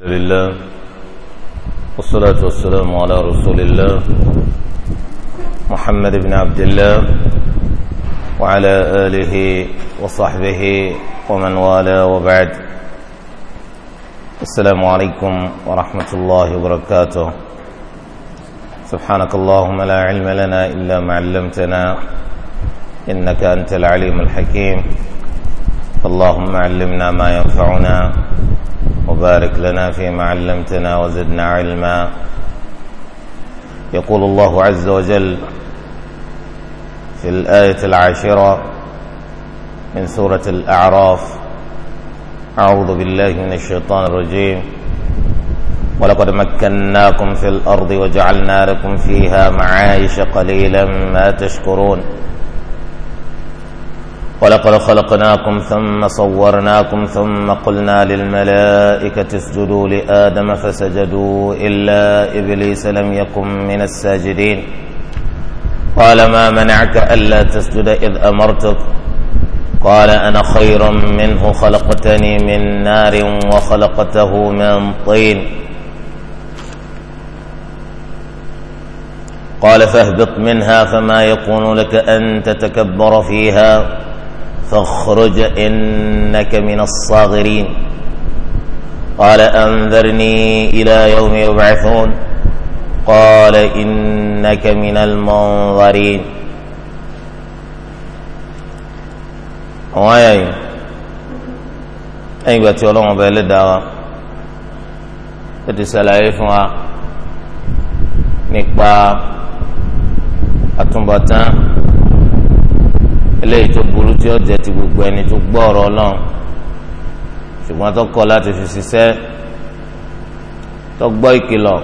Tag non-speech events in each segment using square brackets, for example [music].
الحمد لله والصلاة والسلام على رسول الله محمد بن عبد الله وعلى آله وصحبه ومن والاه وبعد السلام عليكم ورحمة الله وبركاته سبحانك اللهم لا علم لنا إلا ما علمتنا إنك أنت العليم الحكيم اللهم علمنا ما ينفعنا وبارك لنا فيما علمتنا وزدنا علما يقول الله عز وجل في الآية العاشرة من سورة الأعراف أعوذ بالله من الشيطان الرجيم ولقد مكناكم في الأرض وجعلنا لكم فيها معايش قليلا ما تشكرون ولقد خلقناكم ثم صورناكم ثم قلنا للملائكة اسجدوا لآدم فسجدوا إلا إبليس لم يكن من الساجدين قال ما منعك ألا تسجد إذ أمرتك قال أنا خير منه خلقتني من نار وخلقته من طين قال فاهبط منها فما يكون لك أن تتكبر فيها فاخرج إنك من الصاغرين قال أنذرني إلى يوم يبعثون قال إنك من المنظرين وعيه أي باتي الله مبالي الدعوة تتسال عيفها نقبع أتنبتان eléyìí tó burú tí ó jẹ́ ti gbogbo ẹni tó gbọ́ ọ̀rọ̀ Ọlọ́run ṣùgbọ́n tó kọ̀ láti fi ṣiṣẹ́ tó gbọ́ ìkìlọ̀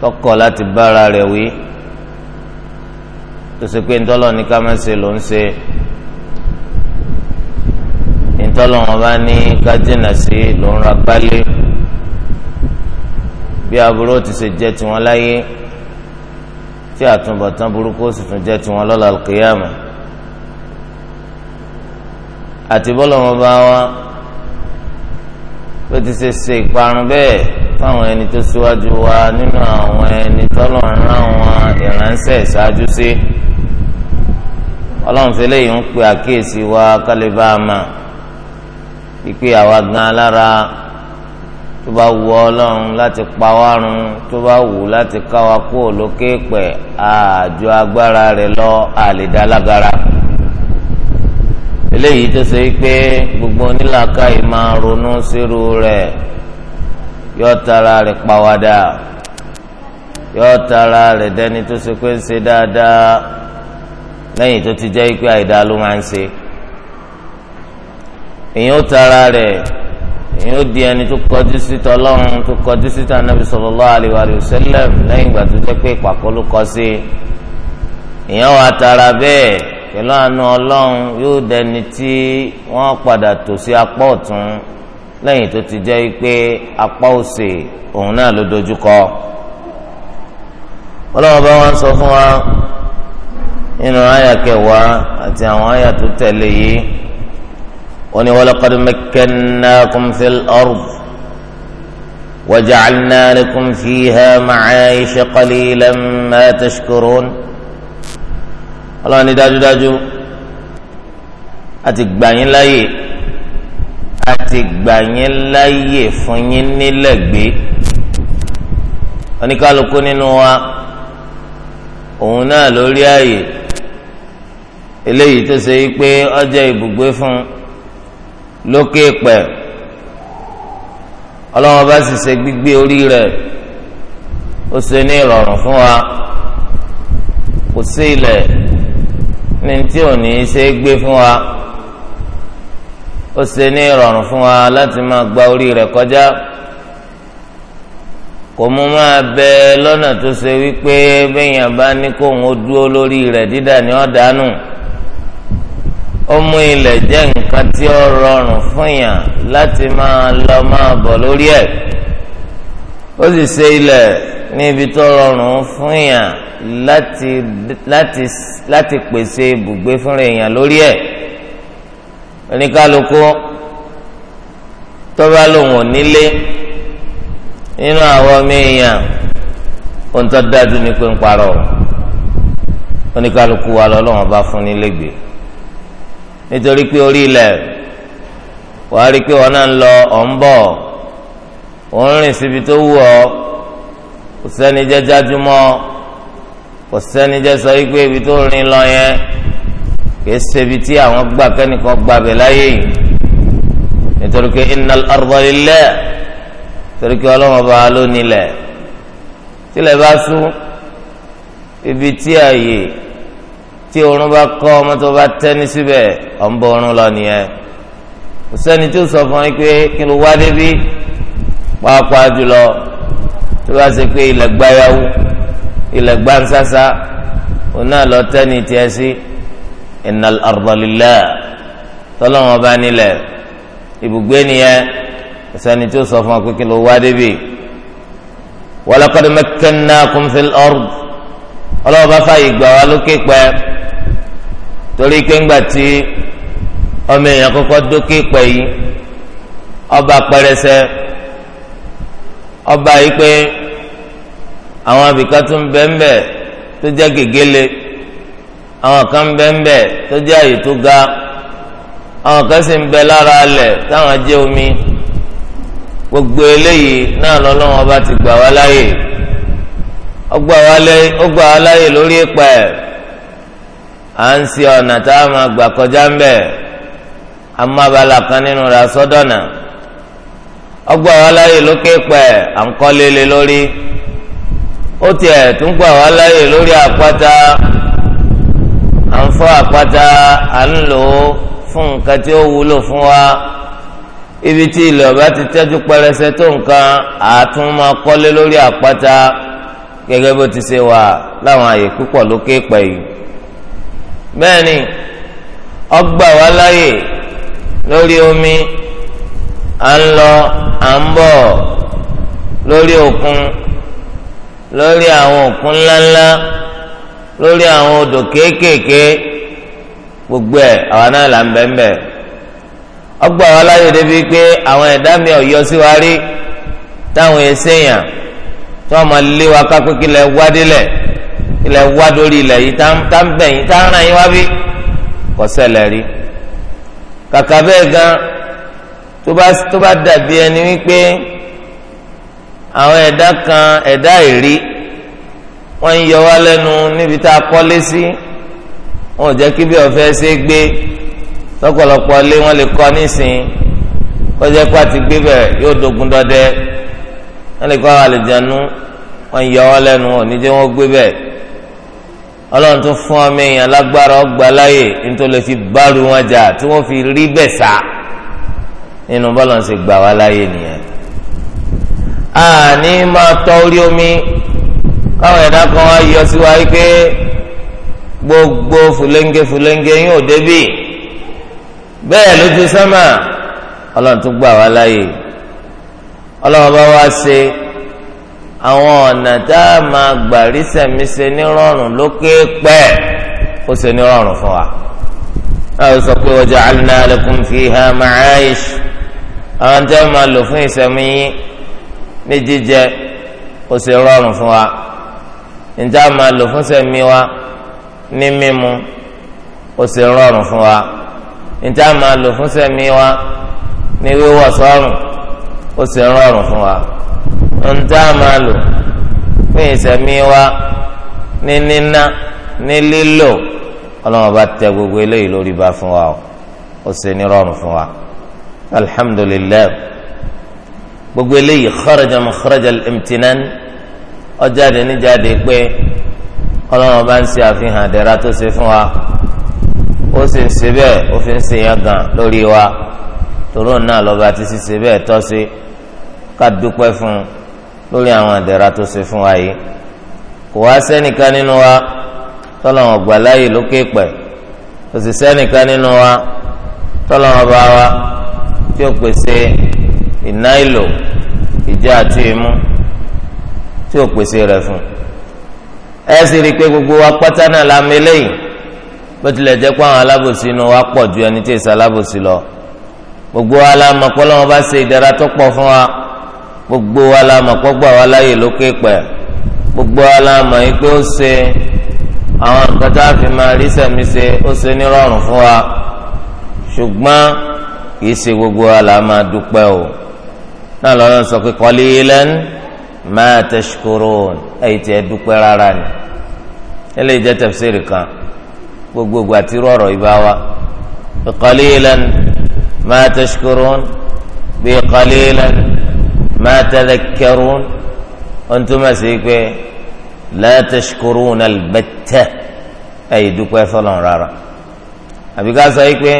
tó kọ̀ láti bára rẹ̀ wí tó ṣe pé ntọ́lọ́ ní ká má ṣe ló ń ṣe ntọ́lọ́ wọn bá ní ká jìnnà sí ló ń ra gbálẹ̀ bí aburú ti ṣe jẹ́ tiwọn láyé tí àtúbọ̀tán burúkú ó sì tún jẹ́ tiwọn lọ́la alqiyama àti bọ́lọ́mọ bá wa bó ti ṣe ṣe ìparun bẹ́ẹ̀ fáwọn ẹni tó síwájú wa nínú àwọn ẹni tọ́lọ̀ ń rán wọn ìránṣẹ́ ìṣáájú sí ọlọ́run fi léyìí ń pe àkíyèsí wa kálíbá àmà ìpè àwa gan alára tó bá wù ọlọ́run láti pa wá run tó bá wù láti ká wa kú òlókè pẹ̀ àjọ agbára rẹ̀ lọ àlèdá lágara eléyìí tó ṣe pé gbogbo onílàákàyè máa ronú sírú rẹ̀ yóò tara rẹ̀ pàwádà yóò tara rẹ̀ dẹni tó ṣe pé ń ṣe dáadáa lẹ́yìn tó ti jẹ́ pé àìdá ló máa ń ṣe èyí ó tara rẹ̀ èyí ó di ẹni tó kọjú sí tọlọ́run tó kọjú sí tànàbí sallallahu alaihi wa sallam lẹ́yìn ìgbà tó jẹ́ pé pàkó ló kọ sí èèyàn wà tara bẹ́ẹ̀ pẹ̀lú àánú ọlọ́run yóò dẹni tí wọ́n padà tò sí apá ọ̀tún lẹ́yìn tó ti jẹ́ pé apá òsè òun náà ló dojú ọlọ́run bá wọn sọ fún wa nínú àyà kẹwàá àti àwọn àyà tó tẹ̀lé yìí. وني ولقد مكناكم في الأرض وجعلنا لكم فيها معايش قليلا ما تشكرون الله ني داجو داجو àti gbàyín láyè àti gbàyín láyè fún yín nílẹ̀ gbé oníkálukú nínú wa òun náà lórí ààyè eléyìí tó ṣe yí pé ọjọ́ ibùgbé fún un lókè pẹ̀ ọlọ́wọ́n bá sì ṣe gbígbé orí rẹ̀ ó ṣe ní ìrọ̀rùn fún wa kò sí ilẹ̀ ní tí ò ní í ṣe é gbé fún wa ó ṣe ní ìrọ̀rùn fún wa láti máa gba orí rẹ̀ kọjá kò mú máa bẹ lọ́nà tó ṣe wípé bẹ́yìn àbá ní kóun ó dúró lórí rẹ̀ dídà ní ọ̀dánù ó mú ilẹ̀ jẹ́ nǹkan tí ó rọrùn fún yàn láti máa lọ máa bọ̀ lórí ẹ̀ ó sì ṣe ilẹ̀ ní ibi tó rọrùn fún yàn láti láti láti pèsè ibùgbé fúnra èèyàn lórí ẹ̀ oníkálukú tó lòun ò nílé nínú àwọn ọmọ èèyàn ohun tó dájú ni pé ń parọ́ oníkálukú wa lọ́lọ́wọ́n bá fún nílé gbèé nítorí pé orí ilẹ̀ wàá rí i pé wọn náà ń lọ ọ̀ ń bọ̀ ò ń rìn síbi tó wù ọ́ kò sẹ́ni jẹ́ jájúmọ́ kò sẹ́ni jẹ́ sọ wípé ibi tó rìn lọ yẹn kìí ṣebi tí àwọn gbà kẹ́nìkan gbà bẹ̀ láyé nítorí pé innal arda lillah torí pé ọlọ́mọ bá ló nílẹ̀ tílẹ̀ bá sún ibi tí àyè tí oorun bá kọ́ ọmọ tó bá tẹ́ ní síbẹ̀ ọ̀ ń bọ oorun lọ nìyẹn kò sẹ́ni tó sọ fún yín pé kí ló wá débi pàápàá jùlọ tó bá ṣe pé ilẹ̀ gbáyàwó ilẹ̀ gbáǹsásá òun náà lọ tẹ́ ní tiẹ̀ sí innal arda lillah tọ́lọ́wọ́n bá nílẹ̀ ibùgbé nìyẹn kò sẹ́ni tó sọ fún yín pé kí ló wá débi walaqad makkannakum fil ard ọlọ́wọ́ bá fàyè gbà wá lókè pẹ́ẹ́. torí pé ńgbà tí ọmọ èèyàn kọ́kọ́ dókè pẹ̀ yìí ọba pẹrẹsẹ ọba yìí pé àwọn abìkan tún bẹ̀ tó jẹ́ gègéle àwọn kan bẹ́ẹ̀nbẹ́ tó jẹ́ àyè tó ga àwọn kan sì ń bẹ lára alẹ̀ táwọn omi gbogbo eléyìí náà lọ́lọ́wọ́n ọba ti gbà wá láyè wá à ń ọ̀nà tá a máa gbà kọjá ń bẹ̀ amábala kan nínú rà sọ́dọ̀nà ọgbà wa láyè lókè pẹ̀ à ń kọ́lé lé lórí ó tiẹ̀ tún gbà wa láyè lórí àpáta à ń fọ́ àpáta à ń lò ó fún nǹkan tí ó wúlò fún wa ibi tí ilẹ̀ ọba ti tẹ́jú pẹrẹsẹ tó nǹkan àtún máa kọ́lé lórí àpáta gẹ́gẹ́ bó ti ṣe wà láwọn àyè bẹ́ẹ̀ ni ọgbà wá láyè lórí omi à ń lọ à ń bọ̀ lórí òkun lórí àwọn òkun ńláńlá lórí àwọn odò kéékèèké gbogbo ẹ̀ àwa náà là ń bẹ́ẹ̀ bẹ́ẹ̀ ọgbà wá láyè débi pé àwọn ẹ̀dá mi ò yọ sí wa rí táwọn èsèèyàn tí wọ́n máa lé wa ká pé kí lẹ wá délẹ̀. ilẹ̀ wá dórí ilẹ̀ yìí tá ń bẹ̀yìn tá ń ràn yín wá bí kò ṣẹlẹ̀ rí kàkà bẹ́ẹ̀ gan tó bá tó bá dàbí ẹni wípé àwọn ẹ̀dá kan ẹ̀dá ìrí wọ́n ń yọ wá lẹ́nu níbi tá a kọ́lé sí wọn ò jẹ́ kí bí ọ̀fẹ́ ṣe gbé lọ́pọ̀lọpọ̀ lé wọ́n lè kọ́ nísìn kọjá pa ti gbé bẹ̀ yóò dogun dọdẹ wọ́n lè kọ́ àlejànú wọ́n yọ wá lẹ́nu òní jẹ́ wọ́n gbé bẹ́ẹ̀ ọlọ́run tún fún ọmọ èèyàn lágbára ọgbà láyè nítorí fi bárù wọn jà tí wọ́n fi rí bẹ̀ sá nínú bọ́lá ń ṣe gbà wá láyè nìyẹn. àní máa tọ́ orí omi káwọn ẹ̀dá kan wá yọ sí wa pé gbogbo fúlẹ́ńgẹ́ fúlẹ́ńgẹ́ yín ò débì bẹ́ẹ̀ lójú sánmà ọlọ́run tún gbà wá láyè ọlọ́run bá wá ṣe. àwọn ọ̀nà tá a máa gbà rí sẹ̀mí ṣe lókè pẹ́ ó ṣe nírọ̀rùn fún wa. sọ pé ha àwọn tá a máa lò fún yín ní jíjẹ ó ṣe rọrùn fún wa níta máa lò fún wa ní mímu ó ṣe rọrùn fún wa níta máa lò fún wa ní ń tá a máa lò fún ìsẹ̀mí wa ní níná ní lílò ọlọ́run bá tẹ gbogbo eléyìí lórí bá fún wa o ó ṣe ní rọrùn fún wa alhamdulilayi gbogbo eléyìí kharaja makharaja al-imtinan ó jáde ní jáde pé ọlọ́run bá ń ṣe àfihàn àdẹ́rà tó ṣe fún wa ó sì ń ṣe bẹ́ẹ̀ ó fi ń ṣe yẹn gan lórí wa tòró náà ti ṣe bẹ́ẹ̀ tọ́ sí ká dúpẹ́ fún un lórí àwọn àdẹ̀ra tó ṣe fún wa yìí kò wá sẹ́nìkan nínú wa tọ́lọ́wọ́n gbà láàyè lókè pẹ̀ kò sì sẹ́nìkan nínú wa tọ́lọ́wọ́n bá wa tí ó pèsè iná ìlò ìjẹ àti ìmu tí ó pèsè rẹ̀ fún ẹ sì rí i pé gbogbo wa pátá náà la mẹlẹ́yìn bó tilẹ̀ jẹ́ pé àwọn alábòsí inú wa pọ̀ ju ẹni tí èsì alábòsí lọ gbogbo wa la mọ̀ pé ọlọ́wọ́n bá ṣe ìdára tó pọ̀ fún wa gbogbo wa la mọ̀ kó gbà wá láyè lókè pẹ̀ gbogbo wa la mọ̀ yìí àwọn nǹkan fi máa rí sẹ̀mí ṣe ó ṣe nírọ̀rùn fún wa ṣùgbọ́n kì í ṣe gbogbo wa la o náà lọ́nà sọ pé qalilan ma tashkurun ẹ̀yìn tí ẹ dúpẹ́ rárá ni eléyìí jẹ́ tafsiri kan gbogbogbò àti rọ̀rọ̀ ìbá wa qalilan ma tashkurun bí qalilan ma tadhakkarun ohun tó máa ṣe pé la tashkuruna al-batta ẹ̀yìn dúpẹ́ fọlọ́n rárá àbí ká sọ pé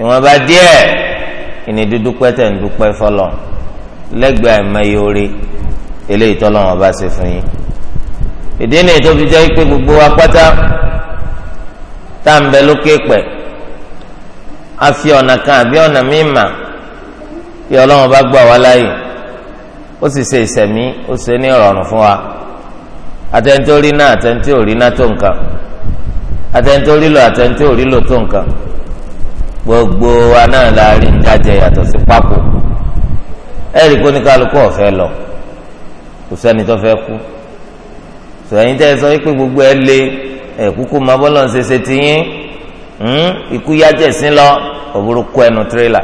ìwọ̀nba díẹ̀ ìní dúdú pẹ́tẹ̀ ń dúpẹ́ fọlọ́n lẹ́gbẹ̀ẹ́ àìmọye orí eléyìí tọ́lọ́wọ́n bá ṣe fún yín ìdí ni tó fi jẹ́ pé gbogbo wa tá à ń bẹ lókè pẹ̀ á fi ọ̀nà kan àbí ọ̀nà míì mà kí ọlọ́run bá gbà wá láàyè ó sì ṣe ìsẹ̀mí ó ṣe ní ìrọ̀rùn fún wa àtẹ̀ntì orí náà àtẹ̀ntì orí náà tó nǹkan àtẹ̀ntì orí lò àtẹ̀ntì orí lò tó nǹkan gbogbo wa náà la rí ń dájẹ yàtọ̀ sí pákó ẹ̀rí kó ní kálukú ọ̀fẹ́ lọ kò sẹ́ni tó fẹ́ kú sọ̀yìn tẹ́ ẹ sọ pé gbogbo ẹ lé ẹ kúkú máa ń ṣe ṣe tiyín hmm? ikú yájẹ̀ sí lọ òbúrú kú ẹnu tirẹ́là.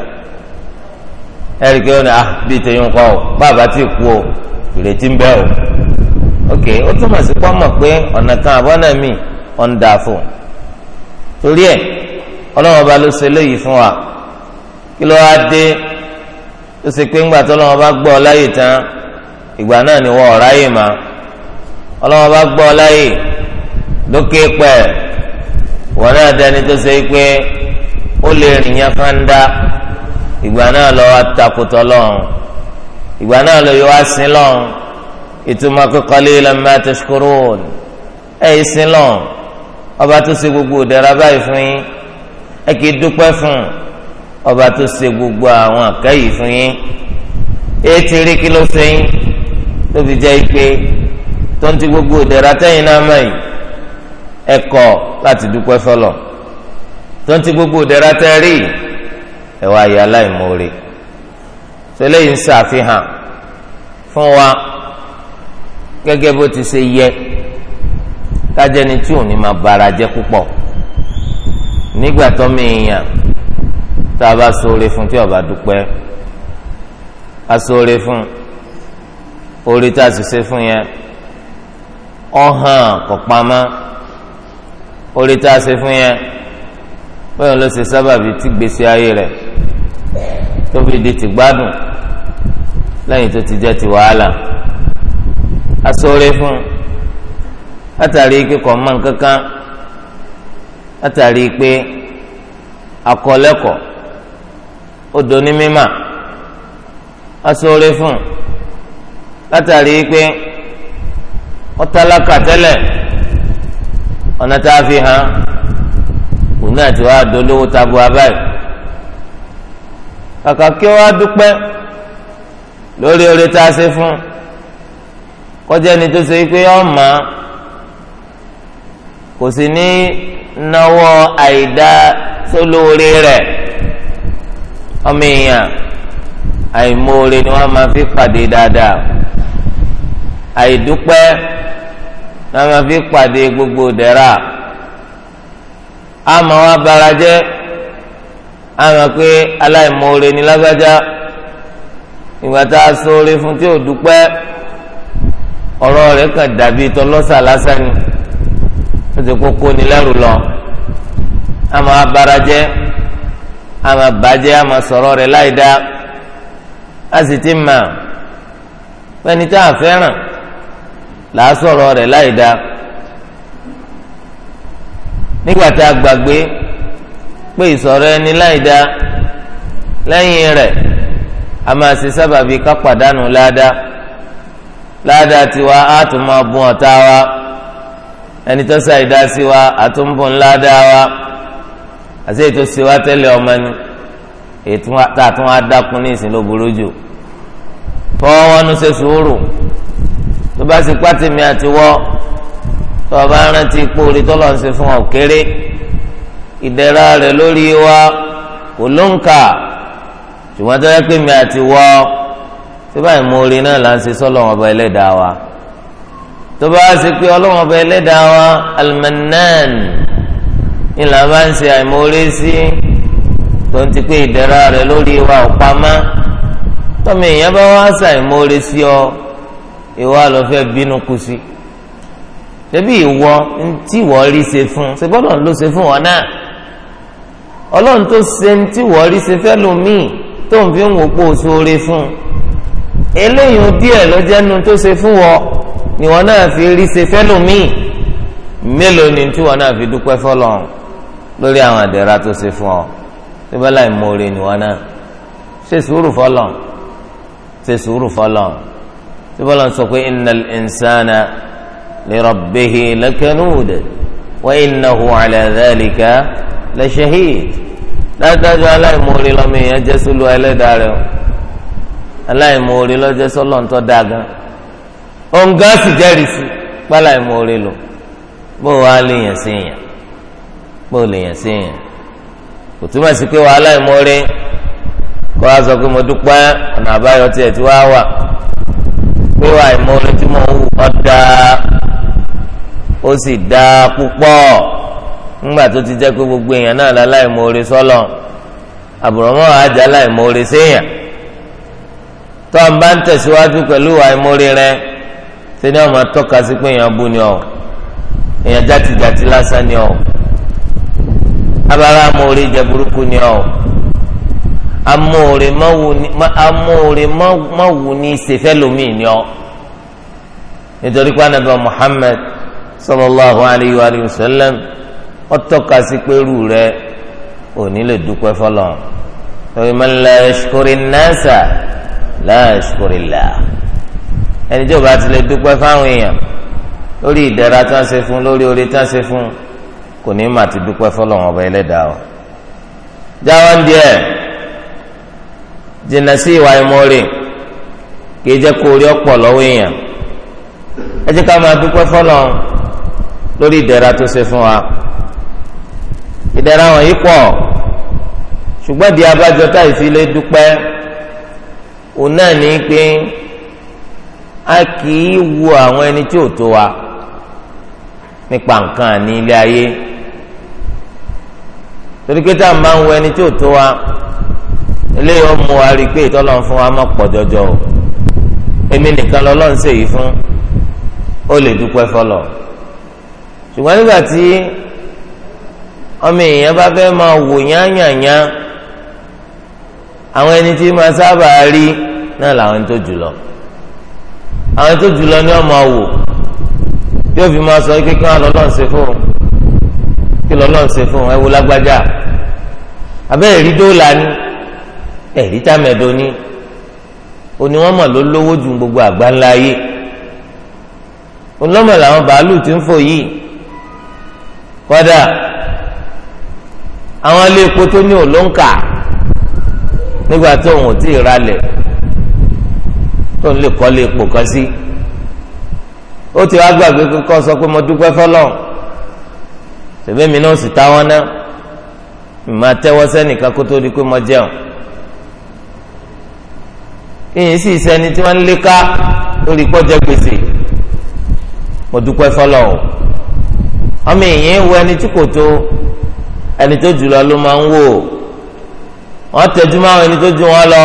erik ó ah bíi bàbá ti kú o ìrètí ń o ok ó túmọ̀ sí pọ́nmọ̀ pé ọ̀nà kan àbọ̀nà mi ọ̀ ń torí ẹ̀ ọlọ́wọ́n bá ló ṣe léyìí fún wa kí ló wá dé ó ṣe pé ńgbà tó tán ìgbà náà ni wọ́n ọ̀rá ma. má ọlọ́wọ́n bá gbọ́ ọ láyè lókè pẹ́ wọ́n náà tó ṣe pé ó lè ìgbà náà lọ wá takùtọ̀ lọ́hùn ìgbà náà lọ yọ wá sin lọ́hùn ìtumọ̀ qalilan ma tashkurun ẹ̀ yìí sin lọ́hùn ọba tó ṣe gbogbo ìdẹ̀ra báyìí fún yín ẹ kì í dúpẹ́ fún ọba tó ṣe gbogbo àwọn àkẹ́yìí fún yín ètí rí kí ló ṣe yín tó fi ipe tó ń ti gbogbo ìdẹ̀ra tẹ́yìn náà mọ̀ yìí ẹ kọ̀ láti dúpẹ́ fọlọ̀ tó ń ti gbogbo ìdẹ̀ra tẹ́ rí yìí ẹ wá yẹ aláìmoore tẹ́lẹ̀ yìí ń ṣàfihàn fún wa gẹ́gẹ́ bó ti ṣe yẹ kájẹni tí ò ní máa bara jẹ́ púpọ̀ nígbà tó mi èèyàn tá a bá ṣoore fún tí ọba dúpẹ́ a ṣoore fún orí tá a sì ṣe fún yẹn ọ̀hàn kò pamọ́ orí tá a ṣe fún yẹn bẹ́ẹ̀ ló ṣe sábàbí tí gbèsè ayé rẹ̀. tó fi di ti gbádùn lẹyìn tó ti jẹ ti wàhálà asọ́rẹ́ fún látàrí kíkọ́ mọ́ nǹkankan látàrí pé akọ́lẹ́kọ̀ọ́ ó doni mímà asọ́rẹ́ fún látàrí pé ọ̀tálákà tẹ́lẹ̀ ọ̀nà tá a fi hàn òun náà ti wá dolówó tabu abáyé. kàkà kí ó lori dúpẹ́ lórí oore tá a ṣe fún kọjá ni tó ṣe pé ọmọ kò sì ní náwó àìdá sólóore rẹ̀ ọmọ èèyàn àìmoore ni wọ́n máa fi pàdé dáadáa àìdúpẹ́ ni wọ́n máa fi pàdé gbogbo dẹ́ra àmọ́ wọn bara jẹ́ àmọ́ pé aláìmoore ni lágbájá ìgbà tá a ṣoore fún tí ò dúpẹ́ ọ̀rọ̀ rẹ̀ kàn dàbí tọlọ́sà lásán ni ó ti kókó ni lẹ́rù lọ àmọ́ abarajẹ́ àmọ́ bàjẹ́ àmọ́ sọ̀rọ̀ rẹ̀ láì dá a sì ti mà pẹ́ni tá a fẹ́ràn là sọ̀rọ̀ rẹ̀ láì dá nígbà tá a gbàgbé pé ìsọ̀rọ̀ ẹni láì dá lẹ́yìn rẹ̀ a máa ṣe sábàbí ká pàdánù ládàá ládàá tiwa á tún máa bùn ọ̀tá wa ẹni tó ṣàìdá sí wa á tún bùn ládàá wa àti ètò síwá tẹ́lẹ̀ ọmọ ni ètò àtún adákun ní ìsìn ló burú jù fọwọ́ wọn ṣe sùúrù tó bá sì pátìmí àtiwọ́ tó o bá rántí ipò orí tó lọ́n ṣe fún ọ kéré ìdẹ̀ra rẹ̀ lórí wa kò ló ń kà ṣùgbọ́n tó yẹ pé mi àti wọ́ tó báyìí mo rí náà là ń ṣe sọ́lọ́ ọba ẹlẹ́dàá wa tó bá ṣe pé ọlọ́wọ́n ọba ẹlẹ́dàá wa Al-Mannan ni là bá ń ṣe àìmọ́ọ́rẹ́ sí tó ń ti pé ìdẹ̀ra rẹ̀ lórí wa ò pamá tọ́mi èèyàn bá wá ṣàìmọ́ọ́rẹ́ sí ọ ìwà lọ bínú kú sí ṣebí ìwọ ntí ìwọ rí ṣe fún ṣe gbọ́dọ̀ ló ṣe fún wọn náà ọlọ́run tó ṣe ń tí wọ́ọ́rí ṣe fẹ́ lómìn tó ń fi ń wò pé òṣòre fún un eléyìí díẹ̀ ló jẹ́ nu tó ṣe fún wọ ni wọn náà fi rí ṣe fẹ́ lómìn mélòó ni tí wọn náà fi dúpẹ́ fọlọ́run lórí àwọn àdẹ̀ra tó ṣe fún ọ tó bá láì mọ̀ọ́re ni wọn náà ṣe sùúrù fọlọ́run ṣe sùúrù fọlọ́run tó bá lọ́n sọ pé innal insana li rabbihi lakanud wa le dájúdájú aláìmoore ala èèyàn jẹ́ sólú ẹlẹ́dàá o aláìmoore ala sọ́lọ́ ń tọ́ da sì jẹ́rìí sí páláìmoore bó wàá léèyàn sí èèyàn bó léèyàn sí èèyàn kò túmọ̀ sí pé wàá aláìmoore kó a sọ pé mo dúpẹ́ ọ̀nà àbáyọ tiẹ̀ tí wàá wà pé wàá ìmoore tí mo ń wù ọ́ dáa ńgbà tó ti jẹ́ pé gbogbo èèyàn náà la láìmoore sọ́lọ̀ àbùrọ̀mọ́ àjà láìmoore séèyàn tó ń bá ń tẹ̀síwájú pẹ̀lú àìmoore rẹ ṣé ni wọ́n tọ́ka sí pé èèyàn bú ni ọ́ èèyàn játijàti lásán ni ọ́ abala amóore jẹ burúkú ni ọ́ amóore ni lomi ni ọ́ nítorí pé Muhammad sallallahu alayhi wa sallam. ó tọ́ka sí pé irú rẹ ò ní lè dúpẹ́ fọlọ́n torí man la yashkuri nasa la yashkuri Allah ẹni tí ó bá ti lè dúpẹ́ fáwọn èèyàn lórí ìdẹ̀ra tí wọ́n ṣe fún lórí oore tí wọ́n ṣe fún kò ní mà ti dúpẹ́ fọlọ́n ọba ẹlẹ́dàá o jáwọ́ ń díẹ̀ jìnnà sí ìwà ìmọ̀ọ́rẹ́ kì í jẹ́ kó orí ọ̀pọ̀ lọ́wọ́ èèyàn ẹ jẹ́ ká máa dúpẹ́ fọlọ́n lórí ìdẹ̀ra tó ṣe fún wa ìdẹ̀ra wọn yìí pọ̀ ṣùgbọ́n di abájọ táyì sí lè dúpẹ́ òun náà ní pé a kì í wo àwọn ẹni tí ò tó wa nípa nǹkan àní ilé ayé torí pé tá a máa ń wo ẹni tí ò tó wa eléyìí ó mú wa rí i pé ìtọ́lọ́ fún wa má pọ̀ jọjọ o èmi nìkan lọ́lọ́run ṣèyí fún ó lè dúpẹ́ fọlọ́ ṣùgbọ́n nígbà tí ọmọ èèyàn bá fẹ́ máa wò yányànyá àwọn ẹni tí máa sábà rí náà làwọn tó jùlọ àwọn tó jùlọ ni wọ́n máa wò yóò fi máa sọ kíkọ́ àlọ́lọ́ ṣe fún un kí lọ́lọ́ ṣe fún un ẹ wo lágbájá abẹ́ ẹ̀rí dóòlà ni ẹ̀rí tàmẹ̀dọ́ ni òní wọ́n mọ̀ ló lówó ju gbogbo àgbáńlá ayé òní lọ́mọ̀ làwọn bàálù ti ń fò yìí kọ́dà. àwọn ilé epo tó ní òlóńkà nígbà tí òun ò tí ì tó ń lè kọ́lé epo kan sí ó ti wá kíkọ́ sọ pé mo dúpẹ́ fọlọ́ mi náà sì táwọn náà màá tẹ́wọ́ sẹ́nìkan kó tó di pé mo jẹun sì tí wọ́n ń lórí gbèsè mo dúpẹ́ fọlọ́ ọmọ ẹni tí kò ẹni tó jù lọ ló máa ń wò wọ́n tẹjú mọ́ àwọn ẹni tó jù wọ́n lọ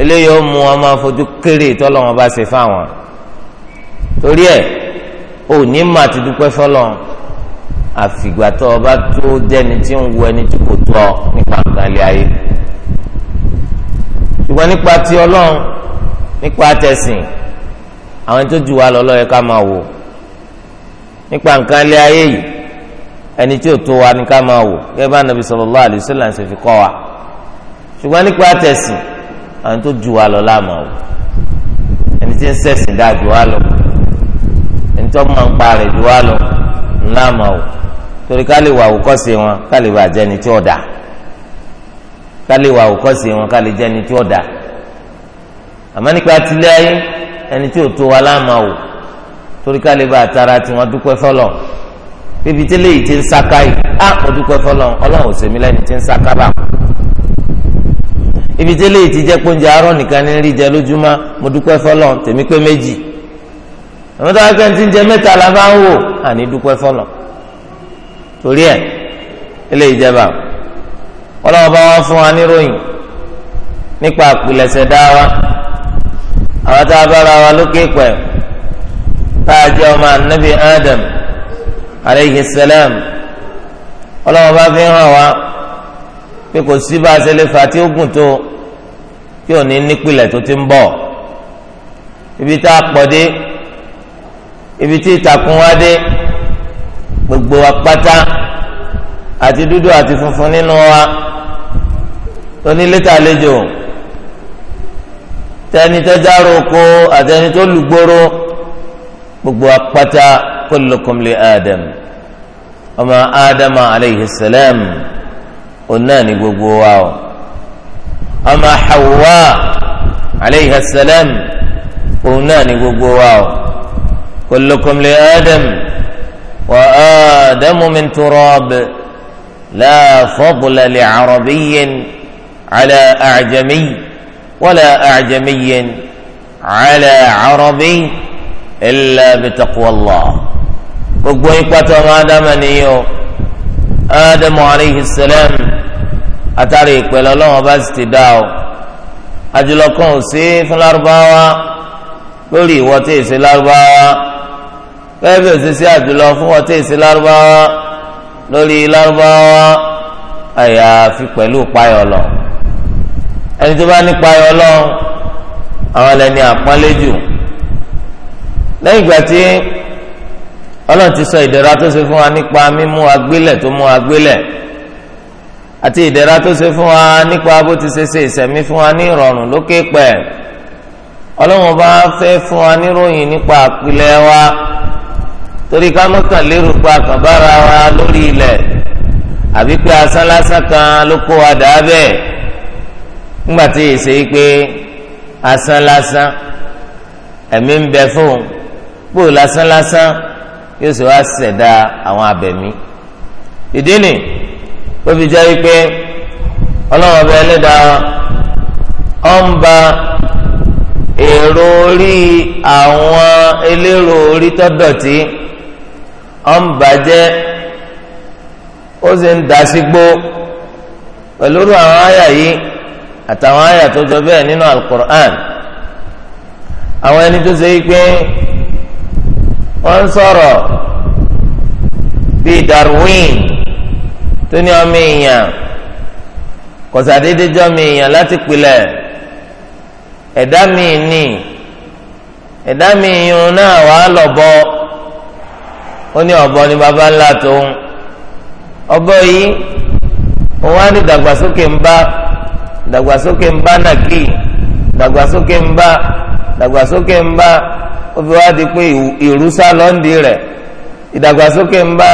eléyìí ó mú wọn máa fojú kéré tọ́lọ́ wọn bá ṣe fáwọn torí ẹ̀ ò ní mà ti dúpẹ́ fọlọ́ àfìgbà tó o bá tó dẹni tí ń wo ẹni tí kò tó ọ nípa àgbàlẹ̀ ayé ṣùgbọ́n nípa ti ọlọ́run nípa tẹ̀sìn àwọn tó jù wá lọ lọ́yẹ ká máa wò nípa nǹkan ayé yìí ẹni tí ò tó wa ni ká máa wò gẹ́gẹ́ bá nàbí sallallahu alaihi wasallam ṣe fi kọ́ wa ṣùgbọ́n nípa tẹ̀sìn àwọn tó ju wa lọ láàmú o ẹni tí ń ṣẹ̀sìn dáa ju wa lọ ẹni tó máa ń pa rẹ̀ ju wa lọ láàmú o torí ká lè wà àwòkọ́ṣe wọn ká lè bàjẹ́ ẹni tí ó dà ká lè wà àwòkọ́ṣe wọn ká lè jẹ́ ẹni tí ó dà àmọ́ nípa tilẹ̀ ẹni tí ò tó wa láàmú o torí ká lè bá àtàrà tiwọn dúpẹ́ fọlọ́ bíbi tí léyìí ti ń saka yìí á ọdúpẹ́ fọlọ́n ọlọ́run òsèmi lẹ́ni ti ń saka bá ibi tí léyìí ti jẹ́ pọ́njẹ arọ́ nìkan ní rí jẹ lójúmọ́ mo dúpẹ́ fọlọ́n tèmi pé méjì àwọn tó wá pẹ́ ti ń jẹ mẹ́ta la bá ń wò àní dúpẹ́ fọlọ́n torí ẹ̀ eléyìí jẹ́ bá bá wá fún wa níròyìn nípa àpilẹ̀sẹ̀ dá àwọn tá a bára wa lókè pẹ̀ tá a jẹ́ ọmọ anabi Adam aleyhi salam ọlọ́wọ́n bá fi hàn wá pé kò sí bá a ṣe lè fà tí ó gùn tó kí ò ní nípìlẹ̀ tó ti ń bọ̀ ibi tá a pọ̀ dé ibi tí ìtàkùn wá dé gbogbo wa àti dúdú àti funfun nínú wa onílétà àlejò tẹni tó járó oko gbogbo wa كلكم لآدم وما آدم عليه السلام قلناني قوقوا وما حواء عليها السلام قلناني قوقوا كلكم لآدم وآدم من تراب لا فضل لعربي على أعجمي ولا أعجمي على عربي إلا بتقوى الله gbogbo ìpàtọ́ ọmọ ádámà nìyí o ádámù aleyhi sẹlẹm àtàrí ìpẹ̀lẹ̀ ọlọ́wọ́n bá sì ti dá o àjùlọkàn ò sí fún lárúbáwá lórí ìwọ tí èsì lárúbáwá bẹ́ẹ̀ bí òsì sí àjùlọ fún wọ́n tí èsì lárúbáwá ẹni tó bá ní payọ̀ àwọn ẹlẹ́ni àpọ́nlé jù ìgbà tí. ọlọ́run ti sọ ìdẹ̀ra tó ṣe fún wa nípa mímú agbélẹ̀ tó mú agbélẹ̀ àti ìdẹ̀ra tó ṣe fún wa nípa bó ti ṣe ṣe fún wa ní ìrọ̀rùn lókè pẹ̀ ọlọ́run bá fẹ́ fún wa níròyìn nípa àpilẹ̀ wa torí ká mọ́kàn lérò pa àkànbára wa kan ló kó wa dà bẹ́ẹ̀ nígbà tí èsè pé asán lásán ẹ̀mí ń bẹ yóò sì wá ṣẹ̀dá àwọn abẹ̀mí ìdí ni ó fi jẹ́ pé ọlọ́run ọba ẹlẹ́dàá ọ ń ba èrò orí àwọn elérò orí tó dọ̀tí ọ ń bàjẹ́ ó sì ń dà sígbó pẹ̀lú àwọn àyà yìí àtàwọn àyà tó jọ bẹ́ẹ̀ nínú alukur'an àwọn ẹni tó ṣe é wọ́n ń sọ̀rọ̀ bíi Darwin tó ní ọmọ èèyàn kọ̀sàdédé jọmọ èèyàn láti pilẹ̀ ẹ̀dá mi ni ẹ̀dá mi yun náà wà lọ̀bọ ó ní ọ̀bọ ní bàbá ńlá tóun ọ̀bọ yìí òbí wa di pé ìrú sá lọ́ndì rẹ̀ ìdàgbàsókè ń bá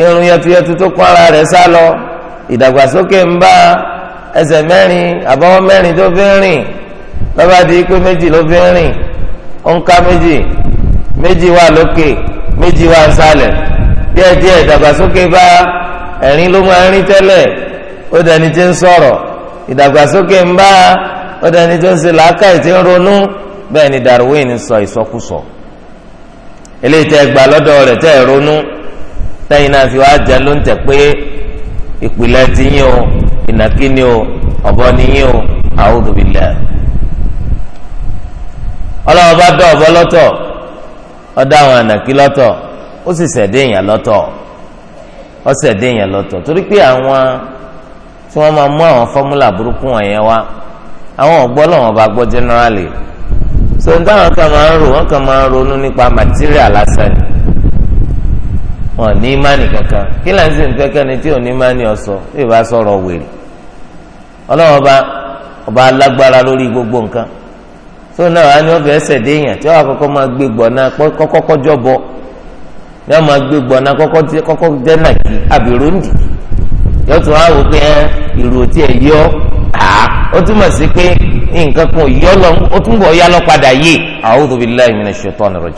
irun yẹtuyẹtu tó kọ́ ara rẹ̀ sá lọ ìdàgbàsókè ń bá ẹsẹ̀ mẹ́rin àbọ̀wọ́ mẹ́rin tó fi ń rìn lọ́ba dị pé méjì ló fi ń rìn ó ń ká méjì méjì wà lókè méjì wà ń díẹ̀díẹ̀ ìdàgbàsókè bá ẹ̀rín ló máa ń rí tẹ́lẹ̀ ó dẹni tí ń sọ̀rọ̀ ìdàgbàsókè ń bá ó dẹni tó ń bẹ́ẹ̀ ni Darwin sọ ìsọkúsọ eléyìí tẹ́ gbà lọ́dọ̀ rẹ̀ tẹ́ ronú tẹ́yìn náà fi wá jẹ ló ń tẹ̀ pé ìpìlẹ̀ ti yín o ìnàkí ni o ọ̀bọ ni yín o a'udhu ọlọ́wọ́ bá dá ọ̀bọ lọ́tọ̀ àwọn ànàkí lọ́tọ̀ àwọn tí wọ́n máa mú àwọn fọ́múlà burúkú wọ̀nyẹn wá àwọn ọ̀gbọ́ lọ́wọ́ bá gbọ́ so n táwọn kan máa ń rò wọn kan máa ń ronú nípa material lásán wọn ní kankan kí lẹ́yìn ń ni tí ò ní ọ̀sọ́ ìbá sọ̀rọ̀ ọlọ́wọ́ ọba alágbára gbogbo nǹkan so náà wà ní ọbẹ̀ ẹsẹ̀ déèyàn tí kọ́kọ́ máa gbé kọ́kọ́ kọjọ́ ní máa gbé kọ́kọ́ jẹ́ tí yọ ó túmọ̀ sí pé nǹkan kan yọ lọ ó túnbọ̀ ya lọ padà yé a'udhu billahi minash shaitani ọ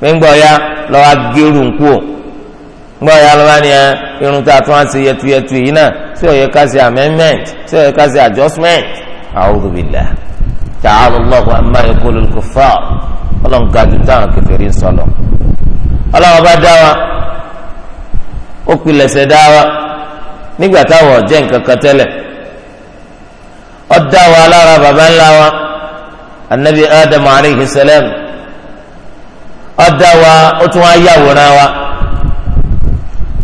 gbẹ́ngbọ́ ya lọ́wọ́ agérù ńkú o gbọ́ ya lọ́wọ́ ni irun tá a ṣe yẹtuyẹtu yìí náà tí ó yẹ ká ṣe amendment tí ó yẹ ká ṣe adjustment a'udhu billahi ta'ala Allahu amma yaqulul kuffar ọlọ́run ọlọ́run táwọn ọdá wa lára baba ńlá wa anabi adam aleyhi salam ọdá wa ó tún wá yàwòrán wa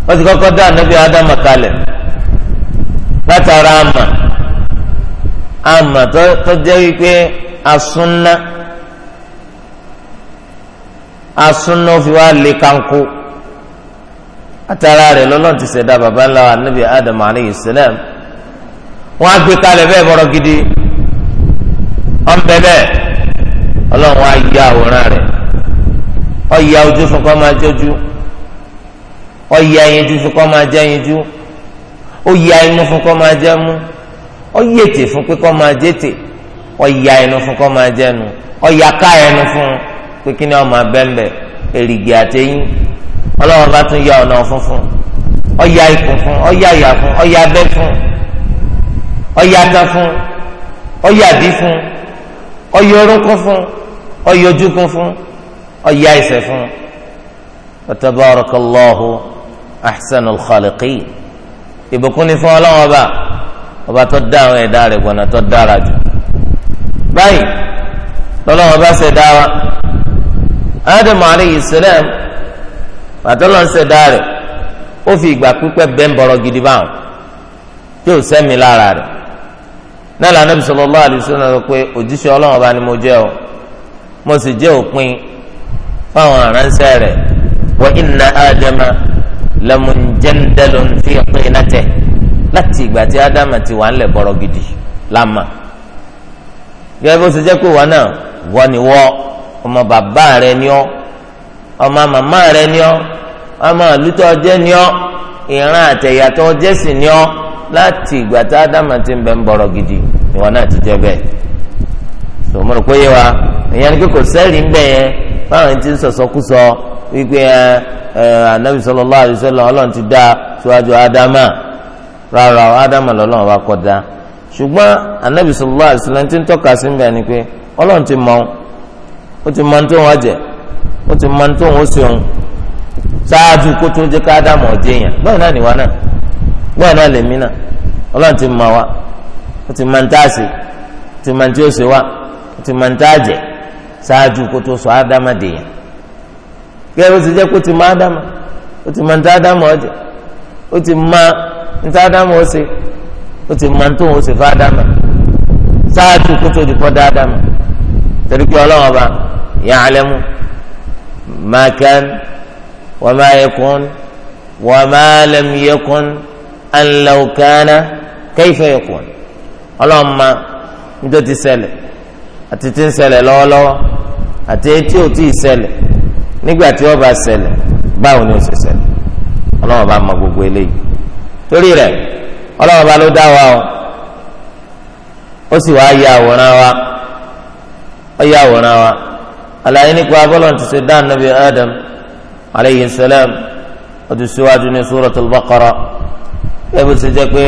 wọ́n ti kọ́kọ́ dá anabi adam kalẹ̀ látara àmà àmà tó jẹ́ wípé asúnná asúnná fi wá lè kanko látara rẹ̀ lọ́lọ́run ti ṣẹ̀dá baba ńlá wa anabi adam aleyhi salam wọn á gbé kalẹ̀ bẹ́ẹ̀ bọ̀rọ̀ gidi ọ̀n bẹ́ẹ̀ bẹ́ẹ̀ ọlọ́run á yí àwòrán rẹ̀ ó ya ojú fún kọ́ máa jọjú ó ya ẹyinjú fún kọ́ máa jẹ́ ẹyinjú ó ya imú fún kọ́ máa jẹ́ mú ó yí ètè fún pé kọ́ máa jẹ́ ètè ó ya ẹnu fún kọ́ máa jẹ́ ẹnu ó ya ká ẹnu fún pé kí ni ó àtẹ̀yìn ọlọ́run bá tún ya ọ̀nà funfun ó ya ikùn fún ó ya ìyà fún ó ya abẹ́ fún ọ̀yàtàn fún ọ̀yàbí fún ọ̀yọ̀rúnkún fún ọ̀yọ̀júkún fún ọ̀yà ẹsẹ̀ fún. watabarakallahu ahsanul khaliqin ìbùkún ni fún ọlọ́wọ́n bá ọba tó dá àwọn ẹ̀dá rẹ̀ gbọ̀nà tó dára jù. báyìí lọ́lọ́wọ́n bá ṣẹ̀dá wa ádámù alayhi salam pàtọ́lọ́ ń ṣẹ̀dá rẹ̀ ó fi ìgbà pípẹ́ bẹ́ẹ̀ ń bọ̀rọ̀ gidi báwọn tí sẹ́mi lára rẹ̀ náà lànà Ànábì sallallahu alaihi wasallam sọ Ọlọ́run ọba ni mo jẹ́ o mo sì jẹ́ òpin fáwọn aránṣẹ́ rẹ̀ wa inna ádámà lamunjandalun fi tinatẹ̀ láti ìgbà tí ádámà ti wà ńlẹ̀ bọ̀rọ̀ gidi lámà gẹ́gẹ́ bó ṣe jẹ́ pé wọn náà wọ́n ni wọ́ ọmọ bàbá rẹ ni ọ́ ọmọ màmá rẹ ni ọ́ ọmọ àlùtọ́ ni ọ́ ìran àtẹ̀yàtọ̀ ni ọ́ láti ìgbà tá ádámà ti ń bẹ ń gidi ìwọ náà ti jẹ́ bẹ́ẹ̀ tó mo yé wa ìyẹn ni kò sẹ́ẹ̀lì ń bẹ̀ yẹn báwọn ti ń sọ̀sọ́kúsọ wípé anabi sallallahu alaihi wasallam lọla ti dá síwájú rárá wa ṣùgbọ́n anabi ti ń tọ́ka sí ni pé ti ó ti wọn jẹ ó ti bẹ́ẹ̀ náà lèmi náà ọlọ́run ti mọ̀ wá ó ti máa ń tá a sè ó ti máa ń tí ó sè wá ó ti máa ń tá a jẹ ṣáájú kó tó sọ ádámà dèèyàn gẹ́gẹ́ ti jẹ́ kó ti máa ádámà ó ti máa ń ádámà ọ̀jẹ̀ ó ti máa ń ádámà ó sè ó ti máa ń ó sè fún ádámà ṣáájú kó tó di pọ́ ádámà torí pé ọlọ́run ọba ya'lamu ma kan wa ma yakun wa ma lam yakun an law kana kayfa yakun ọlọ́run ma nítorí ti ṣẹlẹ̀ àti ti ń ṣẹlẹ̀ lọ́wọ́lọ́wọ́ àti etí ò tí ì ṣẹlẹ̀ nígbà tí ó bá ṣẹlẹ̀ báwo ni ó ṣe ṣẹlẹ̀ ọlọ́run bá mọ gbogbo eléyìí torí rẹ̀ ọlọ́run bá ló dá wa o ó sì wáá ya àwòrán wa ó ya àwòrán wa àlàyé nípa abọ́lọ̀ ti ṣe dáhùn nàbí Adam aleyhi salam ó ti ní suratul Baqara ẹbí ti jẹ́ pé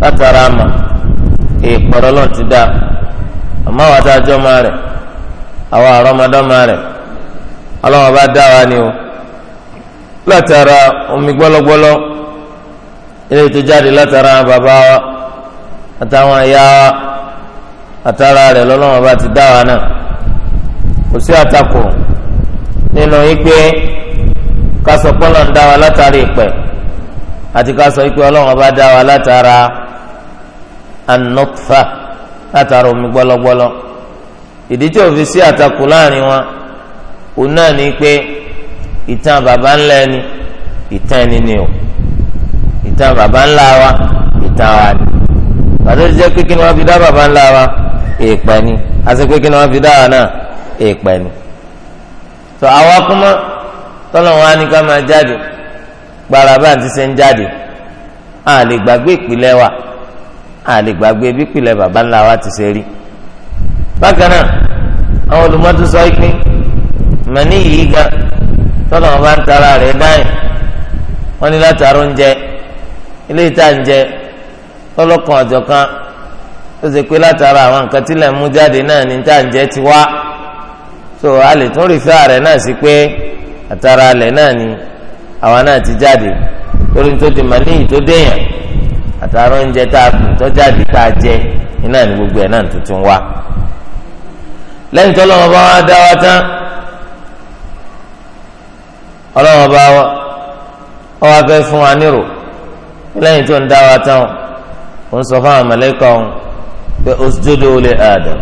látara àmà ìpọ̀rọ̀ náà ti dá àmọ́ àwọn àtàjọ́ máa rẹ̀ àwọn àrọ́mọdọ́ máa rẹ̀ ọlọ́wọ́n bá dá wa ni o látara omi gbọ́lọ́gbọ́lọ́ ilé tó jáde látara bàbá wa àtàwọn ẹ̀yà wa àtara rẹ̀ lọ́lọ́wọ́n bá ti dá wa náà kò sí àtakò nínú yí pé kásọpọ́lọ̀ ń dá wa látàrí ìpẹ́ àti ká sọ pé ọlọ́run ọba dá wa látara anọ́tfà látara omi gbọ́lọ́gbọ́lọ́ ìdí tí òfin sí àtakò láàrin wọn òun náà ni pé ìtàn bàbá ńlá ẹni ìtàn ẹni ni o ìtàn bàbá ńlá wa ìtàn wa ni pàtó ti jẹ́ pé kí ni wọ́n fi dá bàbá ńlá wa èèpẹ̀ ni àti pé kí ni wọ́n fi dá wa náà èèpẹ̀ ni. tó àwa kúmọ́ tọ́lọ̀ wọn á ní ká máa jáde. gbara bá ti ṣe ń jáde a lè gbàgbé ìpìlẹ̀ wa a lè gbàgbé bí ìpìlẹ̀ bàbá ńlá wa ti ṣe rí bákan náà àwọn olùmọ́tò sọ pé mẹ́ni yìí ga tọ́lọ̀ wọn bá ń tara rẹ̀ dáhìn wọ́n ní látara oúnjẹ ilé ìta ń jẹ lọ́lọ́kan ọ̀jọ̀kan ó ṣe pé látara àwọn nǹkan tí lè mú jáde náà ní ìta ń jẹ ti wá so a lè tún rìfẹ́ rẹ̀ náà sí pé àtàrà rẹ̀ náà ni awa náà ti jáde lórí tó di màlíyì tó déyàn àtàrà oúnjẹ tá a kù tó jáde tá a jẹ iná ní gbogbo ẹ̀ náà tuntun wá. lẹ́yìn tó lọ́wọ́ bá wá dá wa tán ọlọ́wọ́ bá wa wá fẹ́ fún wa nírò lẹ́yìn tó ń dá wa tán ó ń sọ fún àwọn ọ̀hún pé Adam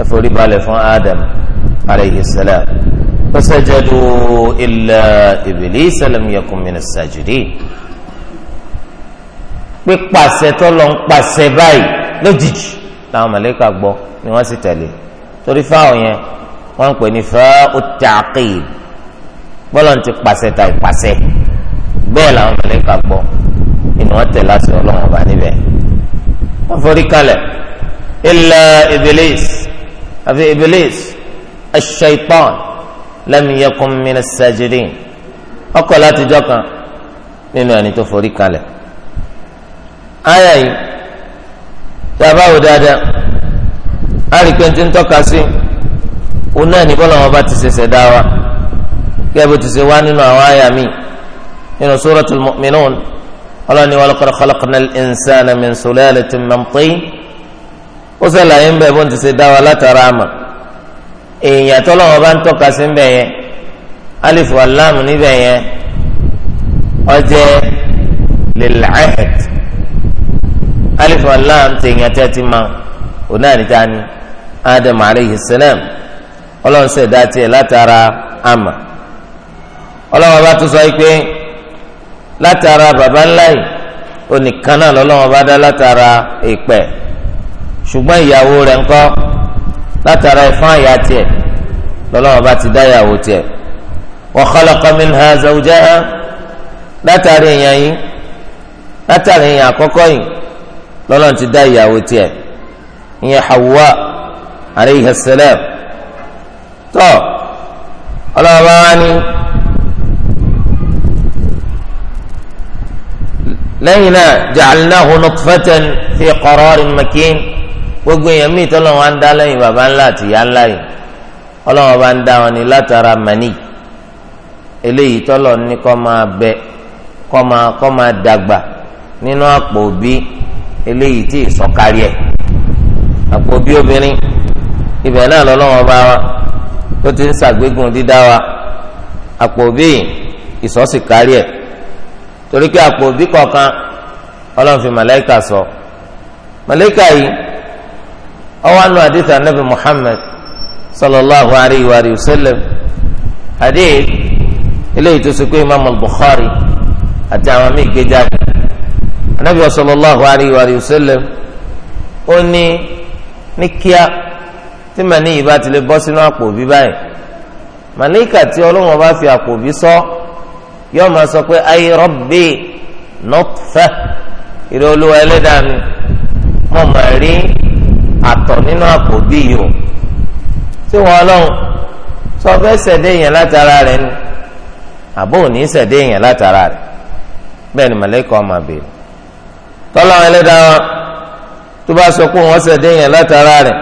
ẹ forí balẹ̀ fún Adam alayhi فسجدوا إلا إبليس لم يكن من الساجدين pípàṣẹ tó lọ ń pàṣẹ báyìí lójijì làwọn mọ̀lẹ́kà gbọ́ ni wọ́n sì tẹ̀lé torí fáwọn yẹn wọ́n ń pè ní fáwọ́ tààkìb bọ́lọ̀ ti pàṣẹ ta ìpàṣẹ bẹ́ẹ̀ làwọn mọ̀lẹ́kà gbọ́ ni wọ́n tẹ̀lé àṣẹ ọlọ́wọ́n bá níbẹ̀ wọ́n forí kalẹ̀ ilẹ̀ ibilis àfi ibilis aṣ-ṣaitan lam yakun minas sajidin ọkọ̀ láti jọ́ kan nínú ẹni tó forí kalẹ̀ àyà yìí tí a bá wò dáadáa a rí pé tí ń tọ́ka sí òun náà ní bọ́lá wọn bá ti ṣẹ̀ṣẹ̀ dá wa gẹ́gẹ́ bó ti ṣe wá nínú àwọn àyà mi nínú suratul mu'minun ọlọ́ni wa laqad khalaqnal insana min sulalatin min tin ó sẹ́lẹ̀ ayé ń bẹ̀ bó ti ṣe dá wa látara àmà. èèyàn tọ́lọ́wọ́ bá ń tọ́ka sí ń bẹ̀ yẹn alif wa lam níbẹ̀ yẹn ọjẹ́ lil'ahd alif wa ti tẹ́tí ma ò adam aleyhi salam ọlọ́run ṣẹ̀dá tiẹ̀ látara ọlọ́wọ́ bá tún sọ pé látara baba ńlá yìí onìkan náà lọ́lọ́wọ́ bá dá látara ìpẹ́ ṣùgbọ́n ìyàwó rẹ̀ ńkọ́. látara ẹ̀fọn àyà tiẹ̀ lọ́lọ́wọ́ bá ti dá ìyàwó tiẹ̀ wa khalaqa minha zawjaha látara èèyàn yìí látara èèyàn àkọ́kọ́ yìí lọ́lọ́wọ́ ti dá ìyàwó tiẹ̀ ìyẹn Hawwa alayhi salam tọ́ ọlọ́wọ́ bá wá ní. lẹ́yìn náà ja'alnahu nutfatan fi qararin makin. gbogbo èèyàn míì tọ́lọ́ wọn á ń dá lẹ́yìn bàbá ńlá àti ìyá ńlá yìí ọlọ́wọ́n bá ń dá wọn ní látara mani eléyìí tọ́lọ́ ní kọ́ máa bẹ kọ́ máa kọ́ máa dàgbà nínú àpò òbí eléyìí tí ìsọ̀kárí ẹ̀ àpò òbí obìnrin ibẹ̀ náà lọ́lọ́wọ́n bá wa tó ti ń ṣàgbégun dídá wa àpò òbí ìsọ̀sìkárí ẹ̀ torí pé àpò òbí kọ̀ọ̀kan ọlọ́run fi màláìkà sọ màláìkà yìí ọwọ́ nù hadith anabi muhammad sallallahu alayhi wa sallam hadith eléyìí tó sọ pé imam al-bukhari àti àwọn míì gbé jáde anabi sallallahu alayhi wa sallam ó ní ní kíá tí màá ní yìí bá ti lè bọ́ sínú àpò òbí báyìí màlíkà tí ọlọ́wọ́n bá fi àpò òbí sọ yóò máa sọ pé ay rabbi nutfah ìrẹ́ olúwa ẹlẹ́dàá mi mo rí àtọ̀ nínú àpò bí yìí o tí wọn Ọlọ́run sọ fẹ́ sẹ̀dé yẹn látara ni àbò ò sẹ̀dé yẹn látara bẹ́ẹ̀ ni mọ̀lẹ́kọ̀ ọmọ àbèrè tọ́lọ́run ẹlẹ́dàá wọn tó bá sọ pé wọ́n sẹ̀dé yẹn látara rẹ̀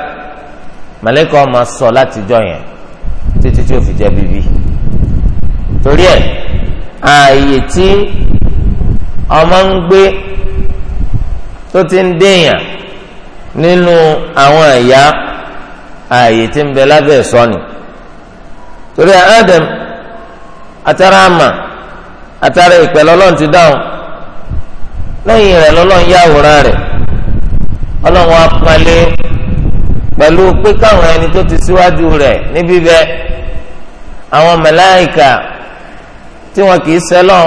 mọ̀lẹ́kọ̀ ọmọ sọ látijọ́ yẹn títí tí ó fi jẹ́ bíbí torí ẹ̀ ààyè tí ọmọ ń gbé tó ti ń nínú àwọn ẹ̀yà ààyè tí ń bẹ lábẹ́ ni torí Adam atara ama atara ìpẹ́ lọ́lọ́run ti dáhùn lẹ́yìn rẹ̀ lọ́lọ́run yá àwòrán rẹ̀ ọlọ́run apalẹ́ pẹ̀lú pé káwọn ẹni tó ti síwájú rẹ̀ níbí bẹ àwọn mẹláìkà tí wọn kì í sẹ́lọ̀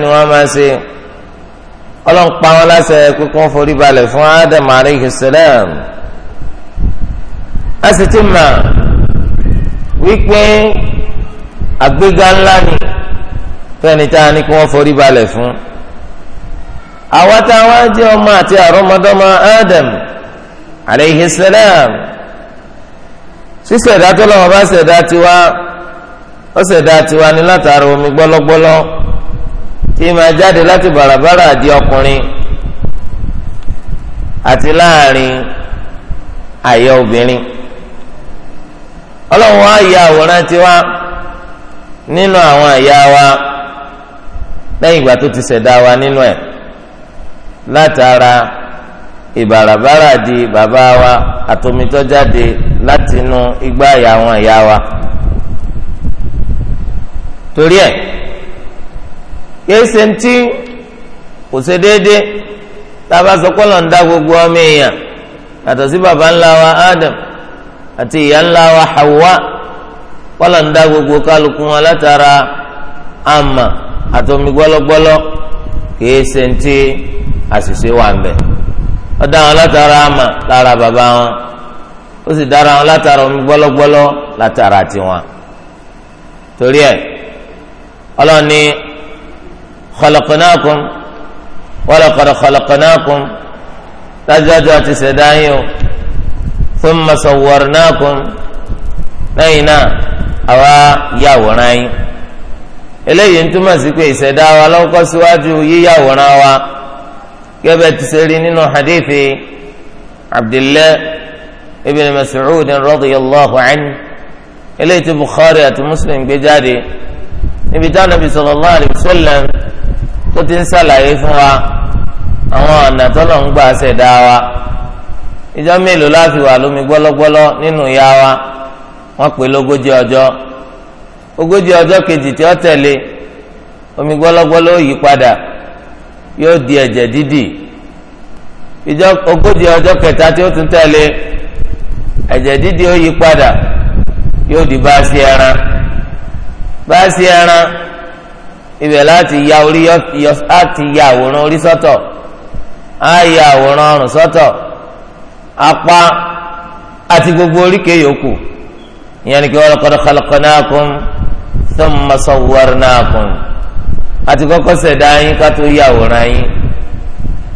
ni wọ́n máa ṣe. ọlọ́run pa wọn láṣẹ pé kí wọ́n forí balẹ̀ fún adam aleyhi salam a sì ti mà wípé àgbéga ńlá ni fẹ́ni tá a ní kí wọ́n forí balẹ̀ fún àwa tá a wá jẹ́ ọmọ àti àrọ́mọdọ́mọ adam aleyhi salam ṣíṣẹ̀dá tó lọ́wọ́ bá ṣẹ̀dá tiwa ó ṣẹ̀dá tiwa ní látara omi gbọ́lọ́gbọ́lọ́ tí máa jáde láti bàràbàrà àdí ọkùnrin àti láàrin àyà obìnrin ọlọ́run á ya àwòrán tiwa nínú àwọn àyà wa lẹ́yìn ìgbà tó ti ṣẹ̀dá wa nínú ẹ̀ látara ìbàràbàrà àdí bàbá wa àtomitọ́ jáde látinú igbá àyà àwọn àyà wa torí ẹ̀. kìí ṣe ntí kò ṣe déédéé tába sọ pé lọ́n gbogbo ọmọ èèyàn yàtọ̀ sí baba ńlá wa Adam àti ìyá ńlá wa Hawa kọ́lọ̀ ń dá gbogbo kálukú wọn látara àmà àtọ̀mí gbọ́lọ́gbọ́lọ́ kìí ṣe ntí àṣìṣe wà ń latara ó dá wọn látara lára baba wọn ó sì dára wọn látara omi latara látara tiwọn torí ẹ̀ ọlọ́ni. خلقناكم ولقد خلقناكم تجاجا تسدايو ثم صورناكم نينا أوا يا وناي eléyìí ń túmọ̀ sí pé ìṣẹ̀dá wa lọ́kọ́ síwájú yíyàwòrán wa gẹ́gẹ́ ti ṣe rí nínú hadithi abdullahi ibn mas'ud radiyallahu anhu eléyìí tí bukhari àti muslim gbé jáde níbi tí anabi sallallahu alaihi wasallam tó ti ń ṣàlàyé fún wa àwọn ọ̀nà tọ́lọ̀ ń gbà ṣẹ̀dá wa ìjọ mélòó la n'inu wà lómi gbọ́lọ́gbọ́lọ́ nínú ìyá wa wọ́n pè lógójì ọjọ́ ogójì ọjọ́ kejì tí ó tẹ̀lé omi gbọ́lọ́gbọ́lọ́ yí padà yóò di ẹ̀jẹ̀ dídì ìjọ ogójì ọjọ́ kẹta tí ó tún tẹ̀lé ẹ̀jẹ̀ dídì ó yí padà di bá ẹran. fáàsì ẹran ibẹ̀ láti ya orí láti ya àwòrán orí sọ́tọ̀ á ya àwòrán ọrùn sọ́tọ̀ apá àti gbogbo oríkèé yòókù ìyẹn ni kí wọ́n lọ́kọ́ khalaqnaakum thumma sawwarnaakum àti kọ́kọ́ ṣẹ̀dá yín ká tó ya àwòrán yín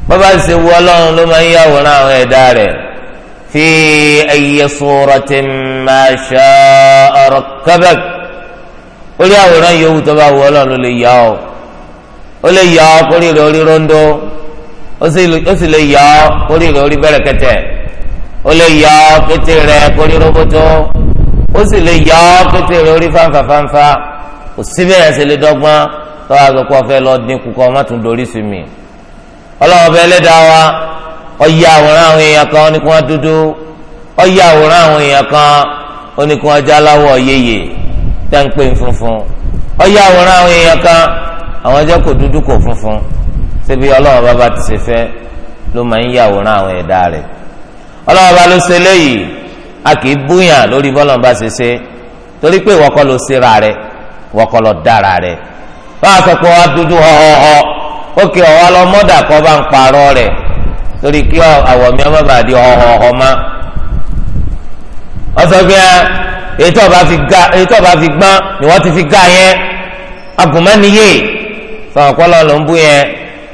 bàbá ṣe wọ ọlọ́run ló máa ń ya àwòrán àwọn ẹ̀dá rẹ̀ fi ayyi suratin ma sha'a rakkabak orí àwòrán yòówù tó bá wù ọ́ lọ́nà lè yà ọ́ ó lè yà ọ́ kórìí rẹ̀ orí rondo ó sì lè yà ọ́ kórìí rẹ̀ orí bẹ́rẹ̀kẹ̀tẹ̀ ó lè yà ọ́ kété rẹ̀ kórìí roboto ó sì lè yà ọ́ kété rẹ̀ orí fáńfàfáńfà kò síbẹ̀ ẹ̀ sì lè dọ́gbọ́n tó wàá gbé kó fẹ́ lọ dínkù kọ́ má tún dorí sí mi ọlọ́wọ́ bẹ́ẹ̀ lẹ́dàá wa ó yà àwòrán àwọn èèyàn kan ó ní kí wọ́n dúdú ó yà àwòrán àwọn èèyàn kan ó ní kí wọ́n jáláwọ̀ yéye. tẹ́ǹpé funfun ọyá àwòrán àwọn èèyàn kan àwọn ko kò dúdú funfun síbi ọlọ́wọ́ bàbá ti ṣe fẹ́ ló máa ń yàwòrán àwọn ẹ̀dá rẹ̀ ọlọ́wọ́ bá ló ṣe léyìí a kì í búyàn lórí bọ́lọ̀ bá ṣe ṣe torí pé ìwọ́kọ́ ló ṣera rẹ̀ ìwọ́kọ́ re dára rẹ̀ báwa sọ pé wọ́n dúdú họ́họ́họ́ ọ̀wá ọ èyí tó bá fi gbá èyí gbọ́n ni wọ́n ti fi gá yẹn agùnmániyè sọ̀rọ̀ kọ́ lọ́ọ́ ló ń bú yẹn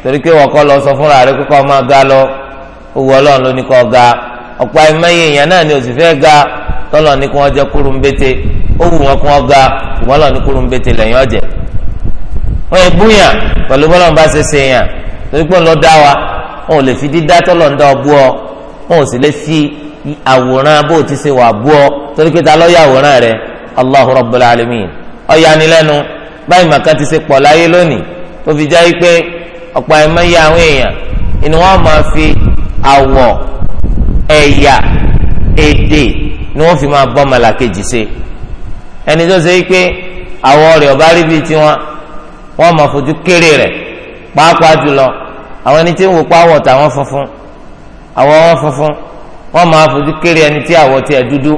torí pé wọ́n kọ́ lọ sọ fúnra rẹ̀ kíkọ́ máa ga lọ owó ọlọ́run ló ní kọ́ ga ọ̀pọ̀ ẹ̀mẹ́yẹ èèyàn náà ni òsì fẹ́ ga tọ́lọ̀ ní kí wọ́n jẹ́ kúrúmbété ó wù wọ́n kí wọ́n ga ṣùgbọ́n lọ́ọ̀ ní kúrúmbété lẹ́yìn ọ̀jẹ̀ wọ́n yẹ búyàn pẹ̀lú bọ́lọ́n bá ṣe ṣe yàn torí pé ń lọ dá wa wọn ò lè fi dídá tọ́lọ̀ ń dá ọ bú ọ wọn ò sì lè fi àwòrán bó ti ṣe wà bú ọ torí pé ta ló ya àwòrán rẹ Allahu Rabbul Alamin ọ̀yanilẹ́nu báyìí màkà ti ṣe pọ̀ láyé lónìí tó fi jẹ́ pé ọ̀pọ̀ ẹ̀mọ́ yẹ àwọn èèyàn inú wọn máa fi àwọ̀ ẹ̀yà èdè ni wọ́n fi máa bọ́ màlàkejì ṣe ẹni tó ṣe pé àwọ̀ rẹ̀ ọ̀bá rí bíi tiwọn wọ́n máa fojú kéré rẹ̀ pàápàá jùlọ àwọn ẹni tí ń wò pé àwọ̀ tàwọn funfun àwọ̀ wọn funfun wọ́n máa fojú kéré ẹni tí àwọ̀ tiẹ̀ dúdú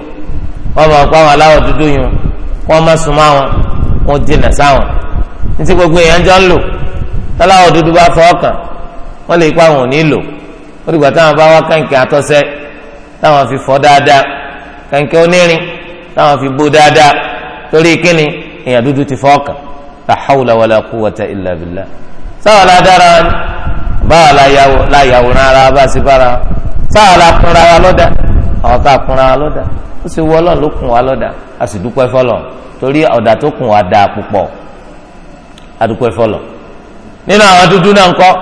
wọ́n máa pa àwọn aláwọ̀ dúdú yun wọ́n máa sùn máa wọn wọ́n dènà sáwọn ní ti gbogbo èèyàn jọ ń lò tọ́láwọ̀ dúdú bá fọwọ́ kàn wọ́n lè pa àwọn ò ní lò ó dìgbà táwọn bá wá kànkì àtọ́sẹ́ táwọn fi fọ́ dáadáa kànkì onírin táwọn fi bó dáadáa torí kíni èèyàn dúdú ti fọwọ́ kàn la hawla wala quwwata illa billah sáwọn la dára la yàwòrán ara bá a sì bára sáà la kúnra wa lọ́dà àwọn tá a kúnra wa lọ́dà ó sì wọ́ wa lọ́dà a sì dúpẹ́ fọlọ́ torí ọ̀dà tó kun wa dáa púpọ̀ a dúpẹ́ fọlọ́ nínú àwọn dúdú náà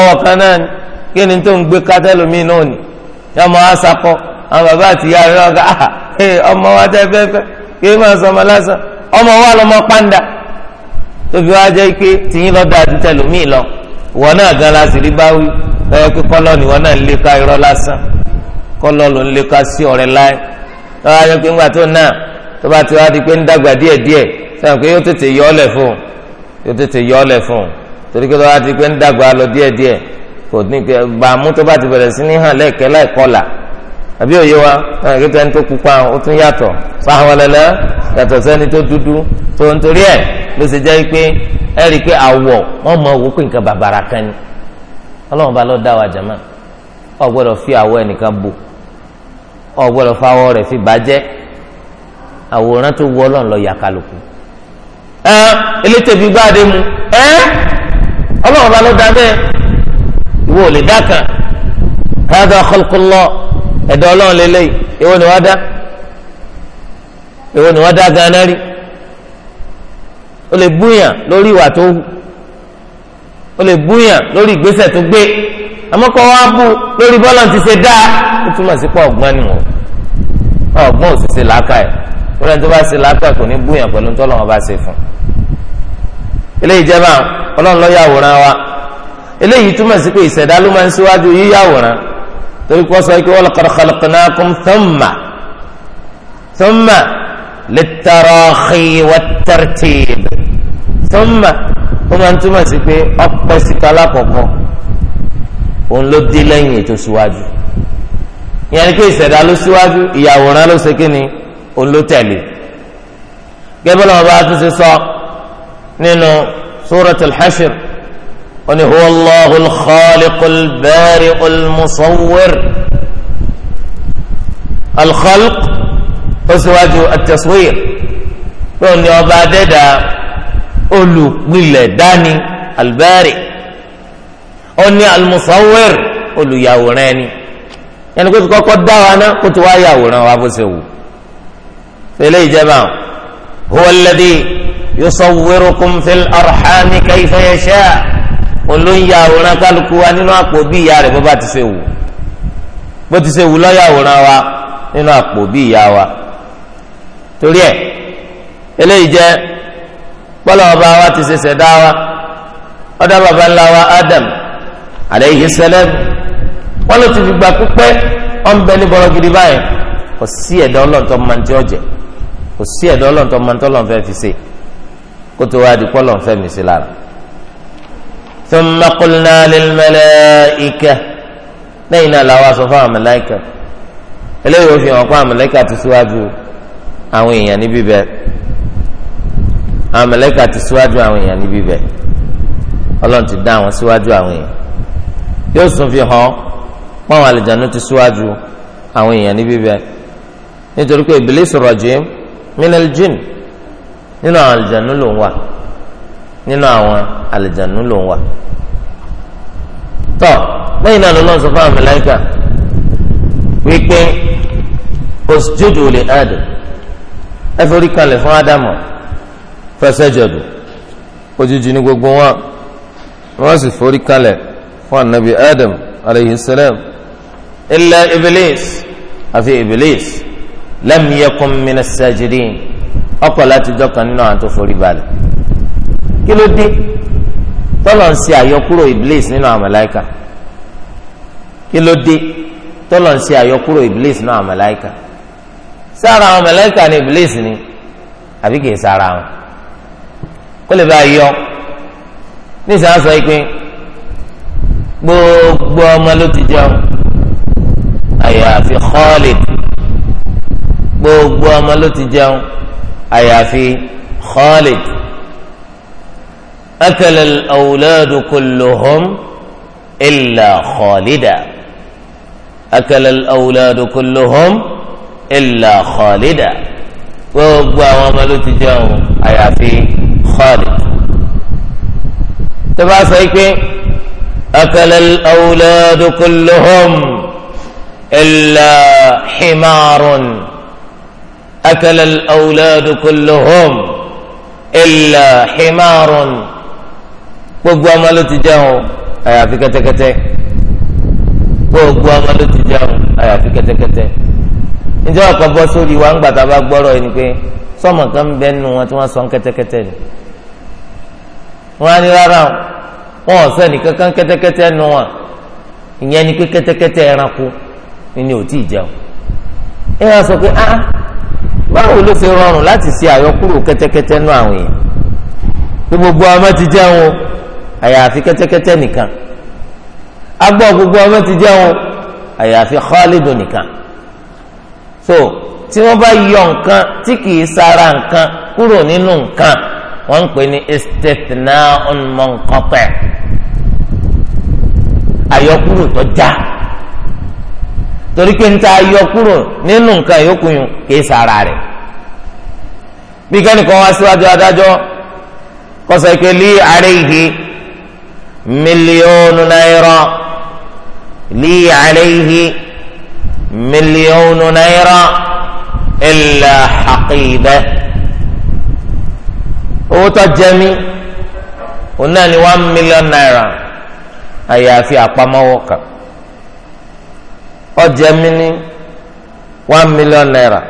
ẹ̀jẹ̀ ńkúpa kí ni tó ń gbé kátẹ́lómi náà ni ya ọmọ sakọ àwọn bàbá àti ìyá rẹ náà ah, eh, ọmọ wa tẹ fẹ́ kí ni máa sọ ọmọ lásán ọmọ wa mọ pàǹdà tó wá jẹ́ pé tìyín lọ́dọ̀ lọ wọn náà gan la sì rí báwí lọ́yọ́ pé kọ́lọ́ ni wọn náà ń léka irọ́ lásán kọ́lọ́ ló ń sí ọ̀rẹ́ lọ́wọ́ pé ńgbà tó náà tó bá kò ní kẹ bàmú tó bá ti bẹ̀rẹ̀ sí ní hàn lẹ́ẹ̀kẹ́ láìkọlà àbí òye wa náà kí tẹni tó pupa ó tún yàtọ̀ sáwọlẹ́lẹ́ yàtọ̀ sẹ́ni tó dúdú tó ń torí ẹ̀ ló jẹ́ pé ẹ rí i pé àwọ̀ wọ́n mọ owó pé nǹkan bàbàrà kan ni ọlọ́run bá lọ dá wa ìwọ ò lè dá kan hada khalqullah ẹ̀dá ọlọ́run lélẹ́yìí ìwọ ni wọ́n dá ìwọ ni wọ́n dá ganan rí o lè búyàn lórí ìwà tó hù o lè búyàn lórí ìgbésẹ̀ tó gbé àmọ́kọ́ wa bú lórí bọ́lá ti ṣe dáa ó túmọ̀ sí pé ọ̀gbọ́n ni wọ́n ọ̀gbọ́n ò sì ṣe làákà ẹ̀ wọ́n lẹ́nu tó bá ṣe làákà kò ní búyàn pẹ̀lú tó lọ́wọ́ bá ṣe fún un. ilé ìjẹba ọlọ́run ló yàwòrán wa eléyìí túmọ̀ sí pé ìṣẹ̀dá ló máa ń síwájú yíyàwòrán torí kó sọ pé walaqad khalaqnakum thumma thumma lit-tarahi wat-tartib thumma ó máa ń túmọ̀ sí pé ọpẹ́ síta lákọ̀ọ́kọ́ òun ló dé lẹ́yìn ètò síwájú ìyẹn ni pé ìṣẹ̀dá ló síwájú ìyàwòrán ló ṣe kíni òun ló tẹ̀lé gẹ́gẹ́ bọ́lá wọn bá tún ṣe sọ nínú suratul oni huwa allahu alkhaliq albariq almusawwir alkhalq osiwaju ataswir bẹ́ẹ̀ ni ọba adẹ́dà olùpilẹ̀ dání albariq oni almusawwir olùyàwòrán ẹni ẹni kó ti kọ́kọ́ dá wa ná kó ti wá yàwòrán wa bó wù fẹlẹ́ ìjẹba huwa alladhi yusawwirukum fil arhami kayfa olóyìn àwòrán kálukú wa nínú àpò bí ìyá rẹ̀ bó bá ti ṣe wù bó ti ṣe wù lọ́yà àwòrán wa nínú àpò bí ìyá wa torí ẹ̀ eléyìí jẹ́ bọ́lá ọba wa ti ṣe wa baba ńlá wa Adam alayhi salam wọn ti fi ní gidi báyìí kò sí ẹ̀dá ọlọ́ntọ́ máa ń tí ọ̀jẹ̀ kò sí ẹ̀dá ọlọ́ntọ́ máa ń di mi sí lára. ثم قلنا للملائكة لينا لا وصفها ملائكة eléyìí òfin ọ̀pọ̀ àmọ̀lẹ́kà ti síwájú àwọn èèyàn ní bíbẹ̀ àmọ̀lẹ́kà ti síwájú àwọn èèyàn ní bíbẹ̀ ọlọ́run ti dá àwọn síwájú àwọn èèyàn yóò sùn fi hàn pọ́n àlìjánu ti síwájú àwọn èèyàn ní bíbẹ̀ nítorí pé Iblis rajim minal jinn nínú àwọn àlìjánu ló ń wà. nínú àwọn àlìjànú ló ń wà tọ lẹ́yìn náà lọlọrun sọ fún àwọn mẹláìkà wípé osjudu li Adam ẹ forí kalẹ̀ fún Ádámù fasajadu ojújú ní gbogbo wọn wọ́n sì forí kalẹ̀ fún anabi Adam aleyhi salam illa ibilis. àfi ibilis. lam yakun minas sajidin ọkọ láti jọkan nínú àwọn tó forí balẹ̀. kí ló dé tọ́lọ̀ ń ṣe àyọkúrò iblis nínú àwọn màláíkà kí ló dé tọ́lọ̀ ń ṣe àyọkúrò iblis nínú àwọn màláíkà sára àwọn màláíkà ni iblis ni àbí kì í sára wọn kó lè bá yọ nísìnyá sọ pé gbogbo ọmọ ló ti jẹun àyàfi Khalid gbogbo ọmọ ló ti jẹun àyàfi Khalid. أكل الأولاد كلهم إلا خالدا أكل الأولاد كلهم إلا خالدا gbogbo àwọn ọmọ ló ti jẹun àyàfi Khalid tó bá sọ pé akala al-awladu kulluhum illa himarun akala al-awladu kulluhum illa himarun. gbogbo ọmọ ló ti jẹun àyàfi kẹtẹkẹtẹ gbogbo ọmọ ló ti jẹun àyàfi kẹtẹkẹtẹ sórí wa ńgbà tá a bá gbọ́rọ̀ ẹni pé sọ́mọ̀ kan ń nínú wọn tí wọ́n sọ kan kẹtẹkẹtẹ wọn ìyẹn ni pé kẹtẹkẹtẹ ẹranko ni ò sọ pé ah báwo ló ṣe rọrùn láti ṣe àyọkúrò kẹtẹkẹtẹ àwọn èèyàn gbogbo ọmọ ti àyàfi kẹtẹkẹtẹ nìkan agbọ́ gbogbo ọmọ ti jẹun àyàfi Khalidu nìkan so tí wọ́n bá yọ nǹkan tí kìí sara nǹkan kúrò nínú nǹkan wọ́n ń pè ní istithna'un munqati' àyọkúrò tó já torí pé ta àyọkúrò nínú nǹkan yòókù yun kìí sara rẹ̀ bí kẹ́nìkan wá síwájú adájọ́ kọ́sọ́ ike lé àárẹ̀ ìhe. mílíọ̀nù náírà lí àlẹ́yìí mílíọ̀nù náírà ilà àkìbẹ́. owó tó jẹ mí òun náà ni one million naira àyàfi àpamọ́wọ́ kan ó jẹ mí ní one million naira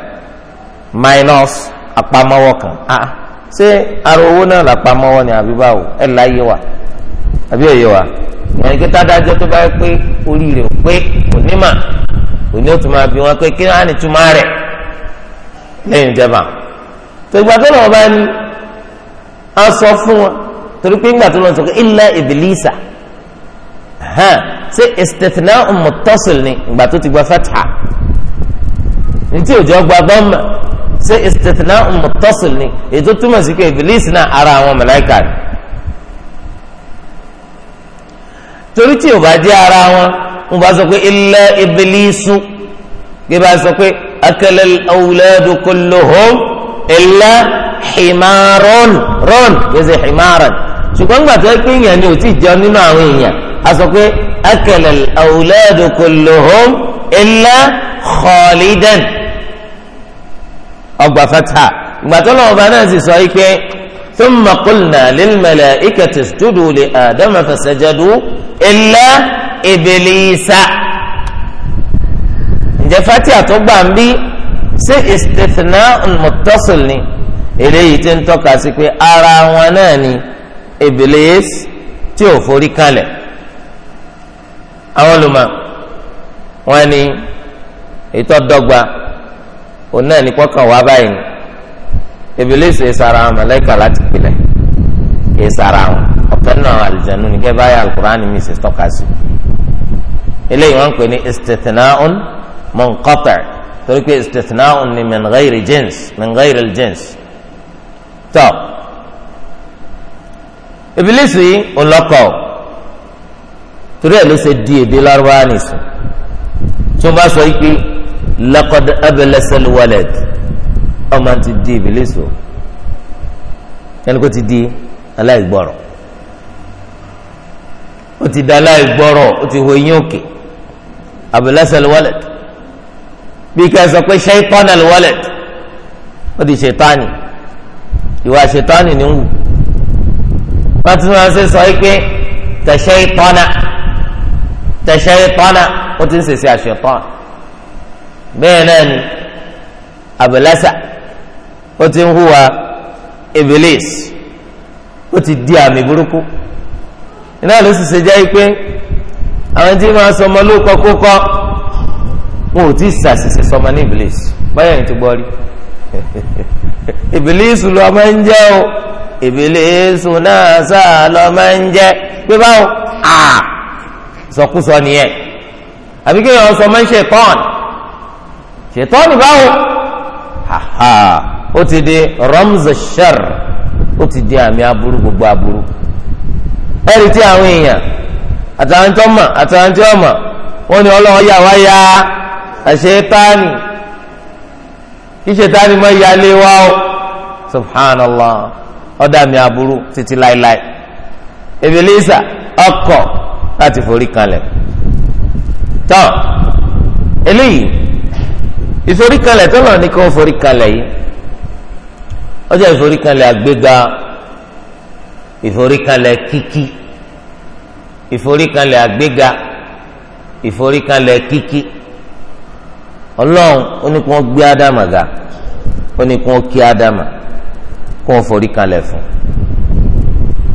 minus àpamọ́wọ́ kan ah ṣé ara owó náà làpamọ́wọ́ ni àbí báwo ẹ̀ láyé wa. àbí òye wa ìyẹn kí tádájọ́ tó bá yẹ pé orí rẹ̀ pé onímọ̀ òní ó tún máa bí wọn pé kí wọn á ní túmọ̀ rẹ̀ lẹ́yìn tògbà tó lọ́wọ́ bá sọ fún wọn torí pé ńgbà tó lọ́wọ́ sọ pé gba ntí òjò gba ni ètò túmọ̀ ara àwọn torí tí ò bá jẹ́ ara wọn wọn bá sọ pé illa iblisu bí bá sọ pé akala al-awladu kulluhum illa himaron ron gbèsè himaron ṣùgbọ́n gbàtọ́ pé èèyàn ni ò tí ì jẹun nínú àwọn èèyàn a sọ pé akala al-awladu kulluhum illa khalidan gbàtọ́ lọ́wọ́ bá náà sì sọ yìí pé. ثم قلنا للملائكة اسجدوا لآدم فسجدوا إلا إبليس ǹjẹ́ fatiha tó gbà ń bí ṣé istithna muttasil ni eléyìí tí ń tọ́ka sí pé ara wọn náà ni Iblis tí ò forí kalẹ̀ àwọn olùmọ̀ wọn ni ìtọ́dọ́gba òun náà ní kọ́kàn wá báyìí Ìbílísì ìsara màláíkà láti pilẹ̀ kì í sara wọn ọ̀kan náà àlùjànnú ní kẹ́ báyà alukur'an mi sì tọ́ka sí eléyìí wọ́n ń pè ní istithna'un munqati' torí pé istithna'un ni min ghayri jins min ghayri al-jins tọ́ torí ẹ̀ ló di èdè lárúbáwá nìsín tó bá sọ yìí pé laqad ablasa al ọmọ ti di ìbílẹ̀sọ ẹni kó ti di aláìgbọ́rọ̀ ó ti di aláìgbọ́rọ̀ ó ti wọ eyín òkè abẹ́lẹ́sẹ̀ wallet bí ká sọ pé ṣẹ́tọ́nà wallet ó di ṣètánì ìwà ṣètánì ni ń wù wọ́n ti máa ṣe sọ pé tẹ̀ṣẹ́ ìtọ́nà ó ti ń ṣèṣe àṣetán bẹ́ẹ̀ náà ni abẹ́lẹ́sẹ̀ ó ti ń hùwà ibilis ó ti di àmì burúkú iná ló sì ṣe jẹ́ pé àwọn tí máa sọmọ lóko kókó wọn ò tí ì ṣàṣìṣe sọmọ ní ibilis báyọ̀ ní ti gbọ́ rí [laughs] ibilis ló máa ń jẹ́ o ibilis náà sáà ló ń jẹ́ pé báwo à sọkúsọ nìyẹn àbí kéèyàn sọmọ ń ṣe tọ́ọ̀nù ṣe tọ́ọ̀nù báwo ha ha. ó ti di ramza shar ó ti di àmì aburú gbogbo aburú ẹ̀rí tí àwọn èèyàn àtàwọn tó mà àtàwọn tó mà wọ́n ní ọlọ́run yà wá ya àṣetáni kí ṣetáni mọ́ ìyáálé wa o subhanallah ọ̀dà àmì aburú títí láéláé ebilisa ọkọ̀ láti forí kanlẹ̀ tán eléyìí ìforíkalẹ̀ tó lọ ní kó foríkalẹ̀ yìí ọjọ́ ìforíkanlẹ̀ àgbéga ìforíkanlẹ̀ kíkí ìforíkanlẹ̀ àgbéga ìforíkanlẹ̀ kíkí ọlọ́run ó ní kí wọ́n gbé ádámà ga ó ní kí wọ́n kí ádámà kí wọ́n foríkanlẹ̀ fún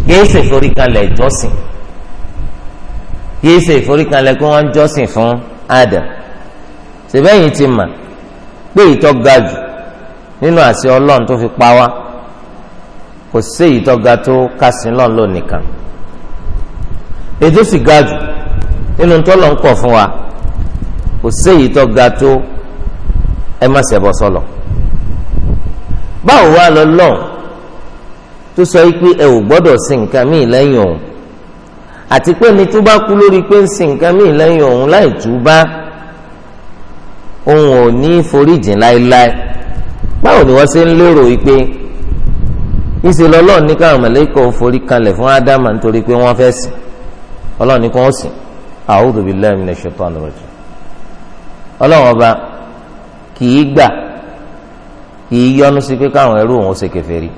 yéé ṣe ìforíkanlẹ̀ ìjọsìn yéé ṣe ìforíkanlẹ̀ kí wọ́n jọ́sìn fún ádám ṣèbẹ́yìn ti mà pé ìtọ́ ga jù nínú àṣẹ ọlọ́run tó fi pa wá kò sí ìtọ́ga tó kásìn lọ́n lò nìkan ètò sì ga jù nínú tọ́lọ̀ ń kọ̀ fún wa kò sí ìtọ́ga tó ẹ má ṣẹbọ sọlọ báwo wá lọ lọ́n tó sọ pé ẹ ò gbọ́dọ̀ sí nǹkan míì lẹ́yìn òun àti pé ní tó bá kú lórí pé ń sin nǹkan míì lẹ́yìn òun láì tú òun ò ní foríjìn láéláé báwo ni wọ́n ṣe ń lérò wípé ìṣe lọ́lọ́ọ̀ ní káwọn mọ̀lẹ́kọ̀ forí kalẹ̀ fún ádámà nítorí pé wọ́n fẹ́ sìn ọlọ́ọ̀ ní kí wọ́n sìn a'udhu billahi minash shaitanir rajim ọlọ́wọ́n ọba kì í gbà kì í yọ́nú sí pé káwọn ẹrú òun ṣe kèfèrí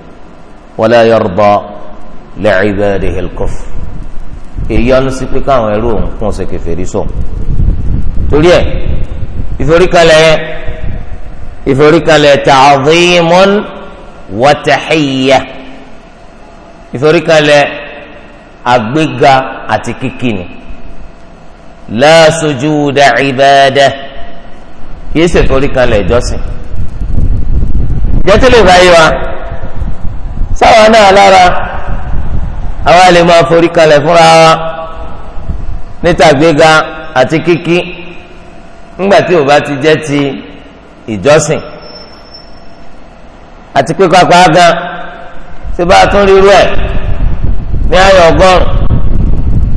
wala yarda li'ibadihi al-kufr kì í yọ́nú sí pé káwọn ẹrú òun kún ṣe kèfèrí sọ torí ẹ ìforíkalẹ̀ ìforíkalẹ̀ ta'dhimun wa tahiyya ìforíkalẹ̀ àgbéga àti kíkìnì la sujuda ibadah kìí ṣe ìforíkalẹ̀ ìjọsìn jẹ́tìlẹ̀ báyìí wa sáwọn náà lára àwa lè máa foríkalẹ̀ fúnra wa níta gbéga àti kíkí ńgbà tí ò bá ti jẹ́ ti ìjọsìn àti pé pápá gan tí bá a tún rírú ẹ̀ ní ayọ̀ ọgọ́rùn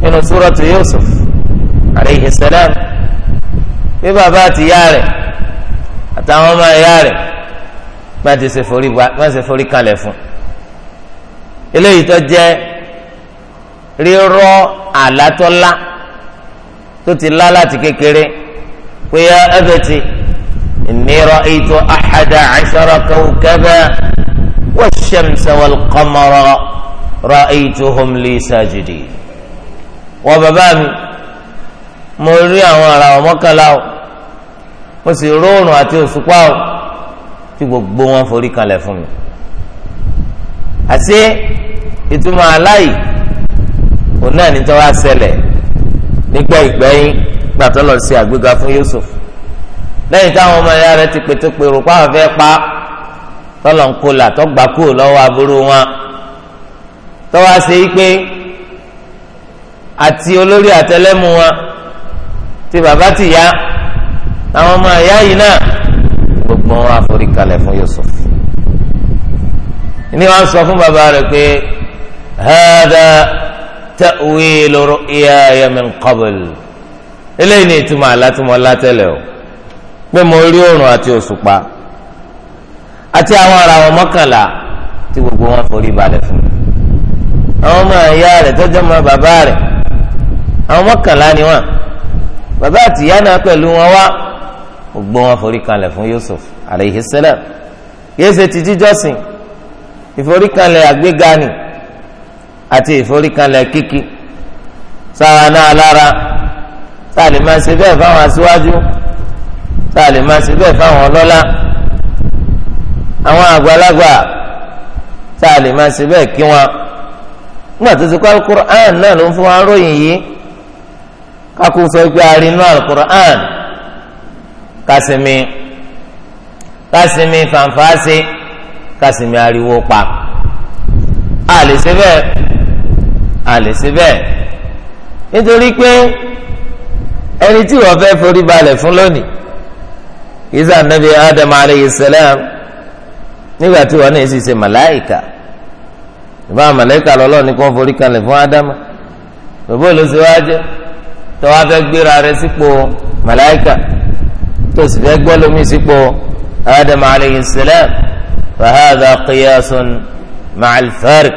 nínú súrọ̀tù Yusuf alayhi salam bí bàbá àti ìyá rẹ̀ àtàwọn ọmọ ìyá rẹ̀ bá ti ṣe forí wá bá ṣe forí kalẹ̀ fún eléyìí tó jẹ́ rírọ́ àlátọ́lá tó ti lá láti kékeré pé ẹ bẹ ti. إني رأيت أحد عشر كوكبا والشمس والقمر رأيتهم لي ساجدين وبابامي mo rí àwọn ara wọn mọ́kànlá o mo sì róòrùn àti òṣùpá o tí gbogbo wọn forí kalẹ̀ fún mi. àti ìtumọ̀ aláì òun náà ní tọ́wọ́ àṣẹlẹ̀ nígbà ìgbẹ́yìn gbàtọ́ lọ sí àgbéga fún Yusuf lẹ́yìn táwọn ọmọ ìyá rẹ̀ ti pètèpèrò pàwọn fẹ́ pa tọ́lọ̀ ń kólà tọ́gbà kú lọ́wọ́ aburú wọn tọ́wọ́ ṣe é pé àti olórí àtẹlẹ́mú wọn ti bàbá ti yá àwọn ọmọ ìyá yìí náà gbogbo wọn àforíkalẹ̀ fún Yusuf ní wọn sọ fún bàbá rẹ̀ pé hada ta'wilu ru'yaya min qabl eléyìí ni ìtumọ̀ àlá tí o pé mo rí oòrùn àti òṣùpá àti àwọn ìràwọ̀ mọ́kànlá tí gbogbo wọn forí balẹ̀ fún mi àwọn ọmọ ìyá rẹ̀ tọ́jú ọmọ bàbá rẹ̀ àwọn mọ́kànlá ni wọn bàbá àti ìyá náà pẹ̀lú wọn wá gbogbo wọn forí kalẹ̀ fún Yusuf alayhi salam yéèsè ti jíjọ́sìn ìforíkalẹ̀ àgbéga ni àti ìforíkalẹ̀ kíkí sára náà lára tá a lè máa ṣe bẹ́ẹ̀ fáwọn aṣíwájú tá a lè máa ṣe bẹ́ẹ̀ fáwọn ọlọ́lá àwọn àgbàlagbà tá a lè máa ṣe bẹ́ẹ̀ kí wọn nígbà tó ti kọ́ alukur'an náà ló ń fún wa ròyìn yìí kákó sọ pé a rí inú alukur'an kásìmí kásìmí fanfàásì kásìmí ariwo pa a lè ṣe bẹ́ẹ̀ a lè ṣe bẹ́ẹ̀ nítorí pé ẹni tí wọ́n fẹ́ forí balẹ̀ fún lónìí isa anabi adam alayhi salam nígbà tí wọn náà sì ṣe màláìka ìbá màláìka lọ́lọ́ ní kó forí kalẹ̀ fún ádámà bàbá olùsèwájú tó wàá fẹ́ gbéra rẹ̀ sípò màláìka tó sì fẹ́ gbọ́ lómi sípò ádámà alayhi salam fahadà qiyasun ma'al farq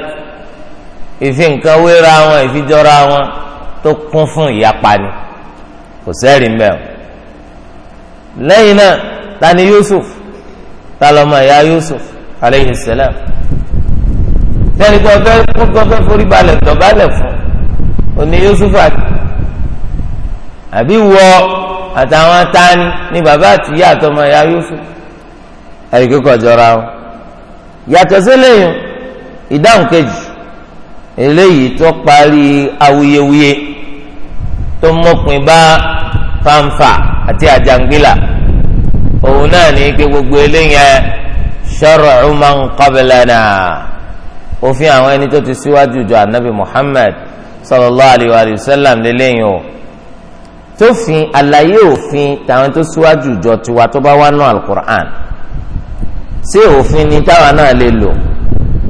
ìfi nǹkan wéra wọn ìfijọ́ra wọn tó kún fún ìyapa ni kò sẹ́rìí mbẹ́wọ̀n lẹ́yìn náà ta ni Yusuf ta lọ́mọ ìyá Yusuf aleyhi salam sẹ́ni tó fẹ́ kókó fẹ́ forí balẹ̀ dọ̀bálẹ̀ fún òní Yusuf àti àbí wọ àtàwọn atani ni bàbá àtìyá àtọmọ ìyá Yusuf ẹ̀rí kíkọ̀ jọra o yàtọ̀ sílẹ̀yìn ìdáhùn kejì eléyìí tó parí awuyewuye tó mọ̀pin bá fanfa àti àjàngbìlà òun náà ní pé gbogbo eléyẹn shar'u man qablana òfin àwọn ẹni tó ti síwájú jọ anabi Muhammad sallallahu alayhi wa sallam lélẹ́yìn o tófin àlàyé òfin tàwọn tó síwájú jọ tiwa tó bá wà nù alukur'an ṣé òfin ni táwa náà lè lò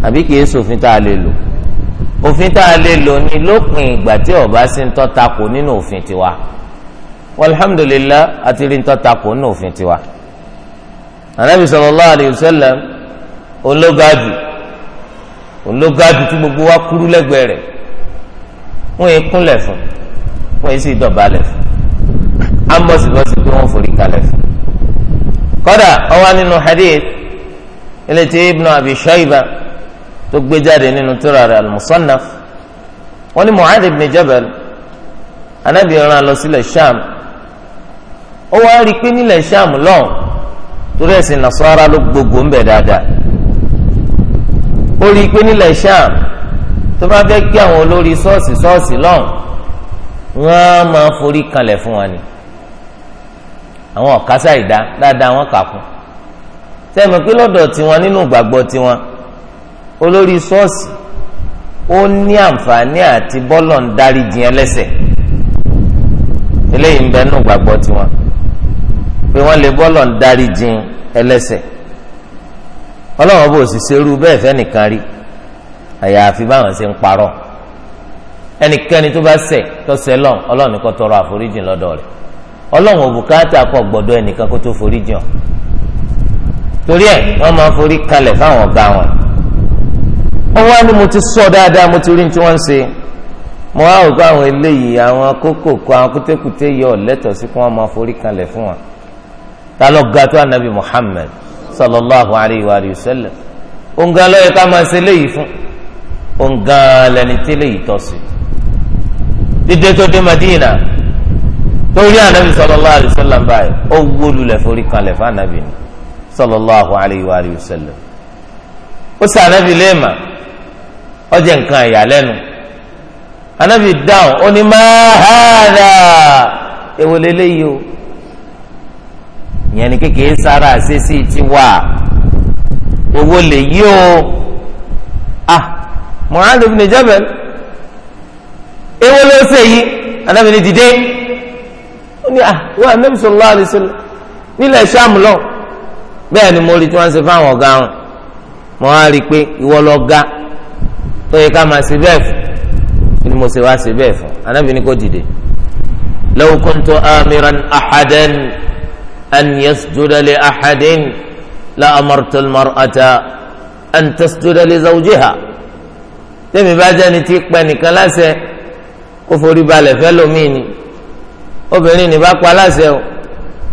àbí kìí ṣòfin tá a lè lò òfin tá a lè lò ni lópin ìgbà tí ó sí ń tọ́ta kò nínú òfin tiwa alhamdulilah àti rí nítorí takò ní òfin tiwa anabi sallallahu alayhi wa sallam ológàjù ológàjù tí gbogbo wa kúrú lẹ́gbẹ̀ẹ́ rẹ̀ wọn yìí kúnlẹ̀ fún wọn yìí sì dọ̀bálẹ̀ fún amọ̀sibọ́sí pé wọ́n forí kalẹ̀ fún kódà ọwọ́ nínú hadith ilé tí ibnu abi shayba tó gbé jáde nínú tírà rẹ̀ al wọn ni mu'adh ibn jabal anabi ran lọ sílẹ̀ sham ó wá rí i pé nílẹ̀ Sham lọ́hùn torí ẹ̀sìn Nasara ló gbogbo ń bẹ̀ dáadáa ó rí i pé nílẹ̀ Sham tó bá fẹ́ kí àwọn olórí ṣọ́ọ̀ṣì ṣọ́ọ̀ṣì lọ́hùn wọ́n á máa forí kanlẹ̀ fún wa ni àwọn ọ̀kásá ìdá dáadáa wọn kà fún sẹ́mi pé lọ́dọ̀ tiwọn nínú ìgbàgbọ́ tiwọn olórí ṣọ́ọ̀ṣì ó ní àǹfààní àti bọ́lọ̀ ń dárí jìn ẹlẹ́sẹ̀ eléyìí ń bẹ nínú ìgbàgbọ́ tiwọn pé wọ́n lè bọ́lọ̀ ń darí jin ẹlẹ́sẹ̀ ọlọ́wọ́n bò sì ṣerú bẹ́ẹ̀ fẹ́nìkan rí àyàfi báwọn ṣe ń parọ́ ẹnikẹ́ni tó bá ṣẹ̀ tó ṣẹ̀ lọ́n ọlọ́run ní kó tọrọ àforíjì lọ́dọ̀ rẹ̀ ọlọ́run òbúkátà kò gbọ́dọ̀ ẹnìkan kó tó foríjì hàn torí ẹ̀ wọ́n máa forí kalẹ̀ fáwọn ọ̀gá wọn wọ́n wá ní mo ti sọ dáadáa mo ti rí ní tí wọ́n ń ṣe mo wá òkú àwọn eléyìí àwọn kókòkò àwọn kútẹ́kùtẹ́ yọ ọ̀lẹ́tọ̀ sí kí wọ́n máa forí kalẹ̀ fún wọn ta ló ga tó anabi muhammed sallallahu alayhi wa sallam ònga ló yẹ ká máa ṣe léyìí fún ònga lẹni tí léyìí tọ́ sí dídé tó dé madina torí anabi sallallahu alayhi wa sallam báyìí ó wólulẹ̀ forí kanlẹ̀ fún anabi ni sallallahu alayhi wa sallam ó sọ anabi léèmà ó jẹ́ nǹkan ìyàlẹ́nu anabi dáhùn ó ní máa hàdà èwo o ìyẹn ni kékeré sára àṣesí ti wà owó lè yí o ah Mu'adh ibn Jabal ewo ló ṣe yí Ànábì ní dìde ó ní ah wọ́n Ànábì sallallahu alaihi wasallam nílẹ̀ Ṣáàmù lọ bẹ́ẹ̀ ni mo rí tí wọ́n ṣe fáwọn ọ̀gá wọn mo á rí i pé ìwọ lọ ga tó yẹ ká máa ṣe bẹ́ẹ̀ fún ni mo ṣe wá ṣe bẹ́ẹ̀ fún Ànábì ní kó dìde law kuntu amiran ahadan. أن يسجد لأحد لأمرت المرأة أن تسجد لزوجها tẹ́mi bá jẹ́ni tí pẹ́ nìkan láṣẹ kó forí balẹ̀ fẹ́ lómìn ni obìnrin ní bá pa láṣẹ o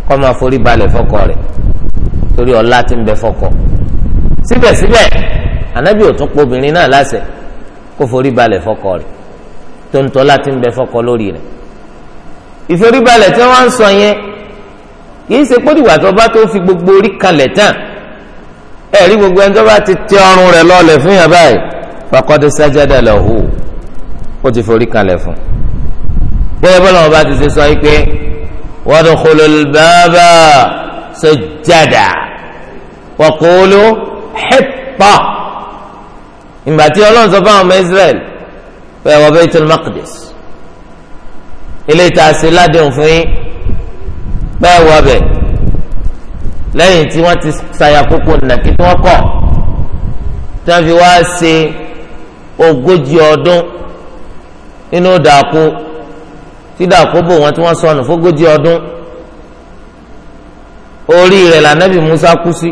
kó máa forí balẹ̀ fọ́kọ rẹ̀ torí ọlá tí ń bẹ fọ́kọ síbẹ̀síbẹ̀ ànábì ò tún pọ̀ obìnrin náà láṣẹ kó forí balẹ̀ fọ́kọ rẹ̀ tó ń tọ́lá tí ń bẹ fọ́kọ lórí rẹ̀ ìforíbalẹ̀ tí wọ́n ń sọ yẹn kì í ṣe pọ́dùwà tó bá tó fi gbogbo orí kalẹ̀ tán ẹ̀rí gbogbo ẹni tó bá ti tẹ ọrùn rẹ̀ lọ́lẹ̀ fún yàrá báyìí faqad sajada lahu ó ti forí kalẹ̀ fún un bóyá bọ́lá wọn bá ti ṣe sọ pé wadkhulul baba sajada wa qulu hitta ìgbà tí ọlọ́run sọ fáwọn ọmọ Israel pé wa Baitul Maqdis ilé ìta ládéhùn fún yín bẹ́ẹ̀ wọ ọbẹ̀ lẹ́yìn tí wọ́n ti ṣàyà kókó nàkí tí wọ́n kọ̀ tí wọ́n fi wá ṣe ogójì ọdún nínú dàkú tí dàkú bò wọ́n tí wọ́n sọnù fógójì ọdún orí rẹ̀ lànàbì Musa kú sí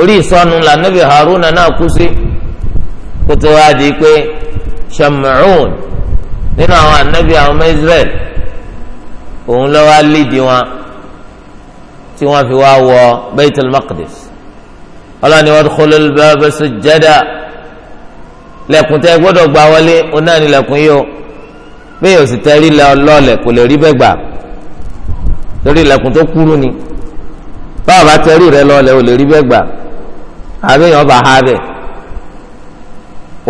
orí ìsọnù lànàbì Haruna náà kú sí kótó wá di pé Shamuun nínú àwọn ànàbì àwọn ọmọ Israẹli òun ló wá lídìí wọn tí wọ́n fi wá wọ Baitul Maqdis ọlọ́ni wadkhulul baba sujjada lẹ́kùn tẹ́ gbọ́dọ̀ gbà wọlé òun náà ní lẹ́kùn yìí o bí yóò sì tẹ́rí lọ́ọ̀lẹ̀ kò lè rí bẹ́ẹ̀ gbà torí lẹ́kùn tó kúrú ni báwo bá tẹ́rí rẹ lọ́ọ̀lẹ̀ ò lè rí bẹ́ẹ̀ gbà àbẹ́yẹn ọba ha bẹ́ẹ̀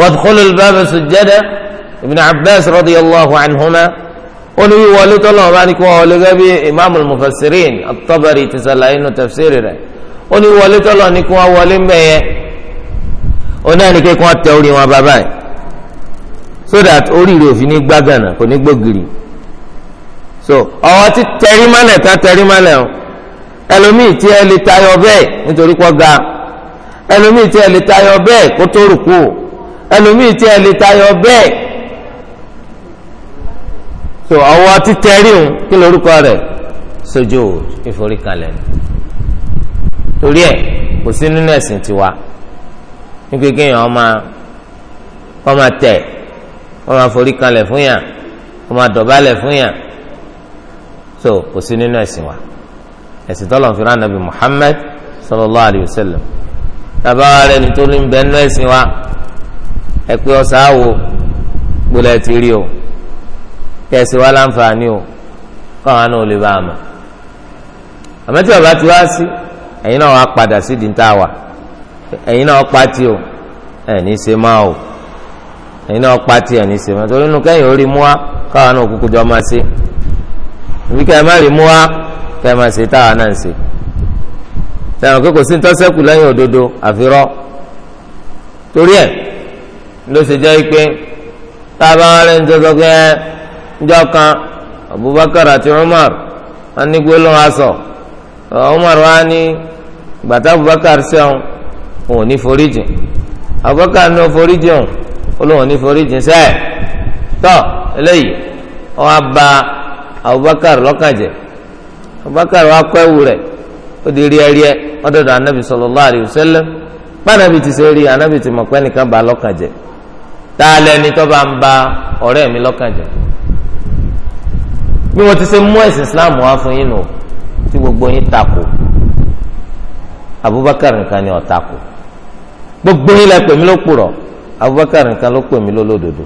wadkhulul baba sujjada Ibn Abbas radiyallahu anhuma ó ní wíwọlé tọ́lọ́run bá ní kí wọ́n wọlé gẹ́gẹ́ bí imaamul mufassirin at-Tabari ti sàlàyé nù tafsiri rẹ̀ ó ní wọlé tọ́lọ́run ní kí wọ́n wọlé ń bẹ̀ náà ní kí wọ́n tẹ orí wọn bàbá yìí so that oríire òfin ní gbàgànà kò ní gbògiri so ọwọ́ ti tẹrí mọ́lẹ̀ tá tẹrí mọ́lẹ̀ o ẹlòmíì tí ẹ lè tayọ bẹ́ẹ̀ nítorí pọ́ ga ẹlòmíì tí ẹ lè tayọ bẹ́ẹ̀ kó tó rùkú ẹlòmíì tí ẹ lè tayọ bẹ́ẹ̀ so ọwọ́ títẹrí òun kí lorúkọ rẹ̀ sojú ìforíkalẹ̀ ni torí ẹ̀ kò sí nínú ẹ̀sìn tiwa nígbè kéèyàn ọmọ ọmọ tẹ ọmọ àforíkalẹ̀ fún yàn ọmọ àdọ̀bálẹ̀ fún yàn so kò sí nínú ẹ̀sìn wa ẹ̀sìn tọ́lọ̀ fi rán nàbì sallallahu alayhi wa sallam tàbá wa rẹ̀ nítorí ń bẹ́ẹ̀ nínú ẹ̀sìn wa ẹ ọ̀sán àwò gbọ́dọ̀ ẹ ti rí o. kẹsì wá láǹfààní o káwọn náà lè bá a mọ̀ àmọ́ tí bàbá ti wá sí ẹ̀yin náà wá padà sí dìńtà wà ẹ̀yin náà pati o ẹ̀ ní í ṣe máa o ẹ̀yin náà pati ẹ̀ ní í ṣe máa torí inú kẹ́yìn orí mú wa káwọn náà kúkú jọ ma ṣe ìbí kẹ́ ẹ má rí mú wa kẹ́ ẹ máa ṣe táwa náà ń ṣe sẹ́wọ̀n kókò sí tọ́sẹ́kù lẹ́yìn òdodo àfirọ́ torí ẹ̀ ló ṣe jẹ́ pé tá a bá wà lẹ́nu tó sọ pé ẹ́ njọ́ kan abubakar àti umar wọn ní gbólóhùn aṣọ umar wa ní gbàtà abubakar sẹ́wọ̀n òun ní foríjì abubakar ní foríjì òun olóhùn ní foríjì sẹ́ẹ̀ tọ́ eléyìí wọn á ba abubakar lọ́kàn jẹ́ abubakar wa kọ́ ẹ̀wù rẹ̀ ó di ríẹ́ríẹ́ ọ̀dọ̀dọ̀ anabi sallallahu alaihi wasallam bánabi ti ṣe rí anabi ti mọ̀ pé ba lọ́kàn jẹ́ tá a ń ba ọ̀rẹ́ mi lọ́kàn bí wọ́n ti ṣe mú ẹ̀sìn islam wá fún yín nù tí gbogbo yín takò abubakar nìkan ni ọ taku gbogbo yín lẹ pè ló purọ́ abubakar nìkan ló pè mí lólódodo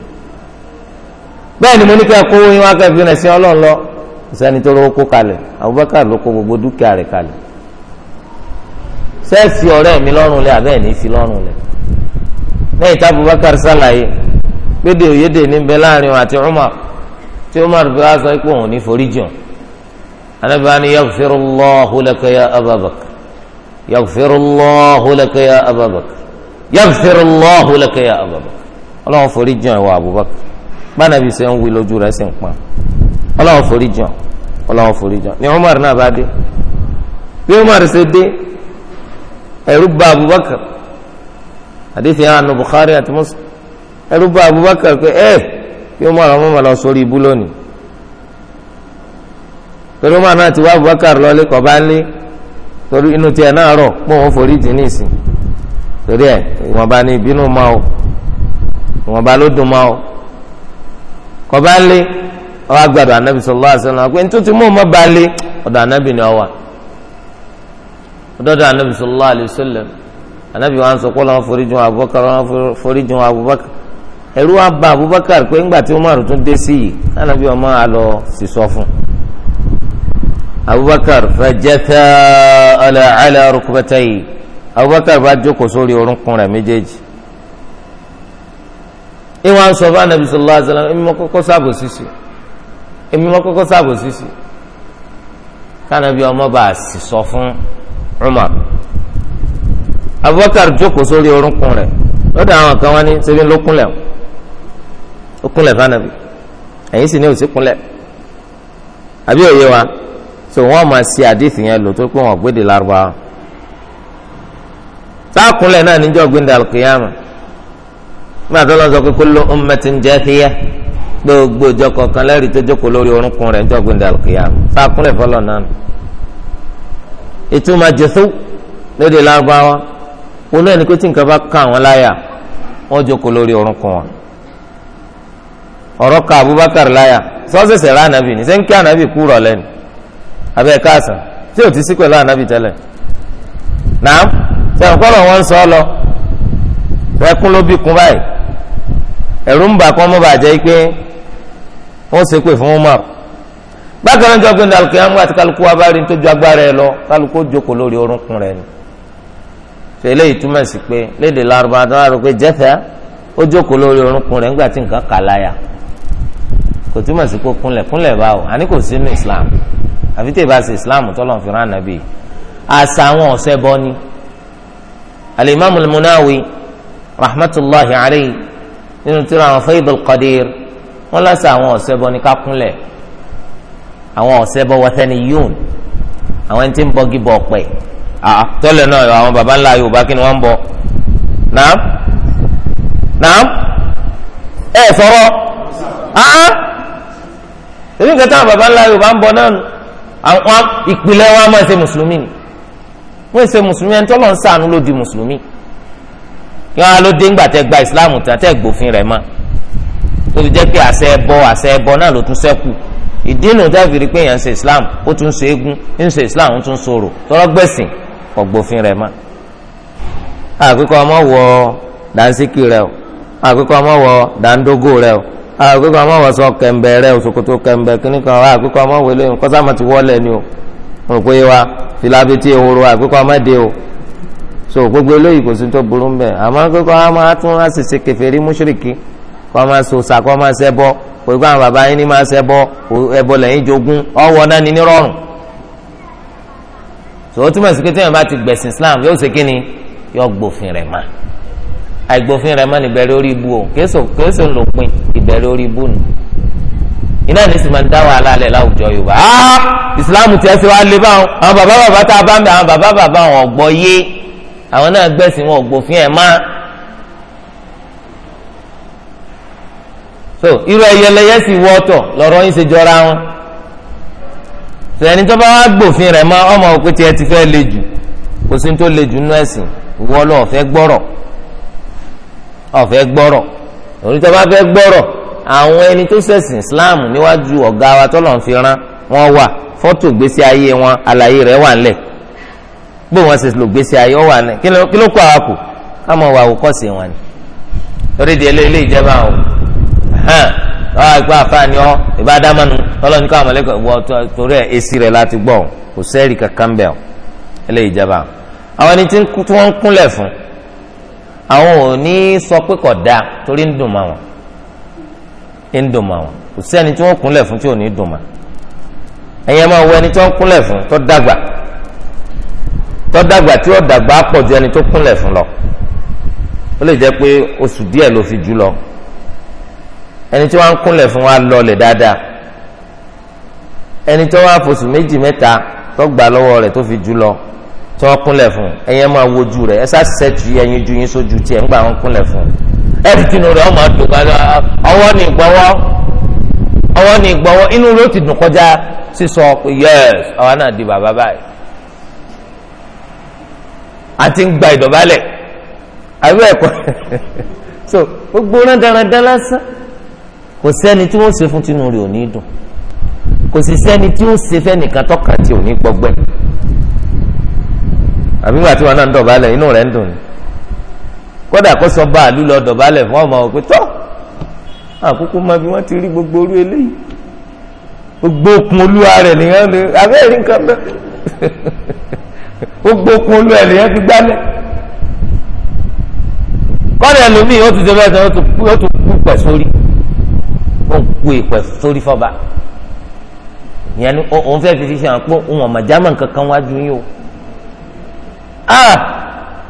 bẹ́ẹ̀ ni mo ní kí ẹ kówó yín wá kẹ́ fi sí ọlọ́run lọ sẹ́ni tó kó kalẹ̀ abubakar ló kó gbogbo dúkìá rẹ̀ kalẹ̀ sẹ́ẹ̀sì ọ̀rẹ́ mi lọ́rùn lẹ abẹ́ẹ̀ ní lọ́rùn lẹ lẹ́yìn tí abubakar sálàyé gbédè òyédè tí Umar bí wàá sọ pé òun ní foríjìn anabani yaghfirullahu laka ya Aba Bakr yaghfirullahu laka ya Aba Bakr yaghfirullahu laka ya Aba Bakr Ọlọ́run foríjìn ìwà Abubakar gbanabi sẹ ń wí lójú rẹ̀ sì ń pọn Ọlọ́run foríjìn Ọlọ́run foríjìn ni Umar náà bá dé bí Umar ṣe dé ẹ̀rù bà Abubakar àdéhìí àánú Bukhari àti Muslim ẹ̀rù bà Abubakar pé ẹ. Eh, kí ó mọ̀ràn mọ̀ràn lọ sórí ibú lónìí torí wọn náà ti wá Abubakar lọlé kọba ńlé torí inú tiẹ̀ náà rọ̀ pọ̀ wọ́n forí jì ní ìsìn torí ni ìbínú o ló kọba ńlé anabi pé nítorí ọmọ anabi ni ọwà anabi anabi sọ pé forí wọn Abubakar. ẹ̀rú wa bà Abubakar pé ńgbà tí Umar tún dé sí yìí Ànábì ọmọ àlọ́ sì sọ fún Abubakar fajatha ala ala rukbatayhi Abubakar bá jókòó sórí orúnkún rẹ̀ méjèèjì ìwà ń sọ fún Ànábì sallallahu alaihi wasallam èmi mọ kọ́kọ́ sáàbò sísì èmi mọ kọ́kọ́ sáàbò sísì kánàbí ọmọ bá sì sọ fún Umar Abubakar jókòó sórí orúnkún rẹ̀ lọ́dọ̀ àwọn kan wá ní sẹ́bí lókùnlẹ̀ ó kúnlẹ̀ fanabi ẹ̀yin sì ní òsì kúnlẹ̀ àbí òye wa so wọ́n máa si àdéhìí yẹn lò tó pé wọ́n gbéde lárúbá sáàkúnlẹ̀ náà níjọ́ gbéńdà alùkìyàmù nígbà tó lọ sọ pé kullu ummatin jathiyah gbogbo ìjọ kọ̀ọ̀kan lẹ́rìí tó jókòó lórí orúnkún rẹ̀ níjọ́ gbéńdà fọlọ́ náà ìtumọ̀ wọn kó tí nǹkan bá kàn wọ́n láyà wọ́n jókòó lórí orúnkún wọn. ọ̀rọ̀ ka Abubakar láyà sọ́sẹ̀sẹ̀ rà ànábì ní sẹ́ńkì ànábì kú rọ̀ lẹ́nu abẹ́ káàsán tí ò ti sí pẹ̀lú ànábì tẹ́lẹ̀ nàám sẹ́wọ̀n kọ́lọ̀ wọn sọ ọ lọ ẹkún ló bí báyìí ẹ̀rù ń bà kọ́ mọ́ bàjẹ́ pé ó ṣe fún Umar bákan àti kálukú wa bá rí tó ju agbára ẹ lọ kálukú jókòó lórí orúnkún rẹ ni fèlè ìtumọ̀ sí pé léde tó wà pé ó jókòó lórí orúnkún rẹ kò túmọ̀ sí kó kúnlẹ̀ kúnlẹ̀ báwo àní kò sínú islam àfi tèè bá ṣe islam tọ́lọ̀ fi rán ànábì àṣà àwọn ọ̀sẹ̀ bọ́ ni alimami munawi rahmatulahi alayhi nínú tírà àwọn faidul qadir wọn lásà àwọn ọ̀sẹ̀ bọ́ ni ká kúnlẹ̀ àwọn ọ̀sẹ̀ bọ́ wọ́tẹ́ni yún àwọn ẹni tí ń bọ́gi bọ̀ pẹ̀ ah, ah, tọ́lẹ̀ náà àwọn baba ńlá yorùbá kí ni wọ́n ń bọ̀ naam naam ẹ sọ̀rọ̀ ah. ah èmi kẹta àwọn baba ńlá yorùbá ń bọ náà nù àwọn ìpìlẹ̀ wọn a máa ṣe mùsùlùmí ni wọ́n ṣe mùsùlùmí ẹni tọ́lọ́ ń sànú ló di mùsùlùmí kí wọ́n á ló dé ńgbà tẹ́ gba ìsìláàmù tán tẹ́ gbòfin rẹ̀ mọ́ tó fi jẹ́ pé àṣẹ ẹbọ àṣẹ ẹbọ náà ló tún ṣẹ́kù ìdí nù tẹ́ fi rí pé èèyàn ń ṣe ìsìláàmù ó tún ṣe égún ń ṣe ìsìláàmù tún ṣòro tọ́rọ́ gbẹ̀sìn kò gbòfin rẹ̀ mọ́. àkókò ọmọ wọ dànsíkì rẹ o àkókò ọmọ wọ dàndógó rẹ o àgbékọ ah, ọmọ wọn sọ kẹmbẹ rẹ òṣòkòtò kẹmbẹ kínní kan wá ah, àgbékọ ọmọ wẹlé nǹkan sáàmà ti wọlé ni o mo pé wa filabeti ehoro àgbékọ ọmọ de o so gbogbo eléyìí kò sí tó burú mbẹ àmọ́ àgbékọ ọmọ atún àṣìṣe kèfèrí mùṣírìkì kọ ọmọ sòsà kọ ọmọ ṣẹbọ kò gbọ àwọn bàbá yín ní máa ṣẹbọ ẹbọ lẹ́yìn jogún ọwọ náà ní nírọ̀rùn so ó túmọ̀ sí pé tí wọn bá ti gbẹ̀sìn Islam yóò ṣe kí ni yóò gbófin rẹ̀ máa àìgbófin rẹ̀ mọ́ ní ìbẹ̀rẹ̀ orí ibu o kéésò ló pin ìbẹ̀rẹ̀ orí ibu nù iná ní sì máa ń dá wàhálà alẹ́ láwùjọ yorùbá áá ìsìláàmù tí ẹ ṣe wá lé báwọn àwọn bàbá bàbá tá a bá ń bẹ àwọn bàbá bàbá wọn ọgbọ yé àwọn náà gbẹ̀sìn wọn ògbófin ẹ̀ má. so irú ẹyẹlẹyẹ sì wọ ọ̀tọ̀ lọ́rọ̀ yín ṣe jọra wọn sẹni tó bá wá gbòfin rẹ̀ mọ́ ọmọ òkú tiẹ̀ ti fẹ́ le jù kò sí ní tó le jù nú ẹ̀sìn ìwọ lọ fẹ́ gbọ́rọ̀ ọ̀fẹ́ gbọ́rọ̀ torí tó bá fẹ́ gbọ́rọ̀ àwọn ẹni tó ṣẹ̀sìn Islam níwájú ọ̀gá wa tọ́lọ̀ ń fi rán wọn wà fọ́tò gbésí ayé wọn àlàyé rẹ̀ wà ńlẹ̀ bó wọn ṣe lò gbésí ayé wọn wà ńlẹ̀ kí ló kó àwa kù káwọn wà wò kọ́sì wọn ni torí di eléyìí ìjẹba o ọ ìpá àfààní ọ ìbá dámánu ọlọ́ni káwọn mọ̀lẹ́kọ̀ wọ torí ẹ̀ èsì rẹ̀ láti gbọ́ kò sẹ́ẹ̀rì kankan bẹ́ẹ̀ eléyìí ìjẹba àwọn ẹni tí wọ́n ń kúnlẹ̀ fún àwọn ò ní sọ pé kò dáa torí ń dùn mọ́ wọn ń dùn mọ́ wọn kò sí ẹni tí wọ́n kúnlẹ̀ fún tí ò ní dùn mọ́ ẹ̀yin máa wọ ẹni tí wọ́n kúnlẹ̀ fún tó dàgbà tó dàgbà tí ó dàgbà pọ̀ ju ẹni tó kúnlẹ̀ fún lọ ó lè jẹ́ pé oṣù díẹ̀ ló fi jù lọ ẹni tí wọ́n kúnlẹ̀ fún wa lọlẹ̀ dáadáa ẹni tí wọ́n á méjì mẹ́ta tó gbà lọ́wọ́ rẹ̀ tó fi jù lọ tí kúnlẹ̀ fún ẹ̀yin máa wojú rẹ̀ ẹ̀ sáà sẹ́ẹ̀tì ẹ̀yin ju yín sójú tiẹ̀ ńgbà wọn kúnlẹ̀ fún ẹ̀rí tinú ọmọ àdùn gbàgbà ọwọ́ ní ìgbọ́wọ́ ọwọ́ ní ìgbọ́wọ́ inú rẹ̀ ó ti dùn kọjá sísọ pé yẹ́s àwa náà di bàbá báyìí a ti ń gba ìdọ̀bálẹ̀ àbẹ́ ẹ̀kọ́ [laughs] so gbogbo náà lásán kò sẹ́ni tí wọ́n ṣe fún tinú rẹ̀ ò ní dùn kò sì sẹ́ni tí ó ṣe fẹ́nìkan tọ́ka tí àbí wà tí wọn náà ń dọ̀bálẹ̀ inú rẹ̀ ń dùn ni kódà kó sọ báàlú lọ dọ̀bálẹ̀ fún ọmọ òpin tó àkókò máa fi wọ́n ti rí gbogbo orú eléyìí gbogbo okun olúwa rẹ̀ nìyẹn lè abẹ́rẹ́ nǹkan bẹ́ẹ̀ [laughs] gbogbo okun olúwa rẹ̀ nìyẹn ti gbálẹ̀ kọ́ni ẹlòmíì ó ti dẹ́bẹ̀ ó ti kú pẹ̀ sórí ó ń kú ìpẹ̀ sórí fọba ìyẹn ni òun fẹ́ẹ́ fi ṣe àpò òun ọ̀mọ̀jámọ̀ nǹkan kan wájú yín o. Ah,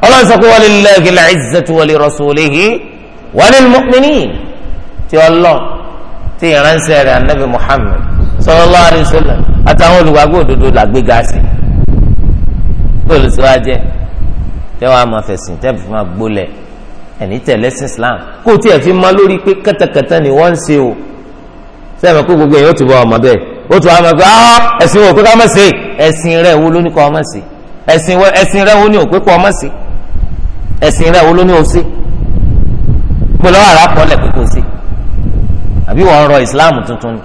ọlọ́run sọ pé wa lillahi al-izzatu wa li rasulihi wa lil mu'minin ti ọlọ́ ti ìránṣẹ́ rẹ̀ anabi muhammed sallallahu alaihi wasallam àtàwọn olùwàgbọ́ òdodo làgbéga sí bóòlù tí wàá jẹ tẹ́wọ́ àmọ́ fẹ̀sìn tẹ́wọ́ fi máa gbólẹ̀ ẹ̀ní tẹ̀lé sí islam kó tiẹ̀ fi mọ́ lórí pé kẹ́tẹ́kẹ́tẹ́ ni wọ́n ń ṣe o sẹ́wọ̀n pé gbogbo èèyàn ó ti bọ́ ọmọ bẹ́ẹ̀ ó tún wàá mọ̀ pé ah, ẹ̀sìn wò pé ká má ṣe ẹ̀sìn rẹ̀ wo ló kọ́ ọmọ sí i ẹ̀sìn rẹ wo ni òpè pọ̀ ọmọ sí ẹ̀sìn rẹ wo ló ní o sí gbọ́dọ̀ àrà kọ́lẹ̀ pé kò sí àbí wọ́n rọ ìsìláàmù tuntun ni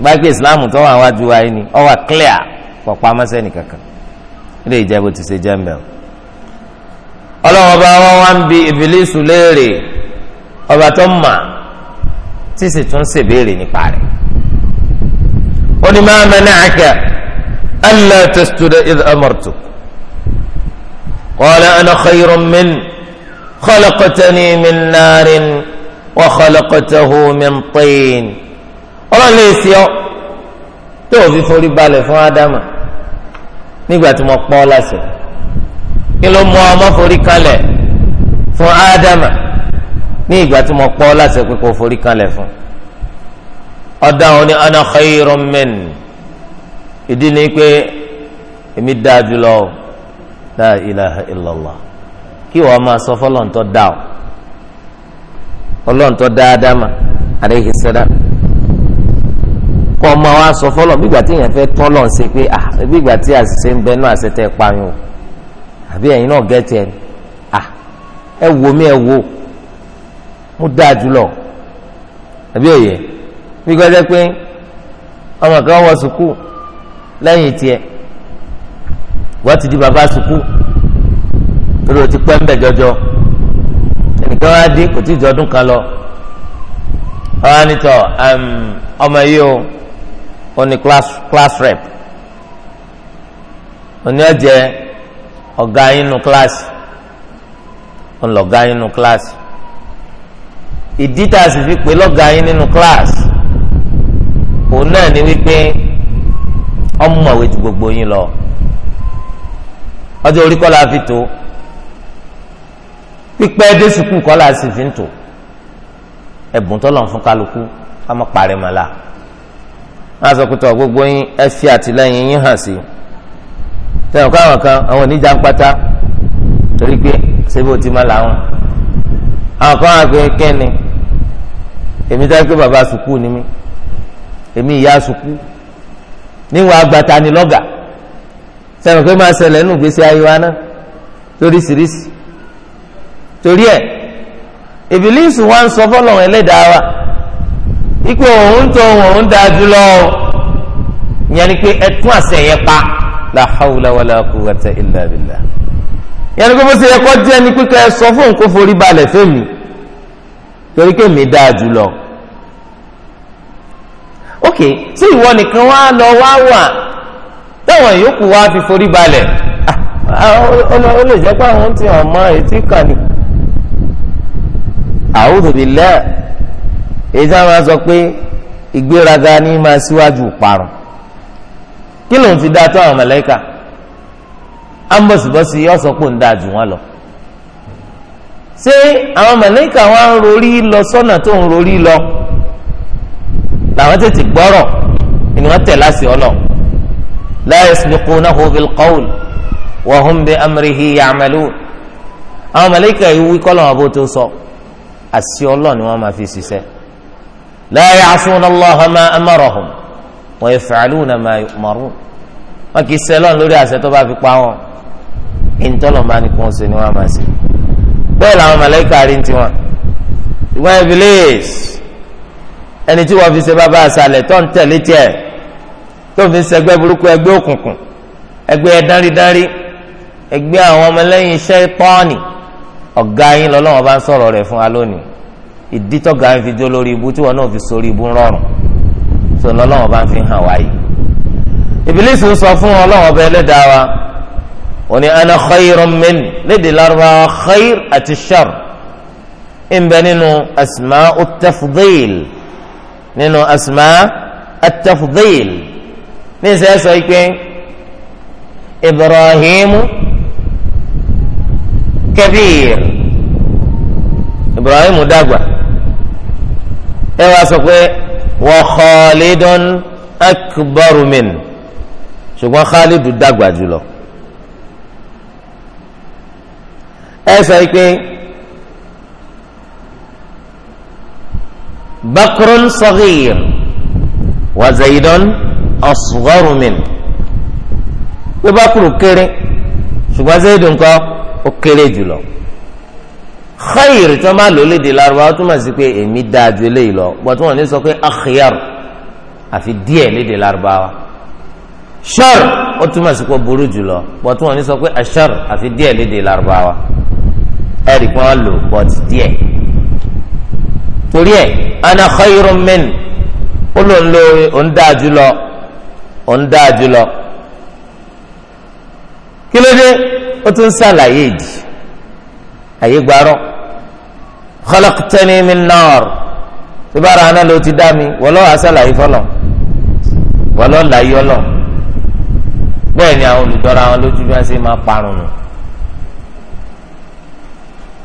gbàgbé ìsìláàmù tó wà wájú wa yìí ni ọ wà clear pọ̀ pamọ́ sẹ́ni kankan ilé ìjẹ́ bó ti ṣe jẹ́ mbẹ́ o ọlọ́wọ́ bá wọn wá ń bi léèrè ọba tó mà tí sì tún ṣèbéèrè nípa rẹ̀ ó ní máa mẹ́ náà kẹ́ ألا تسجد إذ أمرتك قال أنا خير من خلقتني من نار وخلقته من طين ọlọ́run lè ṣe ọ́ tó o fi forí balẹ̀ fún ádámà nígbà tí mo pọ́ láṣẹ kí ló mú ọmọ forí kalẹ̀ fún ádámà ní ìgbà tí mo pọ́ láṣẹ pé kò forí kalẹ̀ fún ọ̀dà òní ana khayrun ìdí ni pé èmi dáa jùlọ o la ilaha illallah kí wàá máa sọ fọlọ́ntọ́ dá o ọlọ́ntọ́ dáadáa mà alayhi salam kọ́ ọmọ wa sọ fọlọ́ bí ìgbà tí èèyàn fẹ́ tọ́ lọ́n ṣe pé ah bí ìgbà tí àṣìṣe ń bẹ náà àṣẹ tẹ́ pààyàn o àbí ẹ̀yin náà gẹ́tì ẹ̀ ah ẹ wo mi ẹ wo mo dáa jùlọ àbí bí gbọ́dọ̀ pé ọmọ kan wọ lẹ́yìn tiẹ̀ wọ́n ti di bàbá sùkú torí o ti pẹ́ ńbẹ̀ jọjọ ẹnìkan wá dé kò tí ì jọdún kan lọ ọ̀hán nítọ̀ ọmọ yìí o ó ní class rep òní ọ̀jẹ̀ ọ̀gá inú kíláàsì ọlọ́gá inú kíláàsì ìdí tá a sì fi pé lọ́gá yín nínú kíláàsì òun náà ni wípé ọmọwé ju gbogbo yín lọ ọjọ́ orí kọ́ la fi tó pípẹ́ dé sùkúù kọ́ la sì fi ń tò ẹ̀bùn tọ́lọ̀ fún kálukú ká má parí la wọ́n sọ pé tọ́ gbogbo yín ẹ fi àtìlẹ́yìn yín hàn sí tẹ̀wọ̀n kọ́ àwọn kan àwọn oníjà ń pátá torí pé ṣébí o ti má làwọn àwọn kan wà kẹ́ni èmi dájú pé bàbá sùkúù ni mí èmi ìyá sùkúù níwọ̀n agbata ni lọ́gà sẹ́wọ̀n pé máa ṣẹlẹ̀ nínú gbèsè ayéwa náà lóríṣiríṣi torí ẹ̀ ìbílísì wa ń sọ fọlọ́ ẹlẹ́dàá wa ipò òun tó òun dáa jùlọ ìyẹn ni pé ẹ tún àṣẹ yẹn pa la hawla wala quwwata illa billah ni pé bó ṣe yẹ kọ́ jẹ́ ni pé sọ fún òun kó forí balẹ̀ fẹ́mi torí pé mi dáa jùlọ. ok ṣé ìwọ nìkan wá lọ wá wà táwọn yòókù wá fi forí balẹ̀ ah, ah, ó lè jẹ́ pé àwọn tí wọ́n etí ni. a'udhu billah a máa sọ pé ìgbéraga ni máa síwájú parun kí ló fi dáa tó àwọn lọ ṣé àwọn wọn rorí lọ sọ́nà tó ń rorí lọ. làwọn tètè gbọ́rọ̀ ni wọ́n tẹ̀ láti ọlọ la yasbiqunahu bil qawl wa hum bi amrihi ya'malun àwọn màláíkà yìí wí kọ́lọ̀ wọn bó tó sọ àṣì ọlọ ni wọ́n máa fi ṣiṣẹ́ la ya'suna Allaha ma amarahum wa yaf'aluna ma yu'marun wọn kì í ṣe lọ́n lórí àṣẹ tó bá fi pa wọn ìtọ́lọ̀ máa ní kún ṣe ni wọ́n máa ṣe bẹ́ẹ̀ làwọn màláíkà rí tiwọn ìwọ́n Iblis ẹni tí wọ́n fi ṣe bàbá àṣàlẹ̀ tó ń tẹ̀lé tiẹ̀ tó fi ń ṣẹgbẹ́ burúkú ẹgbẹ́ òkùnkùn ẹgbẹ́ dánrídánrí ẹgbẹ́ àwọn ọmọlẹ́yìn iṣẹ́ pọ́ọ̀nì ọ̀gá yín lọ́lọ́wọ́n bá ń sọ̀rọ̀ rẹ̀ fún wa lónìí ìdí tọ́gá yín fi jó lórí ibú tí wọn náà fi sórí ibú rọrùn tó lọ́lọ́wọ́n bá ń fi hàn wáyé ìbílísì sọ fún ọlọ́wọ́n bẹ ẹlẹ́dàá wa ó ní ana khayrun min lédè lárúbáwá khayr àti shar ń bẹ nínú asma'u tafdil nínú asma at-tafdhil níṣẹ́ ẹ sọ pé ibrahim kabir ibrahim dàgbà ẹ wá sọ pé wa khalidun akbaru ṣùgbọ́n khalidu dàgbà jùlọ ẹ sọ pé. بكر صغير وزيد أصغر منه وبكر كري شو زيد وكري جلو xeyir tí wọn bá lò léde Lárúbáwá tó máa sì pé èmi dáa ju eléyìí lọ wọn tó wọn ní sọ pé akhyar àfi díẹ̀ léde Lárúbáwá shar ó tó máa sì pé burú jù wọn tó sọ pé ashar àfi díẹ̀ léde Lárúbáwá ẹ̀rì kan lò bọ́t díẹ̀ torí ẹ̀ ana khayrun min ó lò ń lo òun dáa jùlọ òun dáa jùlọ kí ló dé ó tún ṣàlàyé ìdí àyè gbarọ́ khalaqtani min nar tí bá ara náà ló ti dá mi wọ́n lọ́wọ́ aṣàlàyé fọlọ́ wọ́n lọ́ọ́ láyé ni àwọn olùdọ́ra àwọn lójú bí máa parun nù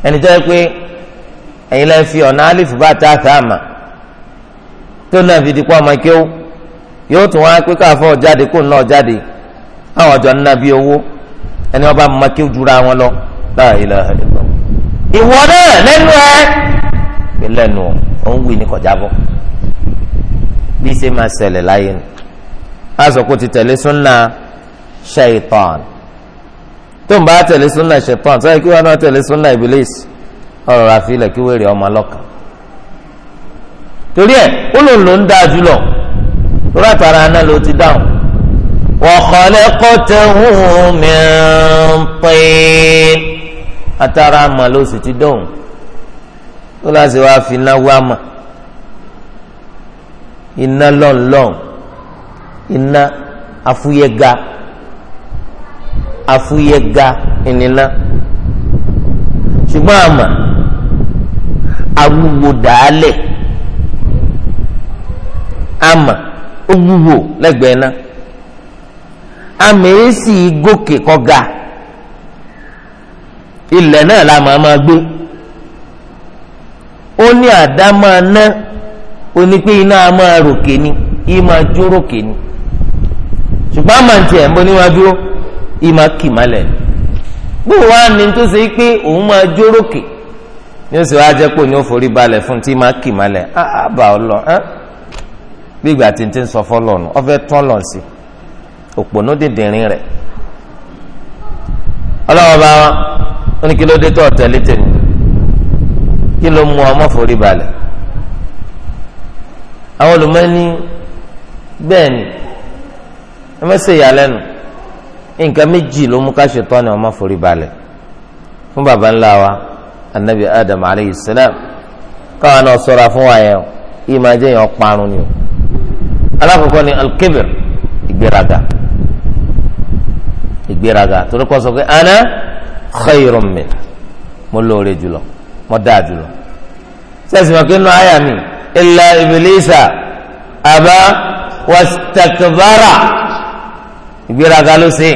ẹnìjọ́ pé. ẹ̀yin lẹ́yìn fi ọ̀nà alif bá ta ta tó náà fi di ọmọ kí ó yóò tún wá pé káfọ́ jáde kó náà jáde ọjọ́ owó ẹni wọn bá mọ kí ó lọ láàyè láàyè lọ. ìwọ náà ẹ pé lẹ́nu ò ń wí ní kọjá bí ṣe máa láyé nù á sọ ti tẹ̀lé súnà tó ń bá ọ̀rọ̀ àfilẹ̀ kí wèrè ọmọ lọ́kàn torí ẹ̀ ó lò ló ń dáa jùlọ lórí àtàrà náà ló ti dáhùn وخلقته من طين atara ama ló sì ti dóhùn ó láti wá fi iná wá iná lọ́nlọ́n iná afúyẹ́ga afúyẹ́ga ìnìna ṣùgbọ́n àmà awúwo dàálẹ̀ ama ó wúwo lẹ́gbẹ̀ẹ́ náà àmà èsì gòkè kọ́ga ilẹ̀ náà la máa máa gbé ó ní àdámọ́ ná oní pé iná a máa ròkè ni yìí máa jó ròkè ni ṣùgbọ́n àmà ń tiẹ̀ ń bọ́ níwájú yìí máa kì má lẹ̀ gbogbo wa tó ṣe pé òun máa jó ròkè ní oṣù ajẹ́pọ̀ ni ó forí balẹ̀ fún tí máa kì malẹ̀ àbà ah, ah, ọlọ bí ìgbà tí n ti ń sọ fọlọ́nù ọfẹ́ tán lọ sí òpònú dìndìnrín rẹ̀ ọlọ́wọ́ bá wọn ó ní kí ló dé tó ọ̀tẹ́lẹ̀ tèmi kí ló mú ọmọ forí balẹ̀ àwọn olùmọ́ni bẹ́ẹ̀ ni ẹ má ṣe ìyàlẹ́nu nǹkan méjì ló mú ká ṣe tán ni ọmọ forí balẹ̀ fún baba ńlá wa anabi adam aleyhi salam káwọn náà sọra fún wa yẹn yìí máa jẹ́ yẹn ọparun ni o alákọ̀ọ́kọ́ ni alkebir ìgbéraga ìgbéraga torí kọ́ sọ pé ana khayrun min mo lóore jùlọ mo dáa jùlọ sẹ́sìn máa kínú àyà mi illa ibilisa aba wastakbara ìgbéraga ló ṣe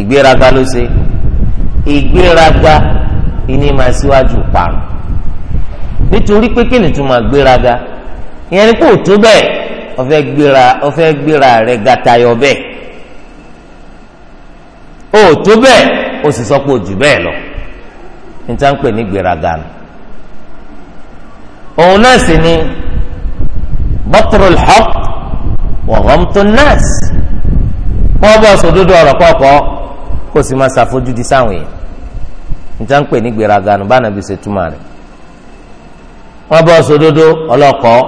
ìgbéraga ló ṣe ìgbéraga ìní máa síwájú parun nítorí pé kí ni tó máa gbéraga ìyẹn ni kò tó bẹ́ẹ̀ ọ̀fẹ́ gbéra ọ̀fẹ́ gbéra rẹ̀ gàtayọ̀ bẹ́ẹ̀ ó tó bẹ́ẹ̀ ó sì sọ lọ ní tá pè ní gbéraga nù òun náà sì ni batrul haqq wa ghamtun nas kọ́ bọ́ sódodo ọ̀rọ̀ kọ́kọ́ kó sì máa ṣàfojúdi níta ń pè ní gbèrágà nù bánàbí ṣe túmọ̀ rẹ̀ sódodo ọlọ́kọ́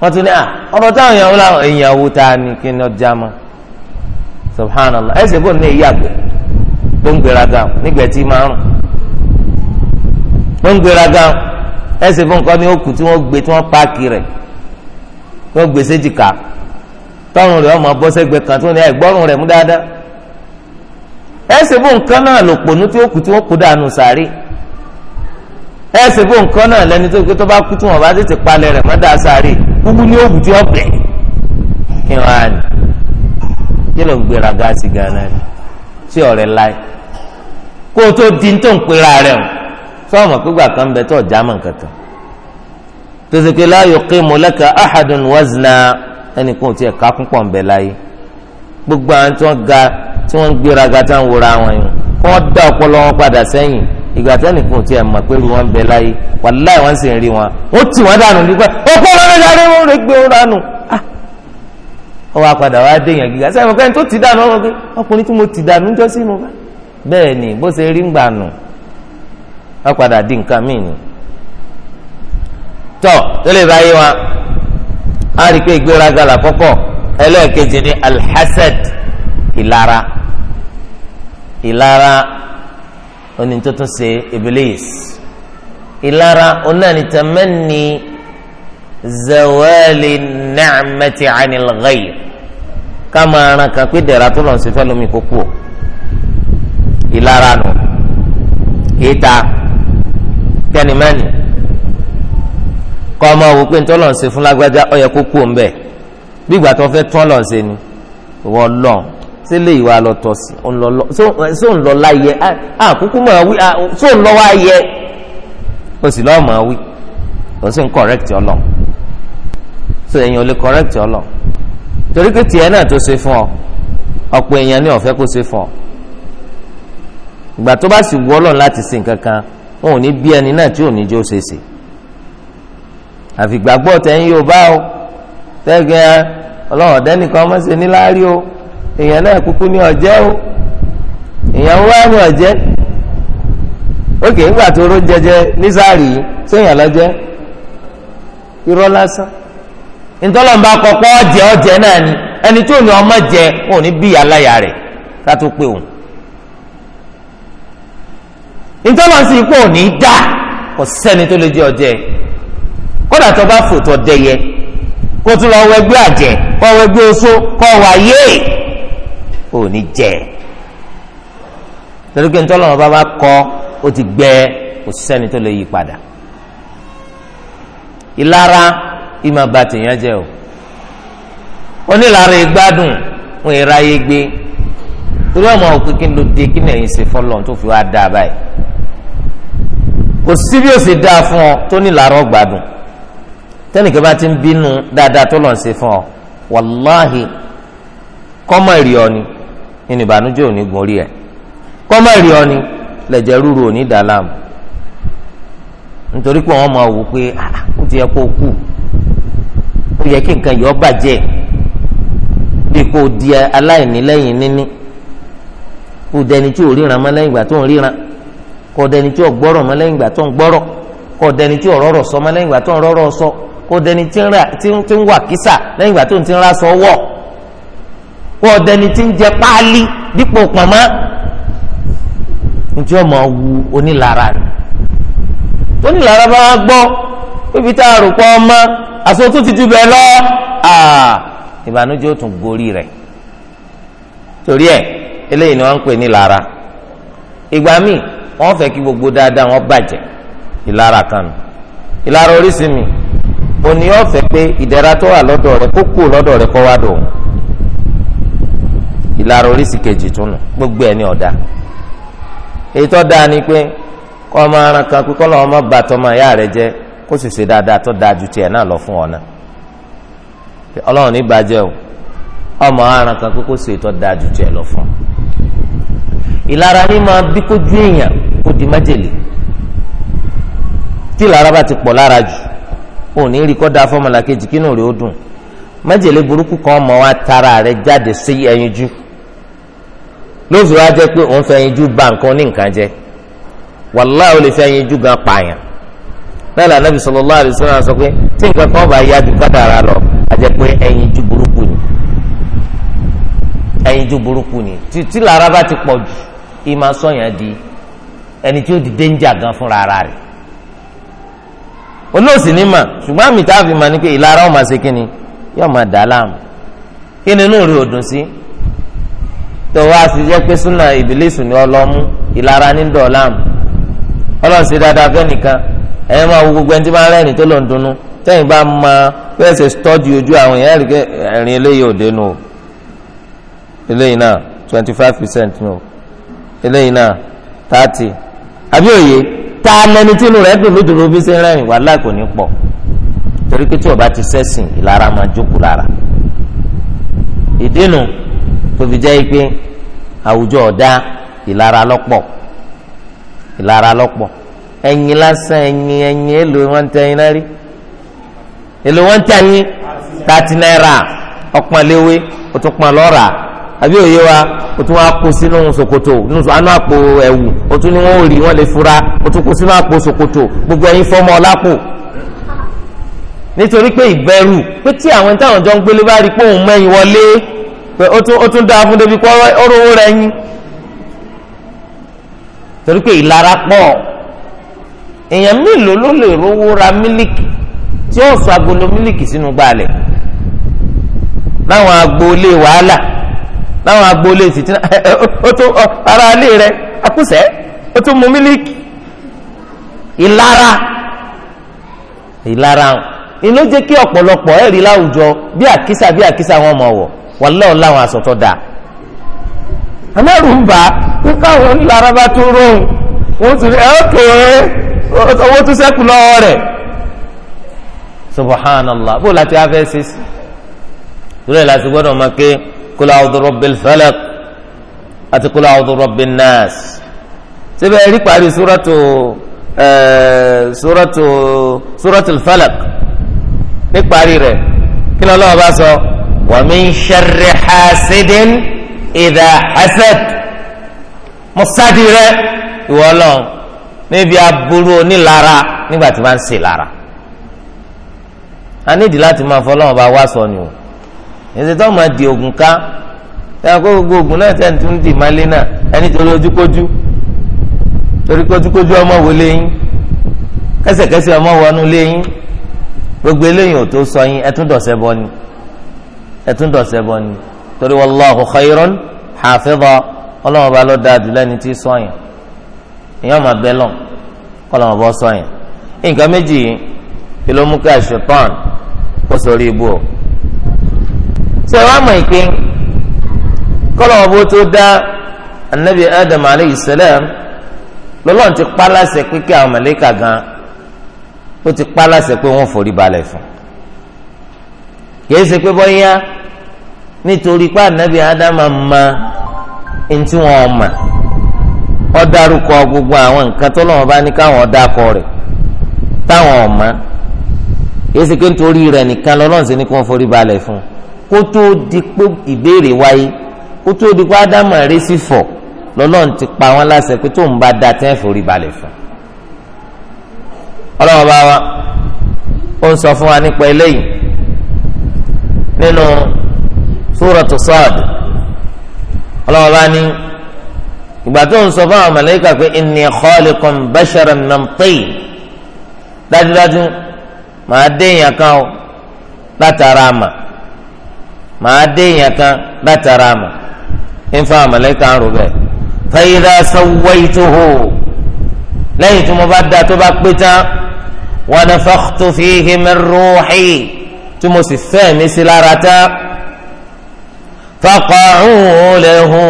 wọ́n tún ní à ọ̀rọ̀ táwọn èèyàn wúlò àwọn èèyàn wú ta ni kí ni ọjà mọ́ subhanallah ẹ̀ bó ní ìyàgbẹ́ tó ń gbèrágà tí máa rùn tó ń gbèrágà fún nǹkan ní ẹsẹ̀ bó nǹkan náà lò pònú tí ó kù tí wọ́n kú dànù sáré ẹsẹ̀ bó nǹkan náà lẹ́ni tó kú tó bá kú tí wọ́n bá tètè palẹ̀ rẹ̀ mọ́dà sáré kúkú ní òògùn tí ó bẹ̀ kí wọ́n á ní kí ló ń gbéra gáàsì gánà tí ọ̀rẹ́ láì kó o tó di tó ń pera rẹ̀ o sọ́ọ̀mọ̀ pípa kan bẹ tó ọ̀já mọ̀ kankan tó ṣe pé la yuqimu laka ahadun wazna ẹnì kan ò tiẹ̀ ká púpọ̀ ń bẹ láyé gbogbo àwọn tí wọ́n ga tí wọ́n ń gbéraga tá ń wòra wọn yìí ọpọlọ wọn padà sẹ́yìn ìgbà tí ẹnì fún tiẹ̀ mọ̀ pé irú wọn bẹ láyé wàláì wọ́n sì ń rí wọn ó tì wọ́n dànù nípa ọpọlọ wọn gbé wọn dànù ah! wá padà wá dé gíga sẹ́yìn tó ti dànù ọkùnrin tí mo ti dànù ń mo bá bẹ́ẹ̀ ni bó ṣe ìlara oní tó tún ṣe iblis ìlara onáni tamanni zawali ni'mati anil ghayr ká máa ran kan pé dẹ̀ra tó lọ́n ṣe fẹ́ lómi kó kú o ìlara nù ìta tẹnimẹ́ni kọ́ ọmọ wò pé ntọ́ lọ́n ṣe fún lágbájá ó yẹ kó kú o tó fẹ́ tọ́ ni ìwọ lọ́n sílé ìwà lọ́tọ̀ sí so ń lọ láyẹ àkúkú máa wí so ń lọ wá yẹ o sì lọ́ọ́ máa wí o sì ń correct ọlọ so èèyàn ò lè correct ọlọ torí pé tiẹ̀ náà tó ṣe fún ọ ọ̀pọ̀ èèyàn ní ọ̀fẹ́ kó ṣe fún ọ ìgbà tó bá sì wọ́ ọlọ́run láti ṣe nǹkan wọn ò ní bí ẹni náà tí ò ní jó ṣe ṣe àfìgbàgbọ́ yóò bá o tẹ́gẹ́ ọlọ́run ọ̀dẹ́nìkan ọmọ ṣe níláárí o. èèyàn náà kúkú ní ọjẹ́ o èèyàn wá ní ọ̀jẹ́ òkè ńgbà tó ró jẹjẹ nísàárì yìí séèyàn lọ́jẹ́ irọ́ lásán ntọ́lọ́mùbá kọ́kọ́ ọ̀jẹ́ ọ̀jẹ́ náà ni ẹni ọmọ jẹ ní bí aláya rẹ̀ ká tó pé òun òní dá kò sẹ́ni bá fòtò dẹyẹ kó tún lọ wẹgbẹ́ kó wẹgbẹ́ oṣó kó ò ní jẹ torí pé ntọ́lọ́wọ́n bá bá kọ́ ó ti gbẹ kò sẹ́ni tó lè yí padà ìlara ìmọ̀ bá o onílara ìgbádùn wọn ìra yé gbé torí ọmọ òkú kí n ló dé kí nìyẹn ṣe fọlọ́n tó fi wá báyìí kò sí bí ó ṣe dáa fún ọ tó nílara bá fún ọ wàláhì ní ìbànújẹ́ òní gun orí ẹ̀ kọ́mọ̀rì ọ̀ni lẹ̀jẹ̀ rúru òní dàlámù nítorí pé wọ́n máa wò pé ah, ah, ó ti yẹ kó kú ó yẹ kí nǹkan yọ bàjẹ́ bí kò di aláìní lẹ́yìn níní kò dẹni tí ò ríran mọ́ lẹ́yìn ìgbà tó ń ríran kò dẹni tí ò gbọ́rọ̀ mọ́ lẹ́yìn ìgbà tó ń gbọ́rọ̀ kò dẹni tí ò rọ́rọ̀ sọ mọ́ lẹ́yìn ìgbà tó ń rọ́rọ̀ sọ kò dẹni tí ń wà kísà lẹ́yìn ìgbà tó ń ti ń ra sọ wọ̀. wọ́n ọ̀dẹni ń jẹ páálí dípò pọ̀nmọ́ ntí ọmọ wu onílara ni onílara bá wá gbọ́ ibi tá a rò pọ̀ ọmọ àsọtú ti bẹ́ẹ̀ lọ ìbànújẹ́ ó tún gorí rẹ torí ẹ̀ eléyìí ni ń pè ní gbogbo dáadáa ìlara kan ìlara mi òní pé tó wà ìlara oríṣi kejì tún nù gbogbo ẹ̀ ní ọ̀dà dáa ni pé kọ́ ọmọ aran kan pé ọmọ bá tọmọ ìyá rẹ jẹ kó sì ṣe dáadáa tó dáa ju náà lọ fún ọ̀nà ọlọ́run ní bàjẹ́ o ọmọ aran kan pé kó sì ju lọ fún ìlara máa bí èèyàn kó di májèlé tí ti pọ̀ lára jù ò ní rí ó dùn májèlé burúkú kan wa tara jáde sí lófin wa jẹ́ pé òun fẹ́yìn ju ba nǹkan ní nǹkan jẹ́ wàláhì ó lè fẹ́yìn ju gan pààyàn náà lànà bí sallallahu sọ pé tí nǹkan kan bá yá lọ a jẹ́ pé ẹyin ju burúkú ni ju burúkú ni títí lára ti di di gan fúnra ara olóòsì ni ṣùgbọ́n àmì tá a fi pé ìlara ọmọ yóò máa dà á láàmú tó wá sí jẹ́ pé súnà ni ọlọ́mú ìlara ní dọ̀làm ọlọ́run sì dáadáa fẹ́ nìkan ẹ̀yin gbogbo ẹni tí máa rẹ́rìn tó lò ń dunnú tẹ́yìn bá máa bẹ́ẹ̀ ṣe ojú àwọn èèyàn rí eléyìí òde nù o eléyìí náà twenty five percent nù o eléyìí náà thirty àbí òye tá a lẹni tí inú rẹ̀ bí ṣe ń rẹ́rìn kò ní pọ̀ tóbi jẹ́ pé àwùjọ ọ̀dá ìlara lọ́pọ̀ ìlara lọ́pọ̀ ẹ̀yin lásán ẹ̀yin ẹ̀yin èlò wọn tẹ ẹ̀yin náà rí èlò wọn tẹ ẹ̀yin tààtì náírà ọ̀pọ̀nléwé o tún pọn lọ́ra àbí òye wa o tún wá kó sínú ṣòkòtò anú àpò ẹ̀wù o tún ní wọn ò rí wọn lè fura o tún kó sínú àpò ṣòkòtò gbogbo ẹ̀yin fọmọ ọlápò nítorí pé ìbẹ̀rù pé tí àwọn táwọn jọ ń gbélé bá rí pé òun mẹ́yìn wọlé pé ó tún dáa fún débi kó ọrọ̀wó rẹ̀ yín torí pé ìlara pọ̀ èèyàn mélòó ló lè rówó ra mílíkì tí ó sọ agolo mílíkì sínú na láwọn agboolé wàhálà láwọn agboolé fìtínà [laughs] ó tún ara ilé rẹ̀ akúṣẹ̀ ó tún mu mílíkì ìlara ìlara ìlú jẹ́ kí ọ̀pọ̀lọpọ̀ ẹ̀rí láwùjọ bí àkísà bí àkísà wọn mọ̀ wàlẹ́ ọ̀la àwọn aṣọ tó dáa amẹ́rùmbà nípa àwọn ńlaraba tó rohùn wọ́n ti rí ẹ̀ẹ́kẹ́ owó tó sẹ́kù lọ́wọ́ rẹ̀ subhanallah bó láti wá fẹ́ ṣe sí torí ẹ̀ láti gbọ́dọ̀ máa ké qul a'udhu birabbil falaq àti qul a'udhu birabbin nas síbẹ̀ rí parí suratu suratu suratul falaq ní parí rẹ̀ kí lọ́lọ́wọ́ bá sọ wa min sharri hasidin idha hasad mọ́sádì rẹ ìwọ lọ níbi aburú onílara nígbà tí wọ́n ń ṣe lára a nídìí láti máa fọ́ lọ́wọ́ bá wá sọ ni o èsì tó máa di oògùn ká tẹ́wọ́n kó gbogbo oògùn náà tẹ́ ń tún dì má lé náà ẹni torí ojúkójú torí kójúkójú ọmọ wò léyìn kẹsẹ̀kẹsẹ̀ ọmọ wọnú léyìn gbogbo eléyìn ò tó sọ yín ẹ tún dọ̀sẹ̀ bọ́ ni ẹtún dọ̀sẹ̀ bọ̀ ni torí wallahu khayrun hafiza ọlọ́run ọba ló dáa jùlọ ẹni tí ń sọ̀yàn èèyàn máa bẹ́ lọ kọ́lọ́run ọba sọ̀yàn nǹkan méjì yìí kí ló mú ká ṣetán kó sórí ibú o. ṣé wàá mọ̀ ìpè kọ́lọ́run ọba tó dá anabi adam aleyhi salam lọ́lọ́run ti pa láṣẹ pé kí àwọn mẹ̀lẹ́kà gan ó ti pa láṣẹ pé wọ́n forí balẹ̀ fún un yìí ṣe pé bọ́yá nítorí pé ànábì ádámà ma ntí wọn mà ọ dárúkọ gbogbo àwọn nǹkan tó lọ́wọ́ bá ní káwọn dákọ rẹ̀ táwọn ọ̀ma yìí ṣe pé nítorí rẹ̀ nìkan lọ́lọ́run sí ni kò ń forí balẹ̀ fún un kó tó di pé ìbéèrè wáyé kó tó di pé ádámà rẹ̀ sì fọ̀ lọ́lọ́run ti pa wọ́n láṣẹ pé tóun bá da tẹ́ forí balẹ̀ fún ọlọ́wọ́ bá wa ó ń sọ fún wa nípa eléyìí nínú súratu Sad ọlọ́wọ́ bá ní ìgbà tó ń sọ fún àwọn màláíkà pé inni khaliqun basharan min tin dájúdájú màá dé èèyàn kan ó látara àmà màá dé èèyàn kan látara àmà ń fún àwọn màláíkà ń rò bẹ́ẹ̀ fa idha sawwaytuhu lẹ́yìn tí mo bá da tó bá pé tán wa nafakhtu fihi min ruhi tí mo sì fẹ́ mi sí lára tán faqa'u lahu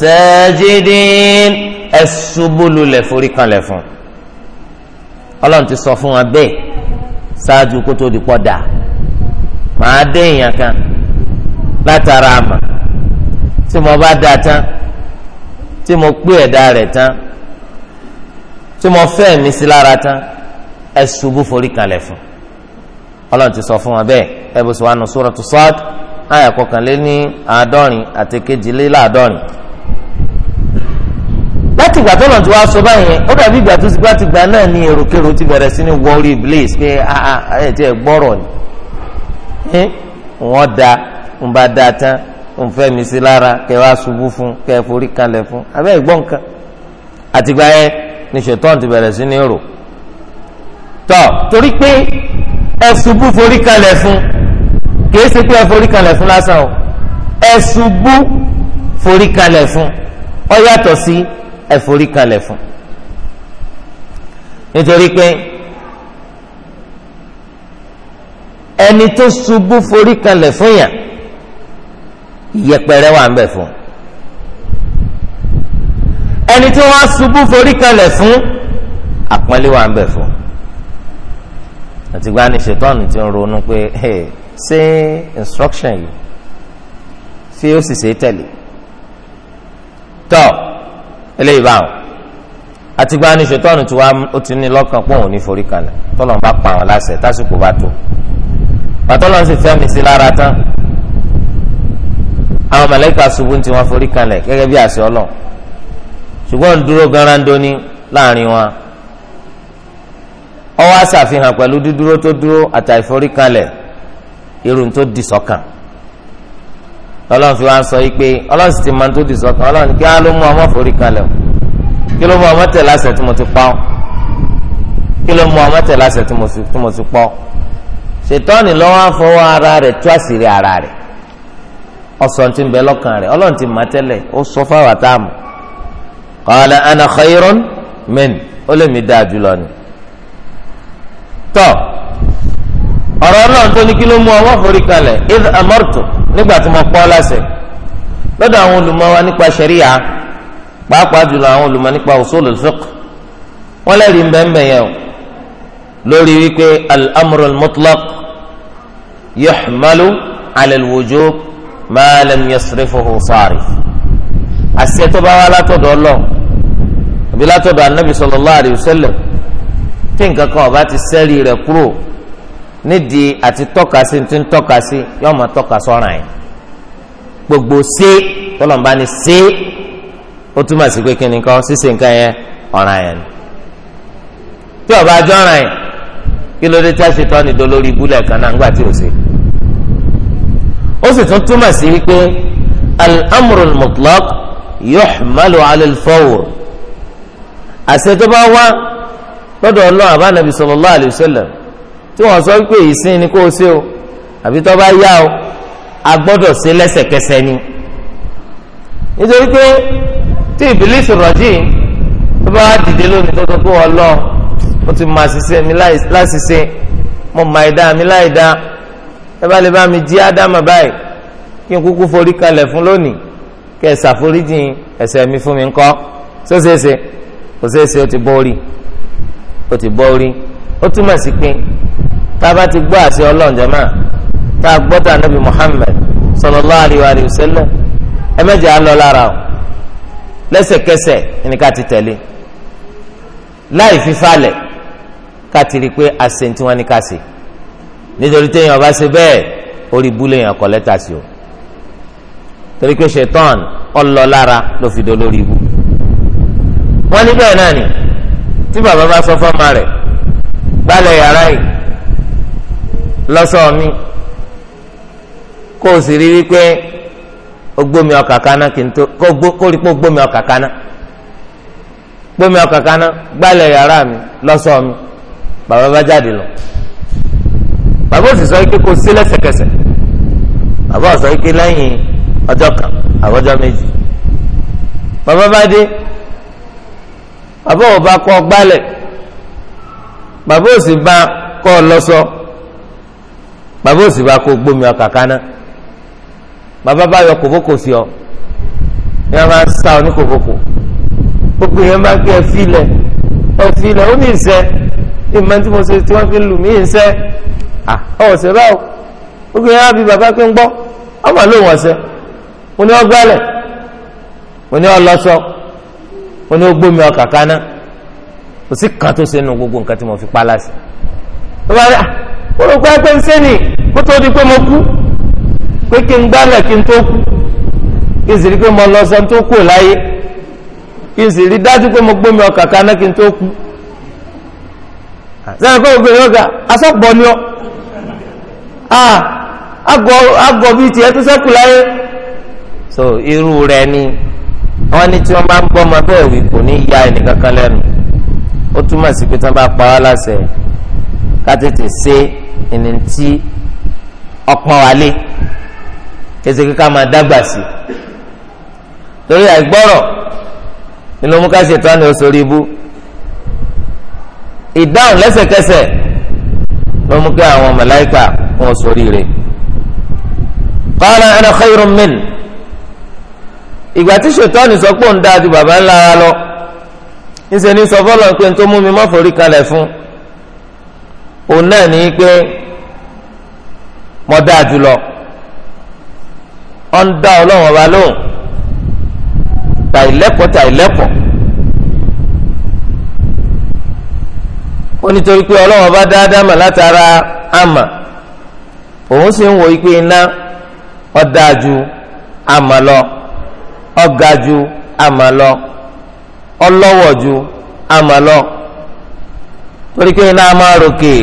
sajidin ẹ̀ṣubúlù lẹ̀ forí kanlẹ̀ fún ọlọ́run ti sọ fún wa bẹ́ẹ̀ ṣáájú kó tó di pọ́dà màá dé èèyàn kan látara àmà tí mo bá da tán tí mo pé ẹ̀dá rẹ̀ tán tí mo fẹ́ mi sí lára tán ẹ̀ṣubú forí kanlẹ̀ fún ọlọ́run ti sọ fún wa bẹ́ẹ̀ ẹ bó sọ wà nù suratu Sad àyà kọkànlé ní àádọ́rin àti kejìléláàádọ́rin. láti ìgbà tọ́lọ̀ tí wàá sọ báyìí ó dàbí ìgbà tó ti gbá ti gbà náà ní èròkèrò ti bẹ̀rẹ̀ sí ní wọ́ọ̀rì blaze pé ah, ah, ah, ẹ ti ẹ̀ gbọ́rọ̀ ni wọ́n da ń bá da tán ń fẹ́ mi sí lára kẹ wá ṣubú fún kẹ forí kanlẹ̀ fún abẹ́ ìgbọ́n nǹkan àtìgbà yẹn ni ṣètọ́n ti bẹ̀rẹ̀ sí ní rò tọ́ torí pé ẹ ṣubú forí kalẹ̀ fún kìí ṣe pé ẹ forí kalẹ̀ fún lásán o ẹ ṣubú forí kalẹ̀ fún ọ yàtọ̀ sí ẹ forí kalẹ̀ fún nítorí pé ẹni tó ṣubú forí kalẹ̀ fún yàn ìyẹpẹrẹ wà ń bẹ fún ẹni tó wá ṣubú forí kalẹ̀ fún àpọ́nlé wà ń bẹ fún àti gba ni ṣètọ́nù ti ń ronú pé ṣé instruction yìí ṣé ó sì ṣe tẹ̀lé tọ́ eléyìí báwọn àti gba ni ṣètọ́nù tí ó ti ní lọ́kàn pọ̀ òun ní forí kalẹ̀ tọ́lọ̀ ń bá pa àwọn láṣẹ tásìkò bá tó pàtọ́lọ̀ ń sì fẹ́ mi sí lára tán àwọn màláíkà ṣubú tí wọ́n forí kalẹ̀ gẹ́gẹ́ bí àṣẹ ọlọ́ ṣùgbọ́n dúró garandó ní láàrin wọn ó wá ṣàfihàn pẹ̀lú dídúró tó dúró àtàìforíkalẹ̀ irun tó di sọ́kàn ọlọ́run fi wá sọ yìí pé ọlọ́run sì ti máa tó di sọ́kàn ọlọ́run kí á ló mú ọmọ foríkalẹ̀ o kí ló mú ọmọ tẹ̀ lásẹ̀ tí mo ti pa ọ́ kí ló mú ọmọ tẹ̀ lásẹ̀ tí mo ti pọ́ ṣètọ́ni lọ́wọ́ afọwọ́ ara rẹ̀ tú àṣírí ara rẹ̀ ọ̀sán ti ń bẹ lọ́kàn rẹ̀ ọlọ́run ti máa tẹ́lẹ̀ ó sọ fáwọn àtàmù qala ana khayrun ó lè mi dáa jùlọ ni tọ́ ọ̀rọ̀ ọlọ́run tó ní kí ló mú ọwọ́ forí kalẹ̀ id amọ́rùtù nígbà tí mo pọ́ láṣẹ lọ́dọ̀ àwọn olùmọ̀ wa nípa ṣẹ̀ríyà pàápàá jùlọ àwọn olùmọ̀ nípa usulul fiqh wọ́n lẹ́rìí mbẹ́mbẹ́ yẹn o lórí wípé al-amru al-mutlaq yuhmalu ala al-wujub ma lam yasrifuhu sarif àṣẹ tó anabi sallallahu alayhi wa sallam tí nǹkan kan ọba ti sẹ́rí rẹ̀ kúrò nídìí àti tọ́ka sí ti ń tọ́ka sí yóò máa tọ́ka sọ́ràn yìí gbogbo ṣé tọ́lọ̀mùbá ni ṣé ó túmọ̀ sí pé kíni kan ṣíṣe nǹkan yẹn ọ̀ràn yẹn ni tí ọba ajọ́ ọ̀ràn yẹn kí ló dé tí a ṣe tọ́ ni dolórí ibúlẹ̀ kan náà ńgbà tí ò ṣe ó sì tún túmọ̀ sí wípé al-amrul mutlaq yuhmalu ala al-fawr àṣẹ bá wá lọ́dọ̀ ọlọ́run àbá nàbì sallallahu alaihi wasallam tí wọ́n sọ pé ìsìn ni kó o ṣe o àbí tó bá yá o a gbọ́dọ̀ ṣe lẹ́sẹ̀kẹsẹ̀ ni nítorí pé tí ìbílísì rọ̀jì tó bá dìde lónìí tó tó kó wọn lọ mo ti máa ṣiṣẹ́ mi láṣìṣe mo máa ẹ̀dá mi láìdá ẹ bá lè bá mi jí ádámà báyìí kí n kúkú forí kalẹ̀ fún lónìí kẹ́ ẹ ṣàforíjìn ẹ̀ṣẹ̀ mi fún mi ńkọ́ ṣó ṣeéṣe kò ṣeéṣe ó ti bọ́ rí ó ti bọ́ orí ó túmọ̀ sí pé tá ti gbọ́ àṣẹ ọlọ́run tá a gbọ́ tà nàbì Muhammad sallallahu alayhi wa sallam ẹ mẹ́jọ á lọ lára o lẹ́sẹ̀kẹsẹ̀ ní ká ti tẹ̀lé láì fífalẹ̀ ká ti rí i pé àṣẹ tí wọ́n ní ká ṣe nítorí téèyàn bá ṣe bẹ́ẹ̀ orí búlé yẹn kọ́ lẹ́tà sí o torí pé ṣetán ọlọ́lára ló fi dolórí ibú wọ́n ní bẹ́ẹ̀ náà ni. tí bàbá bá sọ fọ́mọ rẹ̀ gbálẹ̀ yàrá yìí lọ́sọ̀ọ́ mi kó o sì rí pé o gbómi ọkà kaná kí n tó kó rí pé o gbómi ọkà yàrá mi lọ́sọ̀ọ́ bàbá bá jáde lọ bàbá sì sọ wípé kó o sí sọ wípé kan méjì bá dé. bàbá ò bá kọ́ gbálẹ̀ bàbá ò sì bá kọ́ lọ́sọ bàbá ò sì bá kọ́ gbómi ọkà kaná bàbá bá yọ kòbókò sí ọ ní wọn máa ń sá ọ ní kòbókò gbogbo yẹn máa ń gbé ẹfí lẹ ẹfí lẹ ó ní ìṣe ìmọ̀ tí mo ṣe tí wọ́n fi lù mí ìṣe à ọ̀sẹ̀ rà gbogbo yẹn á bí bàbá pé ń gbọ́ ọmọ lóun ọ̀sẹ̀ mo ní ọ gbálẹ̀ mo ní ọ lọ́sọ ó ní ó gbómi ọkà kaná kò sí kan tó ṣe nu gbogbo nǹkan tí mo fi pa láṣẹ tó bá rí à ó ló gbá ah, pé ń ṣe nì kó tó di pé mo kú pé kí n gbálẹ̀ kí n tó kú kí n sì rí pé mo lọ sọ tó kù láyé kí n sì rí dájú pé mo gbómi ọkà kaná kí n tó kú ah, sẹ́yìn kọ́ obìnrin ọ̀gá asọ́pọ̀ ni ọ́ àgọ́ ah, bíi tiẹ̀ tó sẹ́kù láyé so irú rẹ̀ ni àwọn ní tí wọ́n bá ń bọ́ ọmọ bẹ́ẹ̀ wí kò ní ya ẹnìkankan lẹ́nu ó túmọ̀ sí pé tí wọ́n bá pa wá láṣẹ ká tètè ṣe ẹni tí ọpọ́n wa lé kése kíkà máa dàgbà sí torí àìgbọ́rọ̀ nínú mú ká ṣètò àná oṣù rí ìdáhùn lẹ́sẹ̀kẹsẹ̀ ló mú kí àwọn màláíkà wọn sórí rẹ̀ qala ana khayrun min ìgbà tí ṣètọ́ni sọ pé òun dáa ju bàbá ńlá ara lọ ńṣe ní sọ fọlọ́ pé n tó mú mi má forí kalẹ̀ fún òun náà ní pé mo dáa jù lọ ọ̀ ń dá ọlọ́run ọba lóhùn tàìlẹ́kọ̀ọ́ tàìlẹ́kọ̀ọ́ ó nítorí pé ọlọ́run ọba dáadáa mà látara àmà òun sì ń wo ipe iná ọ̀ dáa ju àmà lọ ọ̀gá ju àmà lọ ọlọ́wọ̀ ju àmà lọ torí pé iná máa ròkè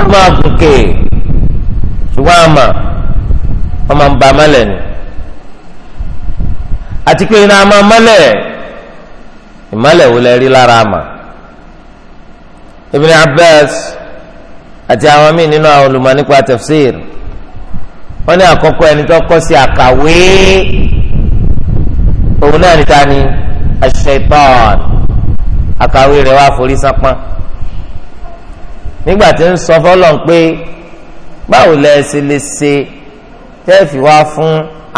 a máa gòkè ṣùgbọ́n àmà wọ́n máa ń ba mọ́lẹ̀ ni àti pé iná máa mọ́lẹ̀ ìmọ́lẹ̀ wo lẹ rí lára àmà Ibn Abbas àti àwọn míì nínú àwọn olùmọ̀ nípa tafsir wọ́n ní àkọ́kọ́ ẹni tó kọ́ sí àkàwé òun náà níta ni aṣetán àkàwé rẹ̀ wá forí sápọ́n nígbà tí ń sọ fọlọ́n pé báwo lẹ ṣe lè ṣe tẹ́ẹ̀fì wá fún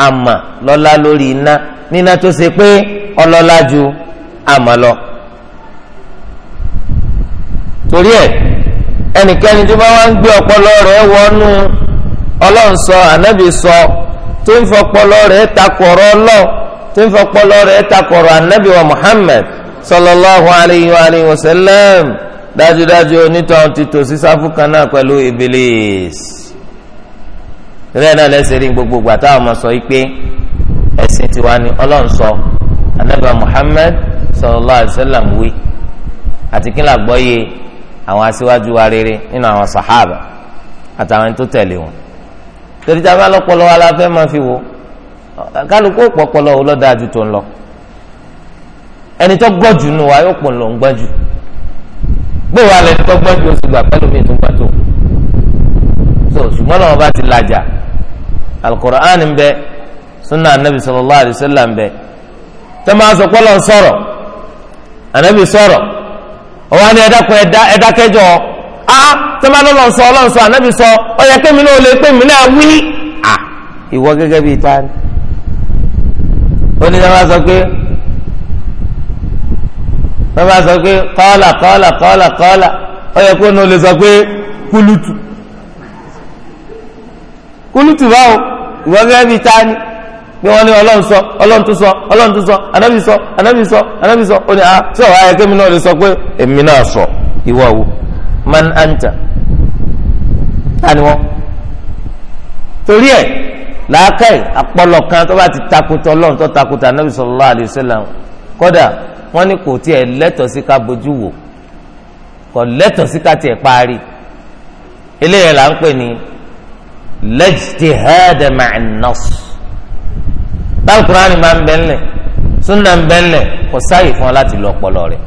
àmà lọ́lá lórí iná níná tó ṣe pé ọlọ́lá ju àmà lọ. torí ẹ ẹnikẹ́ni tó bá wá ń gbé ọpọlọ rẹ̀ wọnú. ọlọ́run sọ ànábì sọ tó ń fọpọlọ rẹ̀ takọ̀rọ̀ ọlọ́ tó ń fọpọlọ rẹ̀ takọ̀rọ̀ ànábì wa Muhammad sallallahu alayhi wa alayhi wa dájúdájú onítọ̀hún ti tò sí sáfù kan náà pẹ̀lú ibilis náà rí gbogbo ọmọ sọ pé tiwa ni alayhi wa wí àti kí n yé wa rere nínú àwọn sàhábà àtàwọn tó torí tí a bá lọpọlọ wa la fẹ́ máa fi wò kálukú pọpọlọ wò lọ́dà ju tó ń lọ ẹni tó gbọ́ nù wá yóò pọ̀ lọ ń gbọ́ jù tó oṣù gbà pẹ́lú mi tó so ṣùgbọ́n bá ti bẹ sunna anabi sallallahu alayhi wa sallam bẹ tẹ́ máa sọ pé sọ̀rọ̀ anabi sọ̀rọ̀ ọ̀wá ni ẹ̀dá kẹjọ ọ̀. a ah, tọ́ba lọ́lọ́ sọ ọlọ́run sọ ànábì sọ ọ̀yẹ́ pé mi náà lè pé mi náà wí à ah, ìwọ gẹ́gẹ́ bíi ta ni onídàá bá sọ pé bàbá sọ pé kọ́ọ̀là kọ́ọ̀là kọ́ọ̀là kọ́ọ̀là ọ̀yẹ́ pé náà lè sọ pé kúlùtù kúlùtù báwo ìwọ gẹ́gẹ́ bíi ta ni bí wọn ní ọlọ́run sọ ọlọ́run tún sọ ọlọ́run tún sọ anábì sọ anábì sọ anábì sọ ó ní a sọ wáyé kémi náà lè sọ pé èmi náà sọ ìwọ wo man anta tani wọn torí ẹ làákàyè àpọlọ kan tó bá ti takùtà Ọlọ́run tó takùtà Nabi sallallahu alayhi wa sallam kódà wọn ní kò tiẹ̀ lẹ́tọ̀ọ́ sí ká bójú wò kò lẹ́tọ̀ọ́ sí ká tiẹ̀ parí eléyìí là ń pè ní lajtihada ma'an nas báwo kúránì máa ń bẹ́ńlẹ̀ súnà ń bẹ́ńlẹ̀ kò sáàyè fún ọ láti lọ ọpọlọ rẹ̀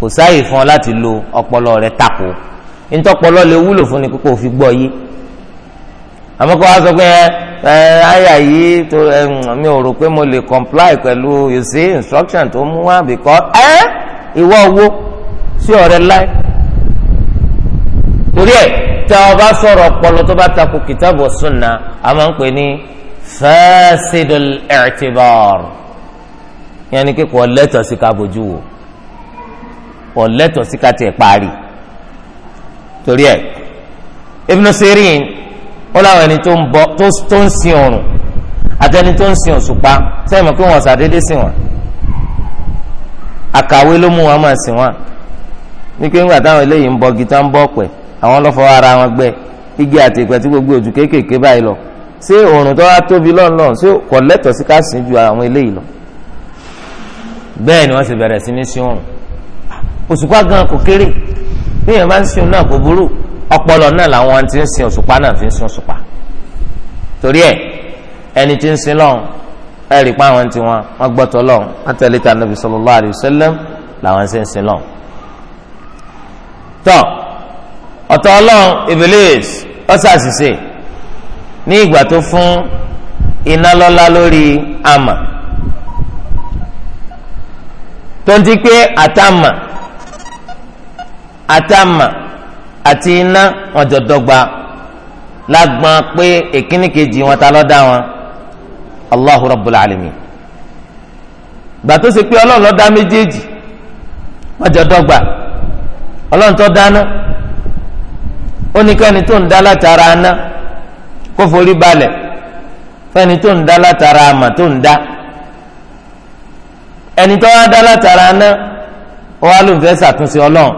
kò sáàyè fún ọ láti lo ọpọlọ rẹ tako ntọpọlọ lè wúlò fún ni kókó fi gbọ́ yìí àmọ́ kó wá sọ pé ẹ àyà yìí tó ẹ mm, mi ò rò pé mo lè comply pẹ̀lú you see instruction tó mú wá because ẹ ìwọ owó sí ọ̀rẹ́ láì torí ẹ tá a bá sọ̀rọ̀ ọpọlọ tó bá tako kìtàbù sunna a máa ń pè ní fasidul i'tibar yẹn ni kíkọ lẹ́tọ̀ọ́ sí ká bójú wò kò lẹ́tọ̀ọ́ sí ká tiẹ̀ parí torí ẹ̀ Ibn Sirin ó láwọn ẹni tó ń bọ tó ń sin oòrùn àti ẹni tó ń sin òṣùpá sẹ́yìn mọ̀ pé wọ́n ṣàdédé sìn wọ́n àkàwé ló mú wọn máa sìn wọ́n ní pé ńgbà táwọn eléyìí ń bọ gita ń bọ pẹ̀ àwọn lọ́fọ̀ọ́ ara wọn gbẹ igi àti ìpẹ́ tí gbogbo ojú kéékèèké báyìí lọ ṣé oòrùn tó wá tóbi lọ́nlọ́n ṣé kò lẹ́tọ̀ọ́ sí ká sìn ju àwọn eléyìí lọ bẹ́ẹ̀ ni wọ́n sì bẹ̀rẹ̀ sí ní sí oòrùn òṣùpá gan kò kéré bí èèyàn bá ń sin náà kò burú ọpọlọ náà làwọn ti ń sin òṣùpá náà fi ń sun òṣùpá torí ẹ ẹni tí ń sin lọ́hùn ẹ rí i pé àwọn tí wọn wọn gbọ́tọ̀ lọ́hùn wọn tẹ̀lé ta nàbì sallallahu alaihi làwọn ṣe ń sin lọ́hùn. tọ́ ọ̀tọ̀ ọlọ́run Iblis ó ṣàṣìṣe ní ìgbà tó fún iná lọ́lá lórí àmà tó ń ti pé àtàmà àtàmà àti iná wọn jọ dọ́gba lágbọn pé èkíní kejì wọn ta ló wọn allahu rabbul alamin gbàtó ṣe pé ọlọ́run ló dá méjèèjì wọn jọ dọ́gba ọlọ́run tó dáná ó ní kẹ́ni tó ń dá látara aná kó forí balẹ̀ fẹ́ni tó ń dá látara àmà tó ń dá ẹni tó wá dá látara aná ó wá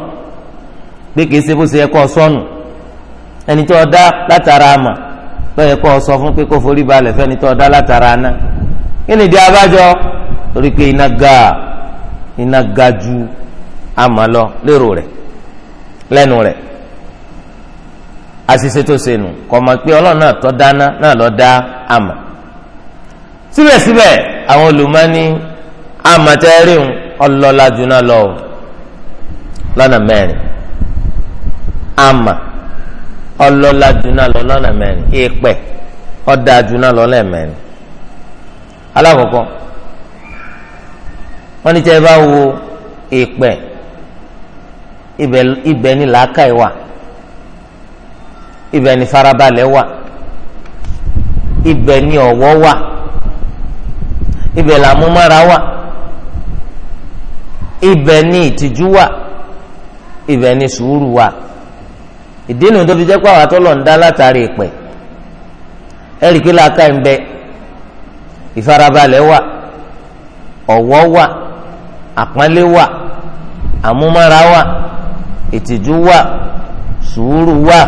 pé kìí ṣe bó ṣe yẹ kó sọnù ẹni tó dá látara àmà ló yẹ kó sọ fún pé kó forí balẹ̀ fẹ́ni tó dá látara àná kí ni ju àmà lọ lérò rẹ lẹ́nu àṣìṣe tó ṣe nù kò mọ̀ pé ọlọ́run náà dáná náà dá àmà síbẹ̀síbẹ̀ àwọn olùmọ́ni àmà ọlọ́lá jù náà lọ lọ́nà mẹ́rin. ama ọlọ́lá dunu alọ́ mẹ́rin èèpẹ̀ ọ̀dà dunu alọ́ mẹ́rin. alákọ̀ọ́kọ́ wọ́n ní tí ẹ bá wo èèpẹ̀ ibẹ̀ ni làákàyè wà ibẹ̀ ni farabalẹ̀ wà ibẹ̀ ni ọ̀wọ̀ wà ibẹ̀ làmúmára wà ibẹ̀ ìdínú tó fi jẹ́ pé àwọn àtọ́lọ̀ ń dá látàrí ìpẹ́ ẹ̀rì kí làákà ń bẹ ìfarabalẹ̀ wà ọ̀wọ̀ wà àpọ́nlé wà àmúmára wà ìtìjú wà sùúrù wà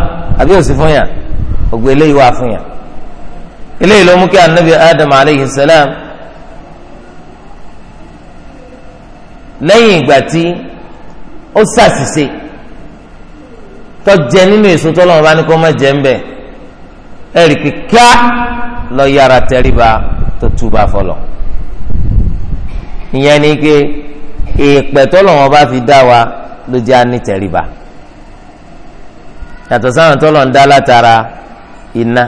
àbí òsì anabi adam aleyhi salam lẹ́yìn ìgbà tí ó ṣàṣìṣe. tó jẹ nínú èso tọ́lọ́run bá ní kó má jẹ ń bẹ̀ ẹ̀rì kíkà lọ yára tẹríba tó túbà fọlọ̀ ìyẹn ni pé èèpẹ̀ tọ́lọ́run bá fi dá wa ló jẹ́ àní tẹríba yàtọ̀ sáwọn tọ́lọ́run dá látara iná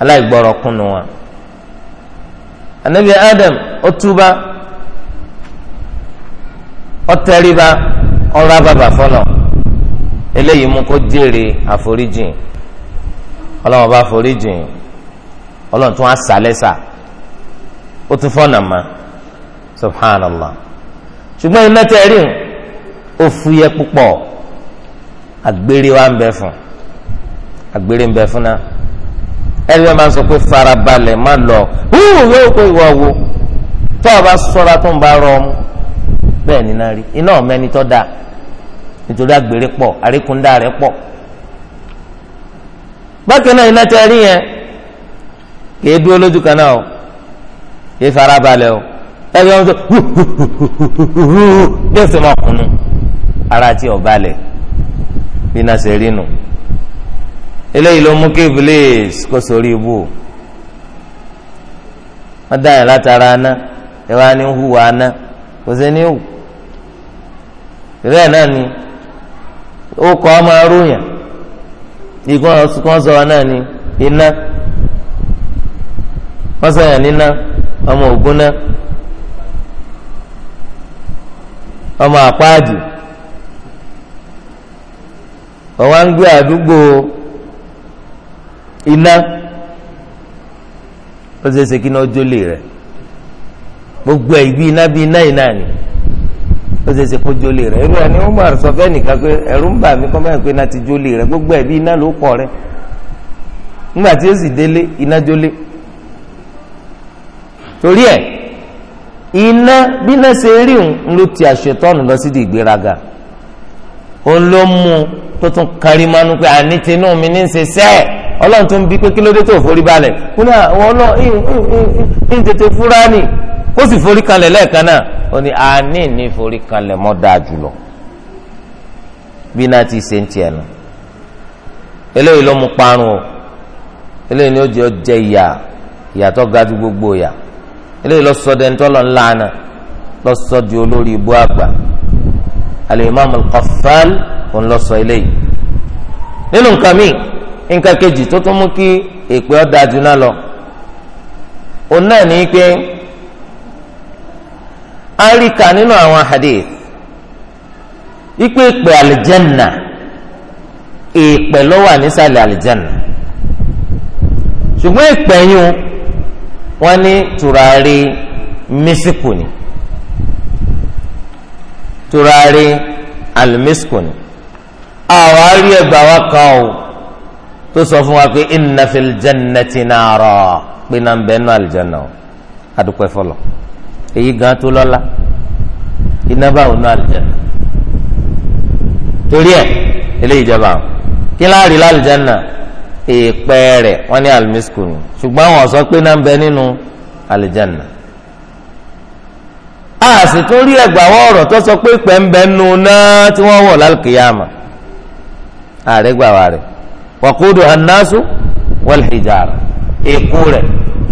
aláìgbọ́rọ̀ kùnú wa anabi adam ó túbà ó tẹríba ó rábàbà fọlọ̀. eléyìí mú kó jèrè àforíjìn ọlọ́wọ́n bá foríjìn ọlọ́run tún á ma subhanallah ṣùgbọ́n iná tẹ́ ó fúyẹ́ púpọ̀ àgbèrè wa ń bẹ fún àgbèrè ń bẹ fún náà ẹni wọn ń sọ pé farabalẹ̀ má lọ húù yóò pé ìwọ wo tó bá sọ́ra tó ń nítorí agbèrè pọ̀ àríkúndá rẹ̀ pọ̀ bákan náà iná tẹ́ rí yẹn kìí dúró lójú kan náà o kìí fara balẹ̀ o ẹbí wọn sọ bí ọsẹ máa kunu ara ti ò balẹ̀ iná ṣe rí nu eléyìí ló mú kí iblis kó sórí ibú wọn dá yẹn látara aná ẹ wá ní hùwà aná kò sí ní hù bẹ́ẹ̀ náà ni. ó kọ́ ọmọ arúyàn ìgbọ́n kan sọ wọn náà ni iná wọ́n sọ̀yàn níná ọmọ ògúnná ọmọ àpáàdì ọwọ́ ń gbé àdúgbò iná ó ṣe é ṣe kí ní ọjọ́ lè rẹ̀ gbogbo ẹ̀ ìgbì iná bíi iná iná ni. ó ṣe ṣe kó jólè rẹ̀ irú ẹni Umar sọ fẹ́ nìkan pé ẹ̀rù ń bà mí kọ́ mẹ́rin rẹ̀ gbogbo ẹ̀bí iná ló pọ̀ rẹ̀ nígbà tí ó sì délé iná jólè torí ẹ iná bíná ṣe rí ti àṣetọ́nù lọ sí di ìgbéraga ló mú tó tún kárí pé àní tinú mi ní kó sì forí kanlẹ̀ lẹ́ẹ̀kan náà ó ní àní ní forí kanlẹ̀ mọ́ dáa jùlọ bí náà ti ṣe ń tiẹ̀ nù eléyìí ló mú parun o eléyìí ni ó jẹ́ jẹ́ ìyà ìyàtọ̀ ga ju gbogbo ìyà eléyìí lọ sọ dẹni tọ́lọ̀ ńlá àná lọ sọ di olórí ibú àgbà al-Imam al-Qaffal òun lọ sọ eléyìí nínú nǹkan míì nǹkan kejì tó tún mú kí èpè ó dáa jù náà lọ òun náà ní pé àríkà nínú àwọn hadith ipe ìpè àlìjẹ́nà ìpè ló wà nísàlẹ̀ àlìjẹ́nà ṣùgbọ́n ìpè yín wọ́n ní tùràrí mísíkù ni tùràrí àlùmísíkù ni àwọn àárí ẹgbà wa kan o tó sọ fún wa pé inna fil jannati nara pé náà nù àlìjẹ́nà o adúpẹ́ fọlọ́ èyí gan tó lọ́la iná báwo ní àlùjáná torí ẹ eléyìí jẹba àwọn kí láàrin lálùjáná èèpẹ̀ rẹ̀ wọ́n ní àlùmísìkò ni ṣùgbọ́n wọ́n sọ pé náà ń bẹ nínú àlùjáná a sì tún rí ẹgbàwọ́ ọ̀rọ̀ tó sọ pé pẹ̀ ń bẹ nù náà tí wọ́n wọ̀ lálùkìyàmà ààrẹ gbàwá rẹ̀ wàkúdù anáṣu wal hijara èkó rẹ̀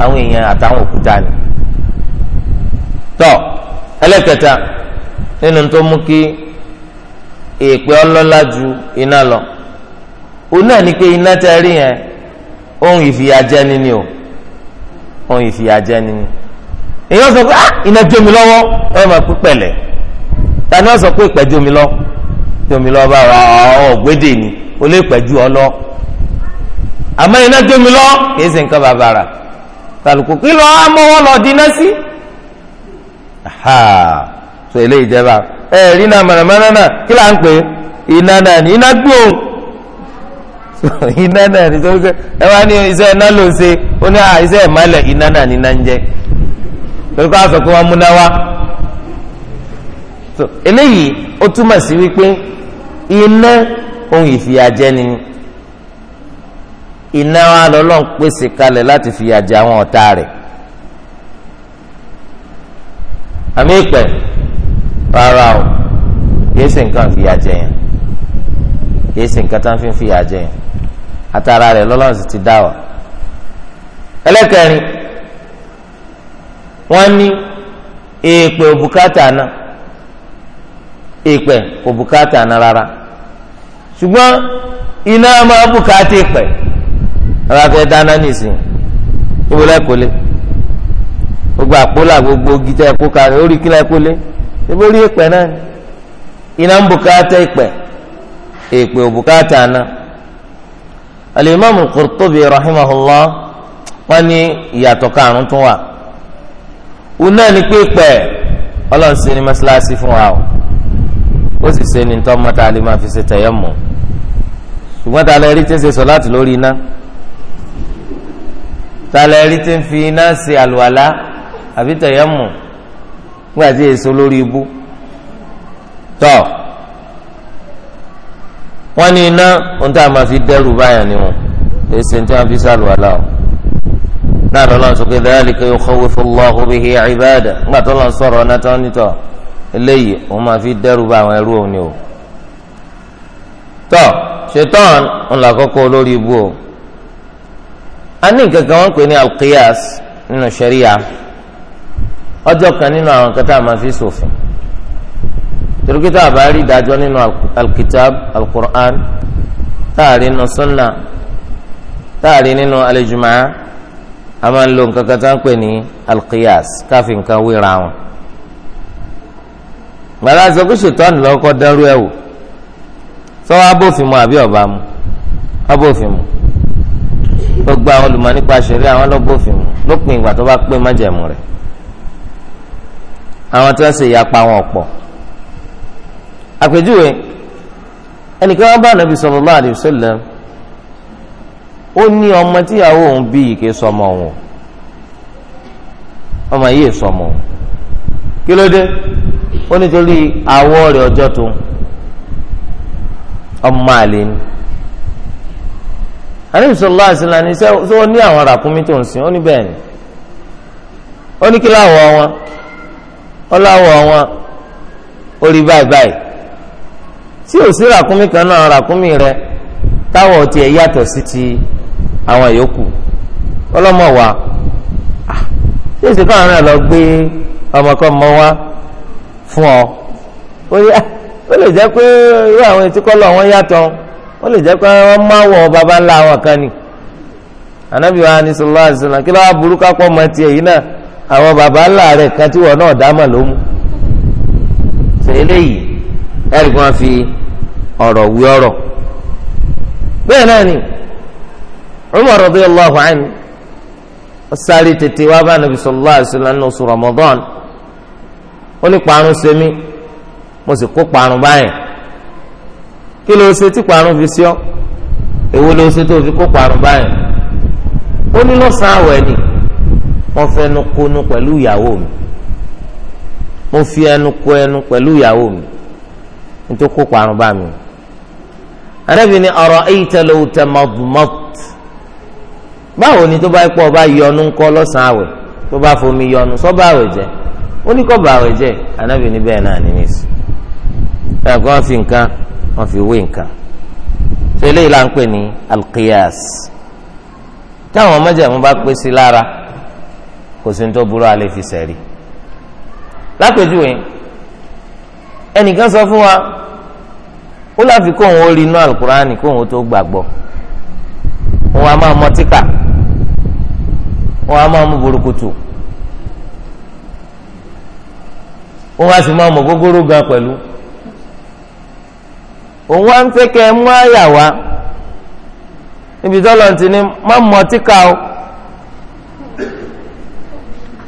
àwọn èèyàn àtàwọn òkúta ni. tọ ẹlẹkẹta nínú tó mú kí èèpẹ̀ ọlọ́lá ju iná lọ òun náà ni pé iná rí yẹn ohun ìfìyàjẹni ni o ohun ìfìyàjẹni ni èyí sọ pé ah iná jó mi lọ́wọ́ ẹ máa pín pẹ̀lẹ́ tani sọ pé lọ lọ báwa ni o lè ọ lọ àmọ́ iná jó lọ kì í ṣe nǹkan bàbàrà so eléyìí jẹba ẹ rí náà mọ̀nàmọ́ná náà kí là ń pè iná náà ní iná gbóhùn [laughs] iná náà ní sọ wípé ẹ wá ní iṣẹ́ iná ló ṣe ó ní à iṣẹ́ ìmọ̀lẹ̀ iná náà ní iná ń jẹ wọ́n múná wá so eléyìí ó túmọ̀ sí wípé iná ohun ìfìyàjẹni ni iná wa lọ́lọ́run pèsè kalẹ̀ láti fìyàjẹ àwọn ọ̀tá rẹ̀ àmì ìpè rárá o kìí ṣe nǹkan fìyà jẹ yẹn kìí ṣe nǹkan tá ń fi fìyà jẹ yẹn àtàrà rẹ̀ lọ́lọ́run sì ti dá wa ẹlẹ́kẹrin wọ́n ní èèpẹ̀ òbúkátà náà èèpẹ̀ òbúkátà náà rárá ṣùgbọ́n iná máa bùkátà èèpẹ̀ rárá fẹ́ dáná nìsín gbogbo àpólà gbogbo gita ẹ̀kọ́ kàrí orí kílà ẹ̀kọ́ lé ebi orí ìpẹ́ náà iná ń bùkátà ìpẹ́ èpè ò bùkátà náà alimami rahimahullah wọn ní ìyàtọ̀ karùn tún wà òun náà ní pé ìpẹ́ ní fún wa o ó sì ṣe ní tọ́ mọ́ta fi ṣe tẹ̀yẹ́ mọ́ ṣùgbọ́n ta lẹ́rí tí ń ṣe sọ láti lórí iná tí ń fi iná ṣe àbí tẹ̀yẹ́mù nígbà tí èso lórí ibú tọ́ wọ́n ní iná ohun tá a máa fi dẹ́rù báyà ni wọn èsì tí wọ́n fi sálù wà láwọn náà lọ́la sọ pé dhalika yukhawwifullahu bihi ibada nígbà tó lọ́n sọ̀rọ̀ ọ̀nà tó ń nítọ̀ eléyìí òun máa fi dẹ́rù bá àwọn ẹrú òun o tọ́ ṣetán ńlá kọ́kọ́ olórí ibú o a ní nǹkan kan wọ́n pè ní alqiyas nínú ṣẹ́ríyà. No ọjọ́ kan nínú àwọn kan tá a máa fi ṣòfin torí pé tá a bá rí ìdájọ́ nínú alkitab alqur'an tá a rí nínú sunna tá a rí nínú alẹ́jùmọ́ a máa ń lo nǹkan kan tá a ń pè ní alqiyas káfí nǹkan wéra wọn. gbàdá sọ pé ṣètọ́nù lọ́kọ́ dẹ́rú ẹ̀ sọ wá mu àbí ọ̀bá mu wá mu gbogbo àwọn olùmọ̀ nípa ṣẹ̀rí àwọn lọ́ mu lópin ìgbà tó bá pé májẹ̀mú rẹ̀ àwọn tí wọ́n ṣe ìyapa wọn ọ̀pọ̀ àpèjúwe ẹnìkan wọn bá ànábì sallallahu alaihi wasallam ó ní ọmọ tíyàwó òun bí yìí kì í sọmọ òun ọmọ yìí sọmọ òun kí ló dé ó nítorí àwọ̀ rẹ̀ ọjọ́ tó ọmọ àlè ni ànábì sallallahu alaihi wasallam ní sẹ́wọ́n ní àwọn ràkúnmí tó ń sìn ó ní bẹ́ẹ̀ ni ó ní kí láwọ̀ wọn. ọláwọ wọn ó báyìí báyìí tí ò sí ràkúmí kan náà ràkúmí rẹ táwọ̀ tiẹ̀ yàtọ̀ sí ti àwọn yòókù ọlọ́mọ wa tí èsì lọ gbé wa fún ọ ó lè jẹ́ pé àwọn etí ó lè jẹ́ pé baba kan ni kí ló wá burúkú àwọn baba ńlá rẹ̀ kan tí wọn náà dámọ̀ ló mú ṣe eléyìí ẹ̀rí kan fi ọ̀rọ̀ wí ọ̀rọ̀ bẹ́ẹ̀ náà ni Umar radiyallahu anhu sáré tètè wá bá nàbì sallallahu alaihi wasallam ní oṣù Ramadan ó ní parun ṣe mí mo sì kó parun báyẹn kí ló ṣe tí parun fi sí ọ èwo ló ṣe tó fi kó parun báyẹn ó ní lọ́sàn-án àwẹ̀ ni. mo fẹ́ ẹnu kónú pẹ̀lú ìyàwó mi mo fi ẹnu kó ẹnu ìyàwó mi nítorí kó parun bá mi. arábìnrin ni ọ̀rọ̀ eyita ló tẹ báwo ni tó bá pọ̀ ọba yọnu ńkọ́ lọsàn án tó bá fomi yọnu sọ́ba àwẹ̀ jẹ́ ó ní náà ní fi kò sí ní tó burú alẹ́ fi sẹ̀rí. lápèjúwe ẹnìkan sọ fún wa ó láfi kó òun ó rí inú alukurani kó òun tó gbàgbọ́ òun á máa mọ tíkà òun á máa mú burúkutu òun á sì máa mọ gógóró gan pẹ̀lú òun á ń fẹ́ kẹ́ ẹ mú àyà wá níbi tọ́lọ̀ ti ní má mọ tíkà o.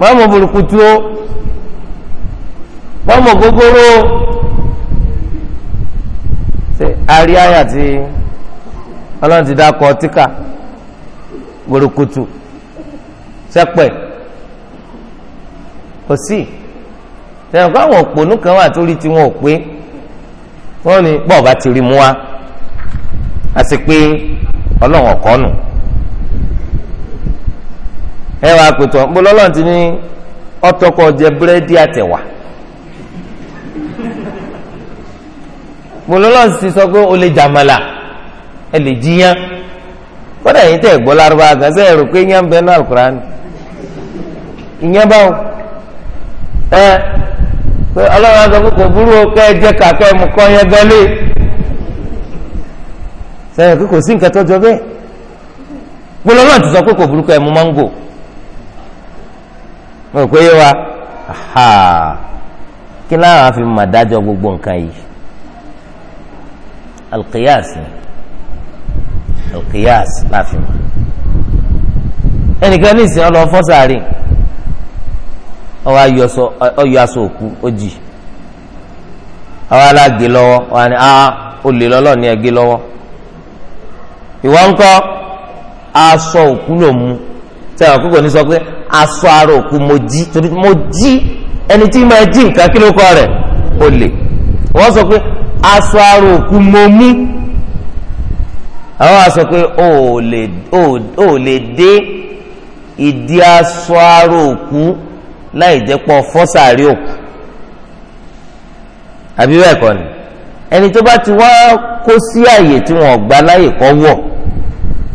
mọ́mọ́ burúkutu o mọ́mọ́ gógóró o ṣe àrí àyà tí ọlọ́run ti dákọ̀ tíkà burúkutu sẹ́pẹ̀ kò sí tẹ̀wọ́n àwọn òpònú kan wà tó rí tiwọn ò wọn wọ́n bọ́ọ̀ bá ti rí mu wá pé ọlọ́run ọ̀kọ́ ẹ wàá pètò ńbọlọ́lọ́ ti ní ọtọkọ jẹ búrẹ́dì àtẹ̀wà ńbọlọ́lọ́ ti sọ pé o lè jàmàlà ẹ lè jiyàn kódà yìí tẹ̀ gbọ́ lárúbá gànṣẹ́ ẹ̀rọ pé náà báwo ẹ pé ọlọ́run àgbà kò burú ẹ jẹ́ ẹ mú kọ́ yẹn gẹ́lẹ́ sẹ́yìn kò sí nǹkan tọ́jọ́ bẹ́ẹ̀ ti sọ pé kò burú ẹ mo rò pé yé wa kí láwọn afi ma dájọ gbogbo nǹkan yìí alqiyas alqiyas láfi ma ẹnìkan ní ìsìn ọlọ fọsàárì ọwọ ayọ aṣọ òkú ó àwọn aláàgbé lọ́wọ́ ni ah olè lọlọ ní ẹgbẹ lọ́wọ́ aṣọ òkú ló mú sẹwọn aṣọ ara òkú mo jí torí mo jí ẹni tí máa jí nǹkan kí ló kọ rẹ̀ ó lè wọ́n sọ pé aṣọ ara òkú mo mú àwọn aṣọ pé ó lè dé ìdí aṣọ ara òkú láì jẹ́ pọ̀ fọ́sàárì òkú àbí bẹ́ẹ̀ kọ́ ni ẹni tó bá ti wá kó sí àyè tí wọ́n gbà láyè kọ́ wọ̀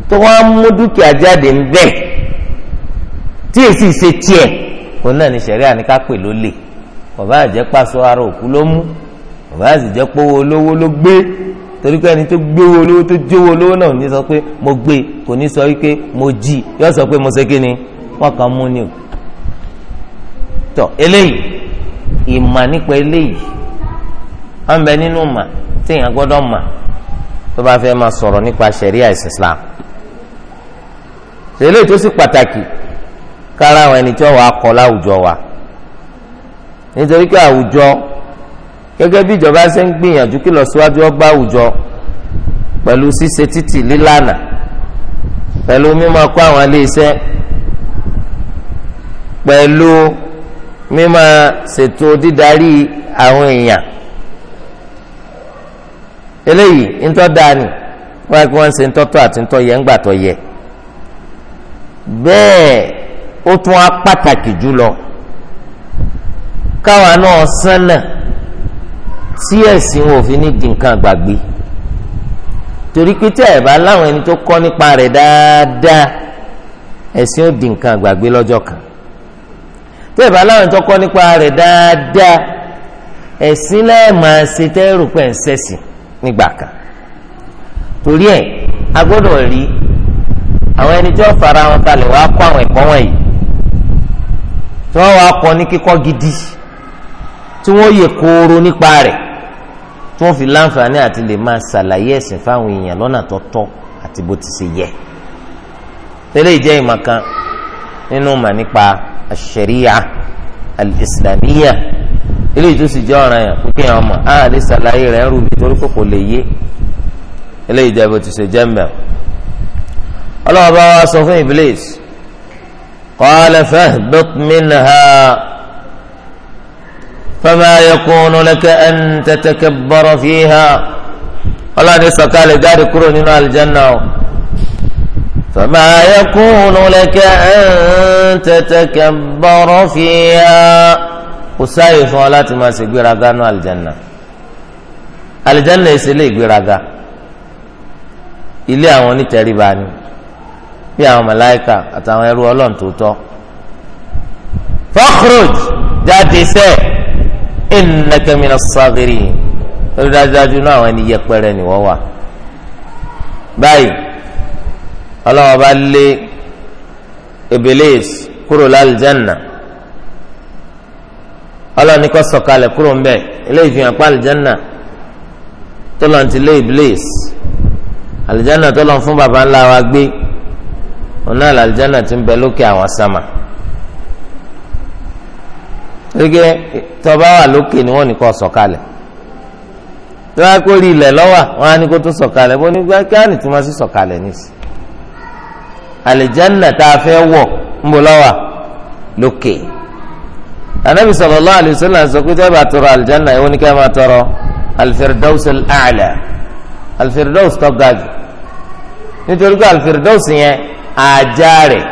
tó wá mú dúkìá jáde ń bẹ́ẹ̀ tí èsì ṣe tiẹ̀ kó náà ní sẹ̀ríà ní ká pè ló lè bàbá àjẹ́ pàṣọ ara òkú ló mú bàbá àjẹ́ pówó olówó ló gbé torí pé ẹni tó gbówó olówó tó jówó olówó náà ní sọ pé mo gbé kò ní sọ wípé mo jí yóò sọ pé mo ṣe kí ni wọn kàn mú ni o tọ eléyìí ìmà nípa eléyìí wọn bẹ nínú mà téèyàn gbọ́dọ̀ mà tó bá fẹ́ máa sọ̀rọ̀ nípa ṣẹ̀ríà ìsìn Islam ṣẹlẹ̀ tó sì pàtàkì kára àwọn ẹni tí wọ́n wàá kọ́ láwùjọ wa nítorí pé àwùjọ gẹ́gẹ́ bí ìjọba ṣe ń gbìyànjú kí lọ síwájú ọgbà àwùjọ pẹ̀lú ṣíṣe títì lílànà pẹ̀lú mímọ kọ́ àwọn iléeṣẹ́ pẹ̀lú mímọ ṣètò dídarí àwọn èèyàn eléyìí ńtọ́ dáa ni wọ́n á kí wọ́n ṣe ńtọ́tọ́ àti ńtọ́ yẹ ńgbà tó yẹ bẹ́ẹ̀ ó tún á pàtàkì jùlọ káwa náà sánà tí ẹ̀sìn wọn ò fi ní di nǹkan gbàgbé torí pé tí ẹ̀ bá láwọn ẹni tó kọ́ nípa rẹ̀ dáadáa ẹ̀sìn ó di nǹkan gbàgbé lọ́jọ́ kan tí ẹ̀ bá láwọn ẹni tó kọ́ nípa rẹ̀ dáadáa ẹ̀sìn náà máa ṣe tẹ́rù pẹ̀ ń ṣẹ̀sìn nígbà kan torí ẹ̀ a gbọ́dọ̀ rí àwọn ẹni tó fara wọn balẹ̀ wá kọ́ àwọn ẹ̀kọ́ wọ̀nyí tí wọ́n wàá kọ́ ní kíkọ́ gidi tí wọ́n yẹ kóró nípa rẹ̀ tí wọ́n fi láǹfààní àti lè máa ṣàlàyé ẹ̀sìn fáwọn èèyàn lọ́nà tó tọ́ àti bó ti ṣe yẹ tẹ́lẹ̀ ìjẹ́ ìmọ̀ kan nínú mà nípa àṣẹríyà alìsìlámíyà eléyìí tó sì jẹ́ ọ̀ràn yẹn fún kéèyàn ọmọ á lè ṣàlàyé rẹ̀ ń rúbi torí kò kò lè yé eléyìí jẹ́ bó ti ṣe jẹ́ mbẹ́ ọlọ́wọ́ bá wa sọ fún Iblis. قال فاهبط منها فما يكون لك أن تتكبر فيها ولا نسقال دار كرون الجنة فما يكون لك أن تتكبر فيها وسايف ولا تماسي قراغان الجنة الجنة يسلي قراغان ilé àwọn onítẹ̀ríba bí àwọn màláíkà àtàwọn ẹrú ọlọ́run tó tọ́ fọ́kúròj jáde sẹ́ ìnàkẹ́mìnà sàgìrì lórí dájúdájú náà àwọn ẹni yẹpẹrẹ ni wọ́n wà báyìí ọlọ́wọ́n bá lé Iblis kúrò lálùjánnà ọlọ́ni kọ́ sọ̀kalẹ̀ kúrò ń bẹ̀ ilé ìfihàn pa àlùjánnà tó lọ́n ti lé Iblis àlùjánnà tó lọ́n fún baba ńlá wa gbé ọ̀nà àlàlìjánà ti ń bẹ lókè àwọn sámà gẹ́gẹ́ tọba wà lókè ni wọ́n ní kó sọ̀kalẹ̀ tó bá kó rí ilẹ̀ lọ́wà wọ́n á ní kó tó sọ̀kalẹ̀ bó ní gbá kí á ní túmọ̀ sí sọ̀kalẹ̀ nìsí àlìjánà tá a fẹ́ wọ̀ ń bọ̀ lọ́wà lókè anabi sallallahu alayhi wa sallam sọ pé tẹ́lẹ̀ bá ni ká máa tọrọ alfirdaus al-a'la alfirdaus nítorí pé alfirdaus yẹn ajá rẹ̀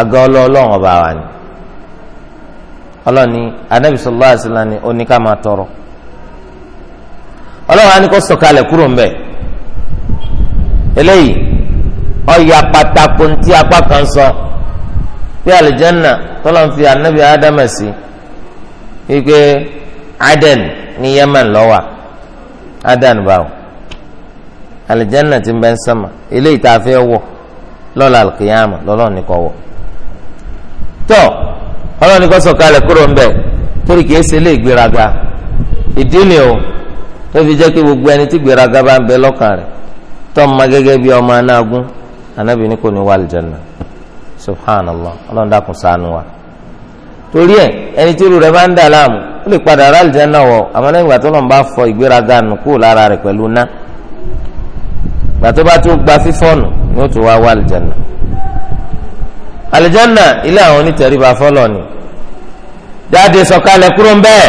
àga ọlọ́ọ̀lọ́ọ̀ ọba wa ni ọlọ́ọ̀ni anabi sallallahu alaihi wasallam ni oníkà máa tọrọ ọlọ́wọ́n á ní kó sọ̀kalẹ̀ kúrò ńbẹ̀ eléyìí ọ̀yà pàtàkùn tí apá kan sọ pé àlùjànnà tọ́lọ̀ anabi adama wípé aden ní yemen lọ́wọ́ aden báwo àlùjànnà ti ń bẹ́ ń sọ́mà eléyìí tá a fẹ́ wọ̀. lọ́la alkiyama lọ́lọ́run nìkan wọ̀ tọ́ ọlọ́run nìkan sọ̀kalẹ̀ kúrò ńbẹ̀ torí kìí ṣe lé ìgbéraga ìdí o tó fi jẹ́ kí gbogbo ẹni tí ìgbéraga bá ń bẹ lọ́kàn rẹ̀ tọ́ ma gẹ́gẹ́ bí ọmọ anágún anábì ní kò ní wà lìjẹ́nà ọlọ́run dákun wa torí ẹ ẹni tí irú fọ ìgbéraga nù kúrò lára rẹ̀ gbàtọ́ bá tún gba fífọ́ọ̀nù ni ó tún wá wá àlìjánà àlìjánà ilé àwọn onítẹ̀ríba fọlọ́ ni jáde sọ̀kalẹ̀ kúrò ń bẹ́ẹ̀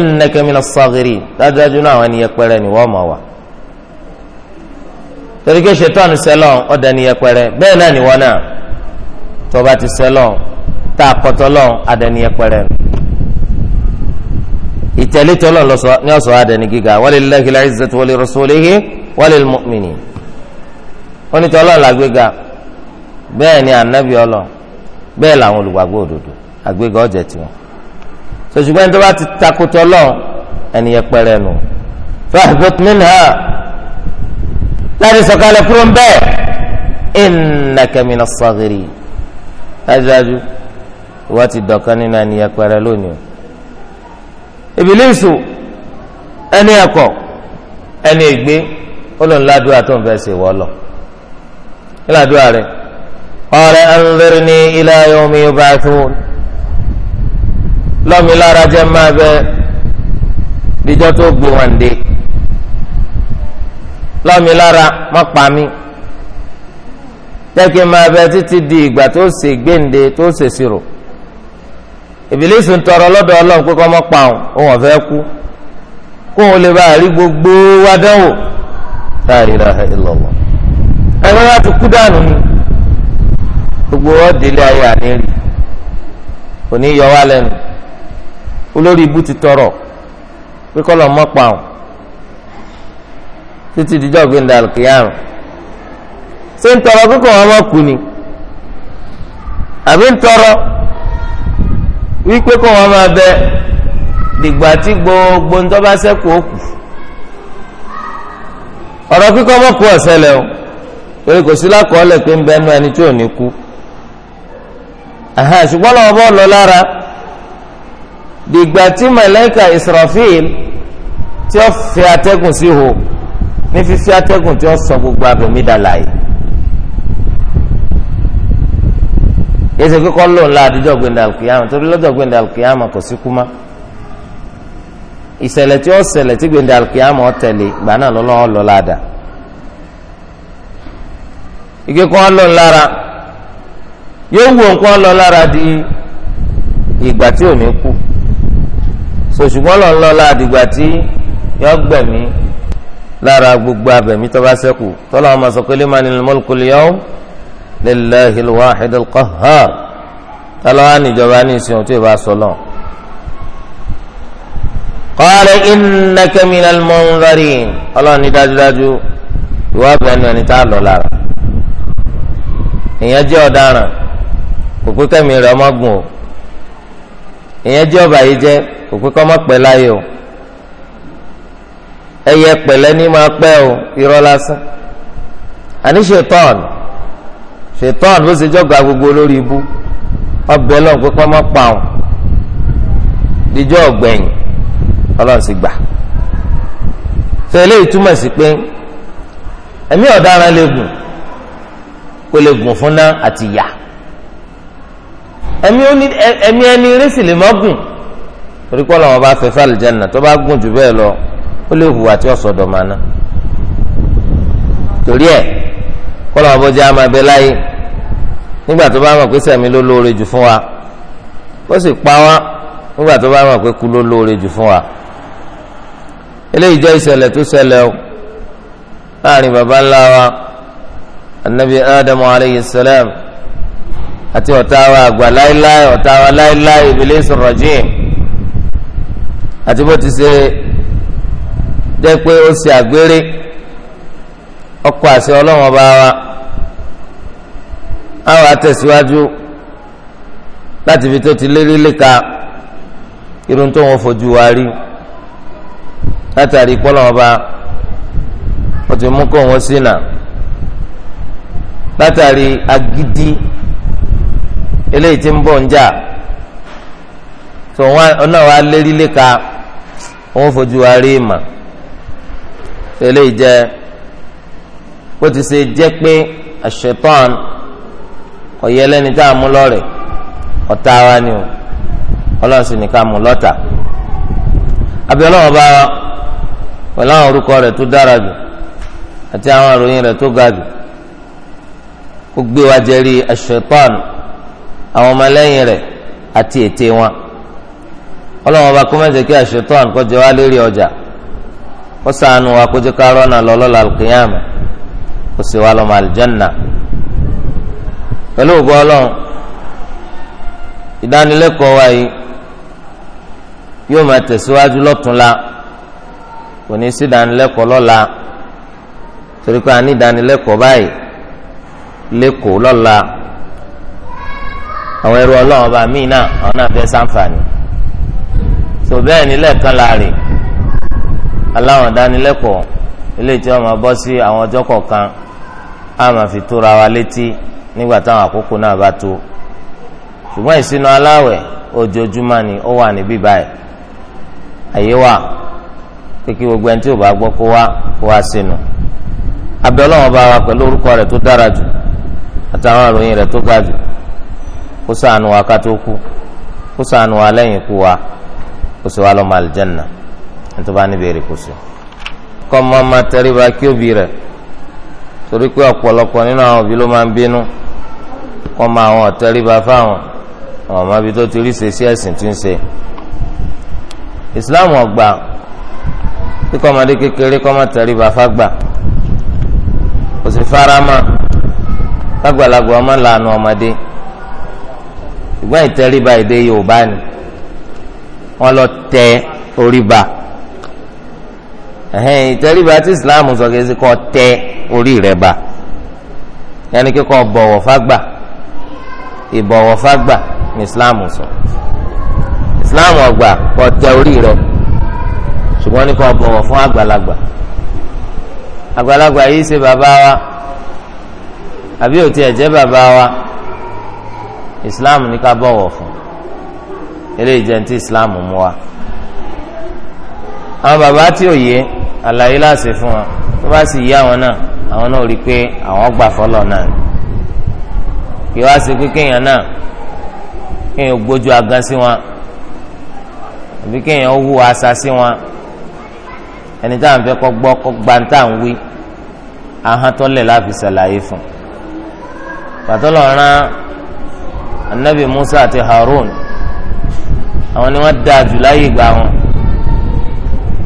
innaka mina as-saghirin dájúdájú náà àwọn ẹni yẹpẹrẹ ni wọ́n mọ̀ wá torí pé ṣètọ́nù sẹ́lọ̀ ọ̀dà ni yẹpẹrẹ bẹ́ẹ̀ náà ni wọ́n náà tọ́ba ti sẹ́lọ̀ tá a kọ́tọ́ lọ́n adẹ́ni yẹpẹrẹ ìtẹ̀lé tọ́lọ̀ ní ọ̀sọ̀ adẹni gíga walillahi al-izzatu wa li rasulihi wa lil mu'minin onítọ́lọ̀ làgbéga bẹ́ẹ̀ ni ànábì ọlọ bẹ́ẹ̀ làwọn olùgbàgbọ́ òdodo àgbéga ọ̀jẹ̀ tiwọn sọ̀tùgbọ́n ní tó bá ti takò tọ́lọ̀ ẹni yẹpẹrẹ nù fahbut láti sọ̀kalẹ̀ ìbílísù ẹni ẹ̀kọ́ ẹni ègbé olùńládùá tó ń fẹ́ ṣe wọ́lọ̀ ńládùá rẹ̀ ọ̀rẹ́ anzirni ila yawmi yub'athun lọ́mi lára jẹ́ máa bẹ díjọ́ tó gbé wọn dé lọ́mi lára má pa mí jẹ́ kí n máa bẹ títí di ìgbà tó ṣe gbéǹde tó ṣèṣirò ìbílísì ń tọrọ lọ́dọ̀ ọlọ́run pé kọ́ mọ́ pa òun òun ọ̀fẹ́ kú kó òun lè bá a rí gbogbo adánwò la ilaha illallah ẹ̀rọ yà ti kú dànù ni gbogbo ọ̀dẹ́lẹ̀ ayé àníyàn kò ní yọ wá lẹ́nu olórí ibú ti tọrọ pé kọ́ lọ mọ́ pa òun títí dídọ́ gbẹ̀ndà kìyàrùn ṣé ń tọrọ kíkọ́ ọmọ kù ni àbí ń tọrọ wípé kó wọn máa bẹ dìgbà tí gbogbo ńtọ́ bá sẹ́kù ó kù ọ̀rọ̀ kíkọ́ mọ́ kú ọ̀sẹ̀lẹ̀ o torí kò sí lákọọ́lẹ̀ pé ń bẹnu ẹni tí ò ní kú ṣùgbọ́n lọ́wọ́ bọ́ lọ lára dìgbà tí màláíkà Israfil tí ó fi atẹ́gùn sí hù ní fífi atẹ́gùn tí ó sọ gbogbo abòmídàlá yìí. yéésì kíkọ́ lò ńlá àdújọ́ gbẹ̀ndà alkiyama torí lọ́jọ́ gbẹ̀ndà kò sí ìṣẹ̀lẹ̀ tí ó ṣẹlẹ̀ tí gbẹ̀ndà náà lọ láàdá ìkíkọ́ lò ńlára yóò wù nǹkan lọ lára di ìgbà tí kú sòṣùgbọ́n lọ tí yọ gbẹ̀mí gbogbo abẹ̀mí bá tọ́lá lillahi alwahid alqahhar talawa níjọba ní ìsìn òtún ìbá sọlọ. qala innaka minal munzarin ọlọ́run ní dájúdájú ìwà bẹ́ẹ̀ni ẹni tá a lọ lára. ìyẹn jẹ́ ọ̀daràn kò pé kẹ́mi rẹ̀ ọmọ gùn o ìyẹn jẹ́ ọba yìí jẹ́ kò pé kọ́mọ pẹ́ láyé o ẹyẹ pẹ̀lẹ́ ní máa pẹ́ o irọ́ lásán àníṣe tọ́ọ̀nù ṣètọ́n bó ṣe jọ́gba gbogbo lórí ibú ọbẹ̀ lọ́n pípọ́ mọ́ pààrùn díjọ́ ọ̀gbẹ̀yìn ọlọ́run sì gbà tó eléyìí túmọ̀ sí pé ẹ̀mí ọ̀daràn lè gùn kó lè gùn fúnná àti yà ẹ̀mí ẹni rí sì lè mọ́ gùn torí pé ọlọ́run bá fẹ́ fàlìjánà tó bá gùn jù bẹ́ẹ̀ lọ ó lè hùwà tí ọ̀sọ̀dọ̀ màná torí ẹ̀ kọ́lọ́ ọ̀bọ̀jẹ́ àmọ́ abẹ́ láyé nígbà tó bá mọ̀ pé sẹ̀mí ló lóore jù fún wa ó sì pa wá nígbà tó bá mọ̀ pé kú ló lóore jù fún wa eléyìí jẹ́ ìṣẹ̀lẹ̀ tó ṣẹlẹ̀ o láàrin baba ńlá wa anabi adamu alayhi salam àti ọ̀tá wa àgbà láéláé ọ̀tá wa láéláé Iblis rajim àti bó ti ṣe jẹ́ pé ó ṣe àgbèrè. ọkọ àṣẹ ọlọ́run ọba wa tẹsiwaju àtẹ̀síwájú láti fi tó ti lérí léka irun tó wọn fojú wa rí látàrí pọ́lọ́ ọba ti mú kó wọn sínà látàrí agidi eléyìí tí ń bọ̀ ń jà tó wọn náà wá lérí léka wọn fojú wa rí eléyìí jẹ́. bó ti ṣe jẹ́ pé àṣetán ọ̀yẹ́ lẹ́ni tá a mú lọ́rẹ̀ ọ̀tá ni o ọlọ́run sì ní ká mú lọ́tà ọlọ́run bá wa pẹ̀lú àwọn orúkọ rẹ̀ tó dára jù àti àwọn àròyìn rẹ̀ tó ga jù kó gbé wa àwọn ọmọlẹ́yìn rẹ̀ àti ète wọn ọlọ́run ọba kó kí lérí kò sí wa lọ́mọ àlùjànnà pẹ̀lú ògbó ọlọ́run ìdánilẹ́kọ̀ọ́ wa yìí yóò máa tẹ̀síwájú lọ́túnla kò ní sí ìdánilẹ́kọ̀ọ́ lọ́la torí pé a ní ìdánilẹ́kọ̀ọ́ báyìí lẹ́kọ̀ọ́ lọ́la àwọn ẹrú ọlọ́run ọba míì náà àwọn náà fẹ́ sáǹfààní tó bẹ́ẹ̀ ni lẹ́ẹ̀kan láàrin aláwọn ìdánilẹ́kọ̀ọ́ ilé tí máa bọ́ sí àwọn ọjọ́ kọ̀ọ̀kan. a máa fi tóra wa létí nígbà táwọn àkókò náà bá tó ṣùgbọ́n ìsinu aláwẹ̀ ojoojúmọ́ ni ó wà gbogbo ẹni tí ò bá gbọ́ kó wá kó wá sínú abẹ́ bá wa pẹ̀lú orúkọ rẹ̀ tó dára jù àtàwọn àròyìn rẹ̀ tó ga jù kó ṣàánú wa ká tó kú kó wa lẹ́yìn wa kó sì wá lọ́mọ àlìjẹ́nà ẹni tó bá níbi èrè sí. kọ́ torí pé ọ̀pọ̀lọpọ̀ nínú àwọn òbí ló máa ń bínú wọ́n máa wọn ọ̀tẹ́ríba fáwọn àwọn ọmọ ibi tó ti rí ṣe sí ẹ̀sìn tí ń ṣe ìsìláàmù ọgbà kíkọ́ ọmọdé kékeré kọ́ máa tẹ̀ríba fágbà kò sì fárámà fágbàlagbà ọmọ làánú ọmọdé ìgbọ́n ìtẹríba èdè Yorùbá ni wọ́n lọ tẹ oríba ìtẹríba tí ìsìláàmù sọ sí kọ́ tẹ́ ẹ orí rẹ̀ bá yẹnni kíkọ́ bọ̀wọ̀ fágbà ìbọ̀wọ̀ fágbà ní islam sọ islam ọgbà kọ tẹ orí rẹ̀ ṣùgbọ́n ní kọ́ bọ̀wọ̀ fún àgbàlagbà àgbàlagbà yìí ṣe bàbá wa àbí ó tiẹ̀ jẹ́ bàbá wa islam ní ká bọ̀wọ̀ fún eléyìí jẹ́ ti islam mú wa àwọn bàbá tí ò yé àlàyé láṣẹ fún wa tó bá sì yé àwọn náà àwọn náà rí i pé àwọn gbà fọlọ náà kí wá sí pé kéèyàn náà kéèyàn gbójú agan sí wọn àbí kéèyàn hu àṣà sí wọn ẹni táwọn fẹ́ kọ́ gbọ́ kọ́ gbantá ń wí ahọ́n tọ́lẹ̀ láfi ṣàlàyé fún un pàtọ́lọ̀ rán anabi musa àti harun àwọn ni wọ́n da jù láyé gbà wọn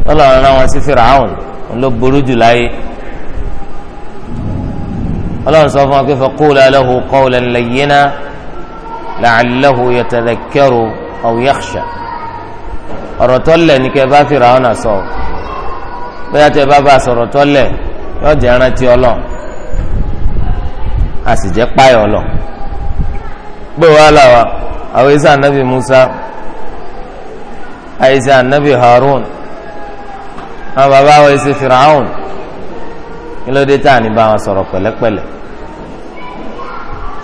tọ́lọ̀ rán wọn sí firaun ló burú jù láyé ọlọ́run sọ fún wa pé faqula lahu qawlan layyina la'allahu yatadhakkaru aw yakhsha ọ̀rọ̀ tọ́lẹ̀ ní kẹ́ bá Fíráúnà sọ bóyá tẹ́ bá bá sọ̀rọ̀ tọ́lẹ̀ yóò jẹ́ rántí ọlọ́run a sì jẹ́ páyọ̀ ọlọ́run gbé wàhálà wa àwọn isa anabi Musa àìsàn anabi Harun àwọn bàbá wa ẹsẹ Fíráúnà kílódé tá à ní bá wọn sọ̀rọ̀ pẹ̀lẹ́pẹ̀lẹ́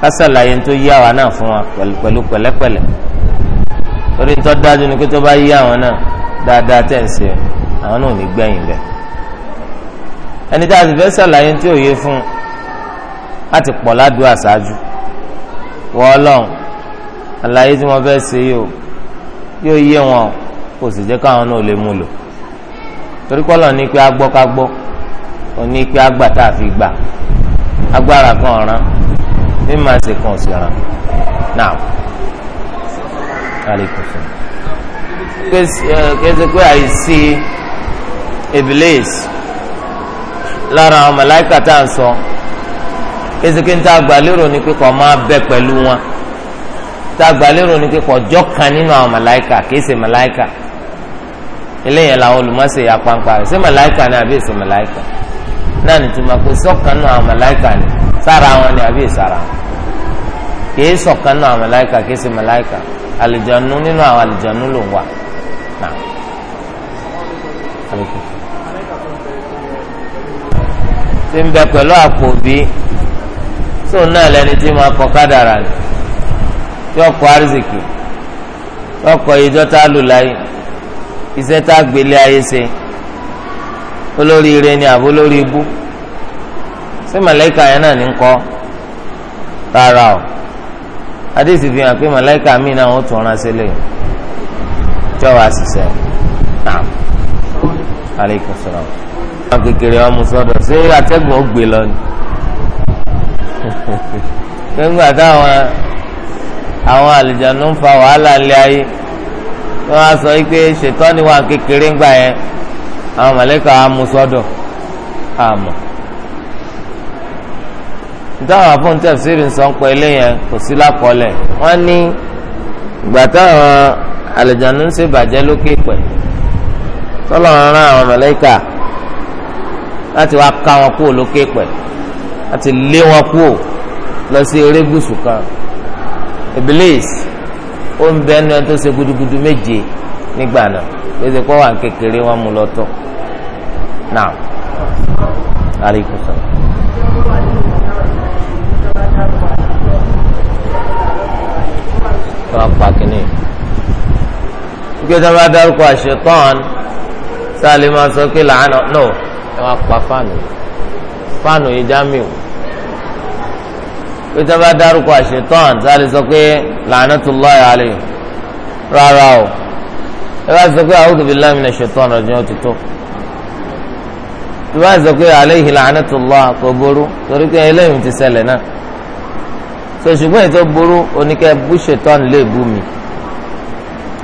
kásàlàyé tó yí àwa náà fún wa pẹ̀lú pẹ̀lẹ́pẹ̀lẹ́ torí tó dájú ni pé tó bá yí àwọn náà dáadáa tẹ̀ ń ṣe àwọn náà ò ní gbẹ̀yìn bẹ̀ ẹni tá a sì fẹ́ sàlàyé tí ò yé fún un láti pọ̀ ládùúgbò àṣáájú wọ́ọ́lọ́n àlàyé tí wọ́n fẹ́ ṣe yìí o yóò yé wọn kò sì jẹ́ káwọn náà lè mú lò torí kọ́lọ̀ ní pé agbọ́ ká gbọ́ oní pé agba tá fi gbà agbára kan ọ̀ràn bí màá ṣe kàn sí ọ̀ràn náà alaikum kẹsì pé àìsí ibilis lára àwọn màláíkà tá à ń sọ kẹsì pé ń tá àgbà lérò ní pé kò máa bẹ pẹ̀lú wọn tá àgbà lérò ní pé kò jọ́kan nínú àwọn si kìí ṣe màláíkà eléyìí làwọn olùmọ̀ọ́sẹ̀ yà pàǹpà ni àbí náà ní tuma pé sọ̀kan náà àwọn màláìka ni sára wọn ni àbí ìsára kìí sọ̀kan náà àwọn màláìka kìí ṣe màláìka àlìjànú nínú àwọn àlìjànú ló ń wà ti ń bẹ pẹ̀lú àpò bí tó náà lẹni tí máa kọ kádàrà ni tí ọkọ̀ àrísìkì tí ọkọ̀ ìjọ tá lù láyé iṣẹ́ tá a gbélé ayé ṣe olóríire ni àbó lórí ibú ṣé màláìka yẹn náà ní ń kọ́ rárá o adéṣì fi hàn pé màláìka míì náà wọ́n tún ránṣẹ́ lè jọ̀wọ́ àṣìṣe náà aleykum salaam wọn kékeré wọn mú sọ́dọ̀ ṣé atẹ́gùn ó gbé lọ ni gbẹngbà táwọn àwọn àlùjánu ń fa wàhálà ńlẹ ayé wọn á sọ pé ṣètọ́ ni wọn kékeré ń gbà yẹn àwọn mọ̀lẹ́kà amúsọ́dọ̀ àmọ́ nítawọn afọ́ntẹ́ sírí ń sọ́n pẹ́ eléyẹn kò sí lákọọ́lẹ̀ wọ́n ní ìgbà táwọn àlejànú ń ṣèbàjẹ́ lókè pẹ̀ tọ́lọ̀ ń rán àwọn mọ̀lẹ́kà láti wá ká wọn kúrò lókè pẹ̀ láti lé wọn kúrò lọ sí erégùsù kan Iblis ó ń bẹ́ẹ̀ nu ẹni tó ṣe gudugudu méje nígbà náà lóṣèpọ̀ wà kékeré wọn mú lọ́tọ̀ náà alaikum salaam. tó a pa kínní gbẹ́sẹ̀ bá dárúkọ àṣetán sálẹ̀ máa sọ pé làánà no ẹ wá pa fáànù fáànù yìí jámíù gbẹ́sẹ̀ bá dárúkọ àṣetán sálẹ̀ sọ pé làánà tó lọ́ọ̀yà alẹ́ rárá o ẹ bá sọ pé a'udhu billahi minash shaitani rajim ó ti tó ìwà àzọ pé alayhi la'natullah kò burú torí pé eléyìí ti ṣẹlẹ̀ náà so ṣùgbọ́n ètò burú oníkẹ́ bú ṣetán lè bú mi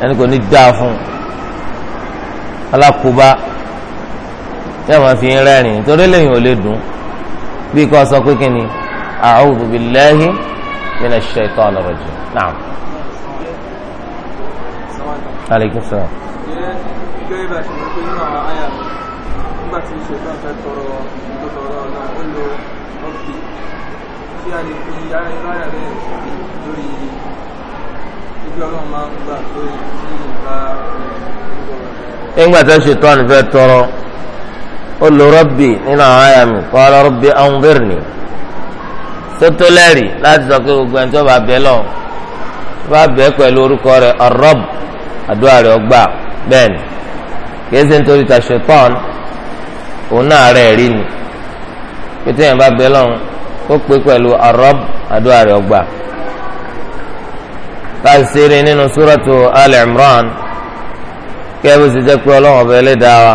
ẹni kò ní dáa fún alákòóbá yóò máa fi rẹ́rìn torí lẹ́yìn ò lè dùn bí kò sọ pé kí ni a'udhu billahi minash shaitanir rajim náà. aleykum salaam nígbà tí ṣètò ọ̀fẹ́ tọrọ ìlú tọrọ ọ̀nà ọ̀lọ́ ọ̀fì tí a lè fi ara ẹ̀rọ ayà rẹ̀ lórí ibi ọlọ́run máa ń gbà lórí tí ìgbà nígbà tí ṣètò ọ̀fẹ́ tọrọ ó lo rọ́bì nínú àwọn àyà mi kọ́ ọ́ rọ́bì anzirni sótó lẹ́rìí láti sọ pé gbogbo ẹni tó bá bẹ́ lọ bá bẹ́ pẹ̀lú orúkọ rẹ̀ ọ̀rọ̀b àdúrà rẹ̀ ọgbà bẹ́ẹ̀ ni kì í ṣe òun náà rẹ̀ rí ni pété yẹn bá bẹ lọ́run ó pé pẹ̀lú arọ́b àdúrà rẹ̀ ọgbà láìsèré nínú súrọ́tù Al-Imran kí ẹ jẹ́ pé ọlọ́run ọbẹ̀ ẹlẹ́dàá wa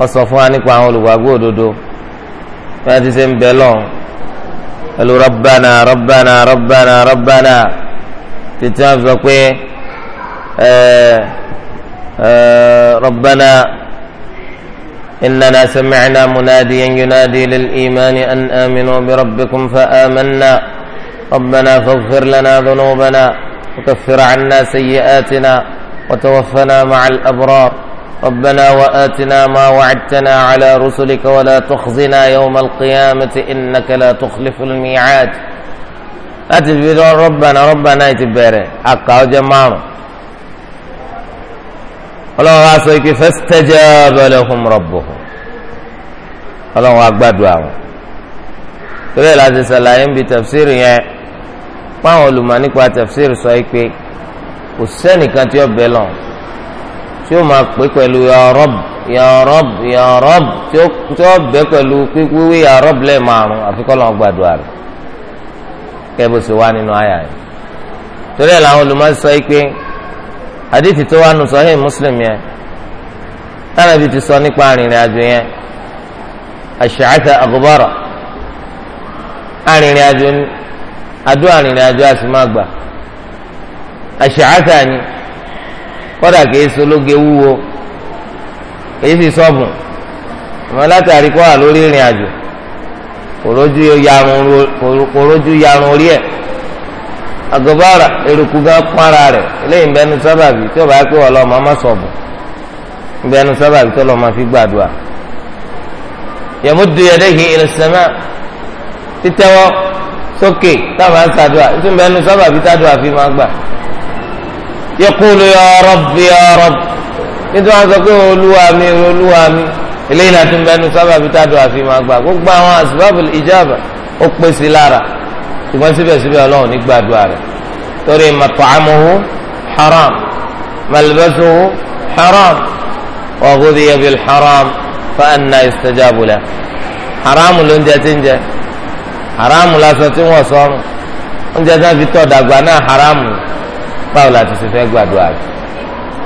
ó sọ fún wa nípa àwọn olùgbàgbọ́ òdodo bí wọ́n ti ṣe ń bẹ lọ́run pẹ̀lú إننا سمعنا مناديا ينادي للإيمان أن آمنوا بربكم فآمنا ربنا فاغفر لنا ذنوبنا وكفر عنا سيئاتنا وتوفنا مع الأبرار ربنا وآتنا ما وعدتنا على رسلك ولا تخزنا يوم القيامة إنك لا تخلف الميعاد أتبدون ربنا ربنا يتبارك أقا جمعنا ọlọ́run wa sọ ike fastajaba lahum rabbuhum ọlọ́run wa gbàdúrà wọn torí ẹ̀ láti ṣàlàyé ń bi tafsiri yẹn páwọn olùmọ̀ nípa tafsiri sọ pé kò sẹ́nìkan tí ó bẹ̀ lọ tí ó máa pè pẹ̀lú ya Rabb ya Rabb ya Rabb tí ó bẹ̀ pẹ̀lú wíwí ya Rabb lẹ́ẹ̀ márùn àfikọ́ lọ́wọ́ gbàdúrà kẹ́ bó ṣe wá nínú àyà yẹn torí ẹ̀ làwọn olùmọ̀ sọ pé. hadithi tó wà nù muslim ya na bí ti sọ nípa arìnrìn àjò yẹn àṣàkà àgùbọ̀rọ̀ arìnrìn àjò ni adó arìnrìn àjò a sì àṣàkà ni kódà kìí sológe wúwo kìí sì sọ́ọ̀bùn àmọ́ látàrí kọ́ wà lórí ìrìn àjò kò rójú yarun orí agobara eruku gan kpara rẹ̀ eléyìí ń bẹnu sábàbí tí o bá pé wọ́n lọ ọmọ ọmọ sọ̀bù ń bẹnu sábàbí tí o lọ ọmọ fi gbàdúrà yamuddu yadayhi ila sama títẹ́wọ́ sókè táwọn sàdúrà tí ń bẹnu sábàbí tádùá fi máa gbà yaqulu ya rabbi ya rabbi nítorí wọ́n sọ pé olúwa mi olúwa mi eléyìí náà ti bẹnu sábàbí tádùá fi máa gbà gbogbo àwọn asbabul ijaba ó pèsè lára ṣùgbọ́n síbẹ̀síbẹ̀ ọlọ́run ní gbàdúrà rẹ̀ torí mat'amuhu haram malbasuhu haram wa ghudhiya bil haram fa anna yustajabu lahu haramu ló ń jẹ tí ń jẹ haramu lásán tí wọ́n sọrùn oúnjẹ tí wọ́n fi tọ́ dàgbà náà haramu báwo la ti ṣe fẹ́ gbàdúrà rẹ̀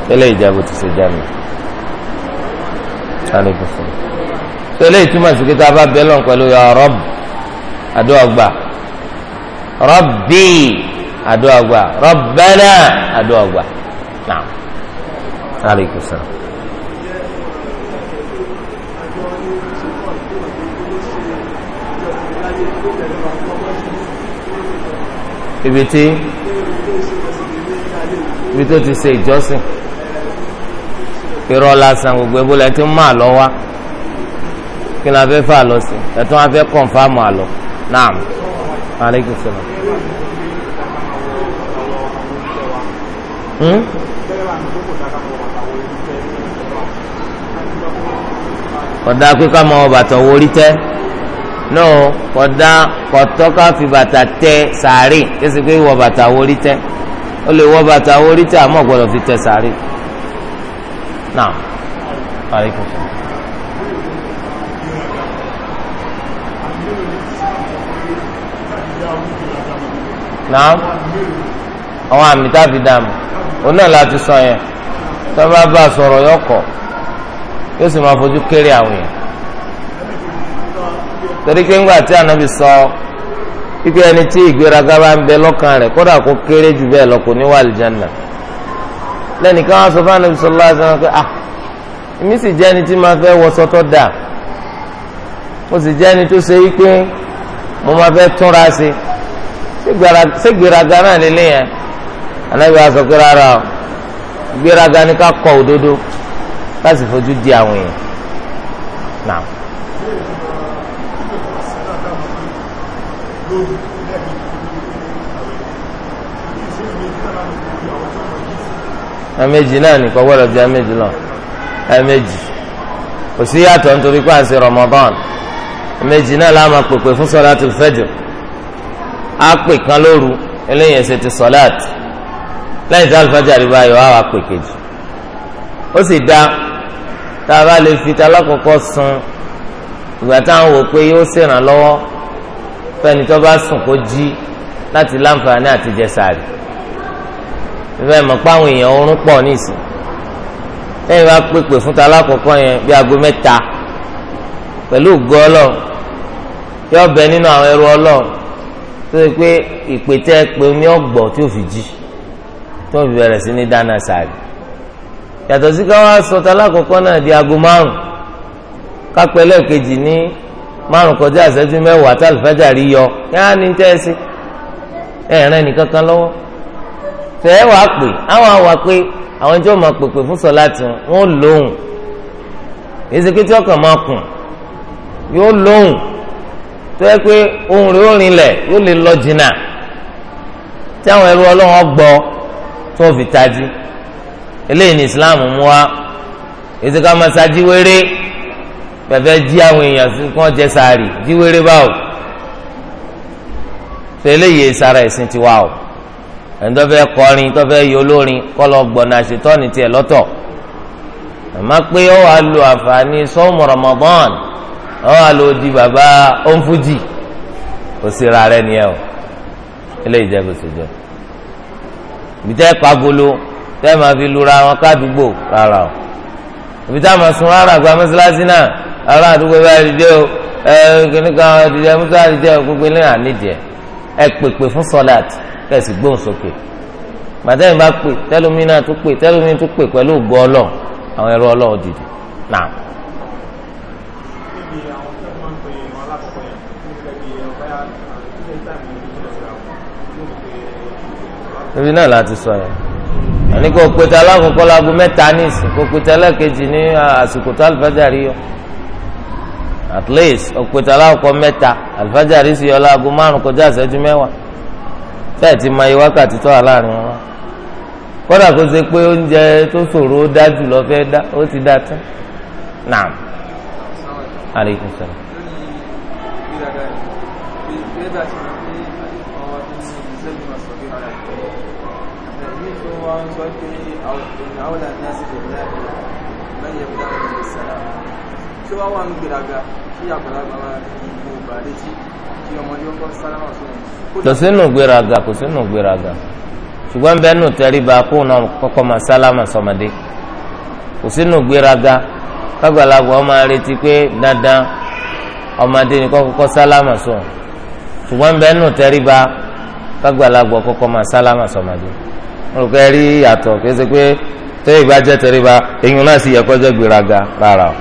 tẹ́lẹ̀ ìjẹ́bù ti ṣe jẹ́ mi tẹ́lẹ̀ ìtumọ̀ sí kí tá a bá bẹ́ẹ̀ lọ́n pẹ̀lú ya Rabb àdúrà gbà. rọ́bì àdúrà gbà rọ́bẹ́nà àdúrà gbà náà aleykum salaam. ibi tí ibi tó ti ṣe ìjọsìn irọ́ lásán gbogbo ebo lẹ́yìn máa lọ wá kí ni a fẹ́ fà lọ sí ẹ̀tún a aleykum salaam. Hmm? kọ̀dá pípa mọ bàtà owó orí tẹ́ no kọ̀dá kọ̀tọ́ ká fi bàtà tẹ sàárè kése pé wọ bàtà owó orí tẹ́ ó lè wọ bàtà owó orí tẹ́ àmọ́ gbọ́dọ̀ fi tẹ sàárè náà aleykum náà àwọn àmì tá a fi dààmú òun náà láti sọ yẹn tó bá bá a sọ̀rọ̀ yọ kọ̀ yóò sì máa fojú kéré àwọn yẹn torí pé ńgbà tí ànábì sọ ibi ẹni tí ìgbéraga bá ń bẹ lọ́kàn rẹ̀ kódà kó kéré jù bẹ́ẹ̀ lọ kò ní wà lìjánà lẹ́nìkan wá sọ fún ànábì sọ lọ́wọ́ sọ pé ah èmi sì jẹ́ ẹni tí máa fẹ́ wọṣọ tó dáa mo sì jẹ́ ẹni tó ṣe wípé mo máa fẹ́ túnra ṣe ṣé gbéraga náà lélẹ̀ yẹn anábì wa sọ pé rárá o gbéraga ni ká kọ òdodo ká sì fojú di àwọn èèyàn náà. ẹ̀mejì náà nìkan gbọ́dọ̀ di ẹ̀mejì lọ ẹ̀mejì kò sí yàtọ̀ nítorí pé à ń ṣe Ramadan ẹ̀mejì náà láàmà pèpè fún sọ́látul fajr àpè kan lóru eléyìí ẹsẹ ti sọláàt lẹ́yìn tí alifájàre bá yọ àwọn àpè kejì ó sì dá tá a bá lè fi ta lákòókò sun ìgbà táwọn wò pé yóò ṣèrànlọ́wọ́ fẹ́ni tó bá sùn kó jí láti láǹfààní àti jẹsàrì ìfẹ́ páwọn èèyàn oorun pọ̀ nísìn lẹ́yìn bá pèpè fún ta lákòókò yẹn bí aago mẹ́ta pẹ̀lú ògo ọlọ́run bẹ nínú àwọn ẹrú ọlọ́run tó yẹ pé ìpè tẹ́ pé omi ọ̀gbọ̀ tí ò fi jí tó fi bẹ̀rẹ̀ sí ní dáná sààrì yàtọ̀ sí ká wá sọta alákọ̀ọ́kọ́ náà di aago márùn ní márùn kọjá yọ n'i tẹ́sí lọ́wọ́ àwọn àwà pé àwọn máa pèpè fún wọn èsì tí ọkàn máa tó yẹ pé ohun rẹ̀ ó rinlẹ̀ yóò lè lọ jìnnà tí àwọn ẹrú ọlọ́wọ́n gbọ́ tó fi tají eléyìí ní Islam mú wa ètò ká máa tají wéré bẹ̀fẹ̀ jí àwọn èèyàn tí wọ́n jẹ sáré jí wéré báwò tó eléyìí sára ẹ̀sìn tiwa o ẹni tó fẹ́ kọrin tó fẹ́ yọ olórin kọ́ lọ gbọ̀nà àṣetọ́ni tiẹ̀ lọ́tọ̀ àmọ́ pé ó wàá lo àǹfààní sọ́ọ̀mù Ramadan wọn wà ló di bàbá ònfújì kò sí ra rẹ nìyẹn o eléyìí jẹ gbèsè jọ bìtẹ́ pagolo tẹ́ máa fi lura wọn kádùúgbò rárá o òbí tá a máa sun rárá gba mọ́sálásí náà ará àdúgbò bá dìde o ẹ kìnnìkan dìde musa dìde o gbogbo ilé hàn nídìí ẹ pèpè fún sọlát kẹsì gbóhùn sókè màtẹ́yìn bá pè tẹ́lómi náà tó pè tẹ́lómi tó pè pẹ̀lú ògbó ọlọ́ọ̀ àwọn ẹ̀rọ ọlọ́ọ̀ dìde náà. níbi náà láti sọ̀rọ̀ àní kò pété alákòókò láago mẹ́ta ní ìsìn kò pété alákejì ní àsìkò tó yọ at least òpètè alákòókò mẹ́ta alifájàrí sì yọ láago márùn kọjá ìṣẹ́jú ti ma wákàtí tó wà láàrin wọn kódà kó ṣe pé oúnjẹ tó ṣòro ó dá jù ti dá tán فضله أو إن أولى الناس بالله من يبدأ بالسلام tí wá wà ń gbèrágà kí àgbàlagbà máa ṣùgbọ́n bẹ́ẹ̀ nù kó kọ́kọ́ máa sálámà sọmọdé kò sínú gbéraga kágbàlagbà ọmọ pé dandan ọmọdé ni kọ́kọ́ sálámà sọ ṣùgbọ́n bẹ́ẹ̀ nù kágbàlagbà kọ́kọ́ máa sálámà sọmọdé. olùkọ́ rí yàtọ̀ kì í ṣe pé tẹ́lẹ̀ ìgbà jẹ́ tẹríba èyí náà sì yẹ kó jẹ́ gbéraga rárá o.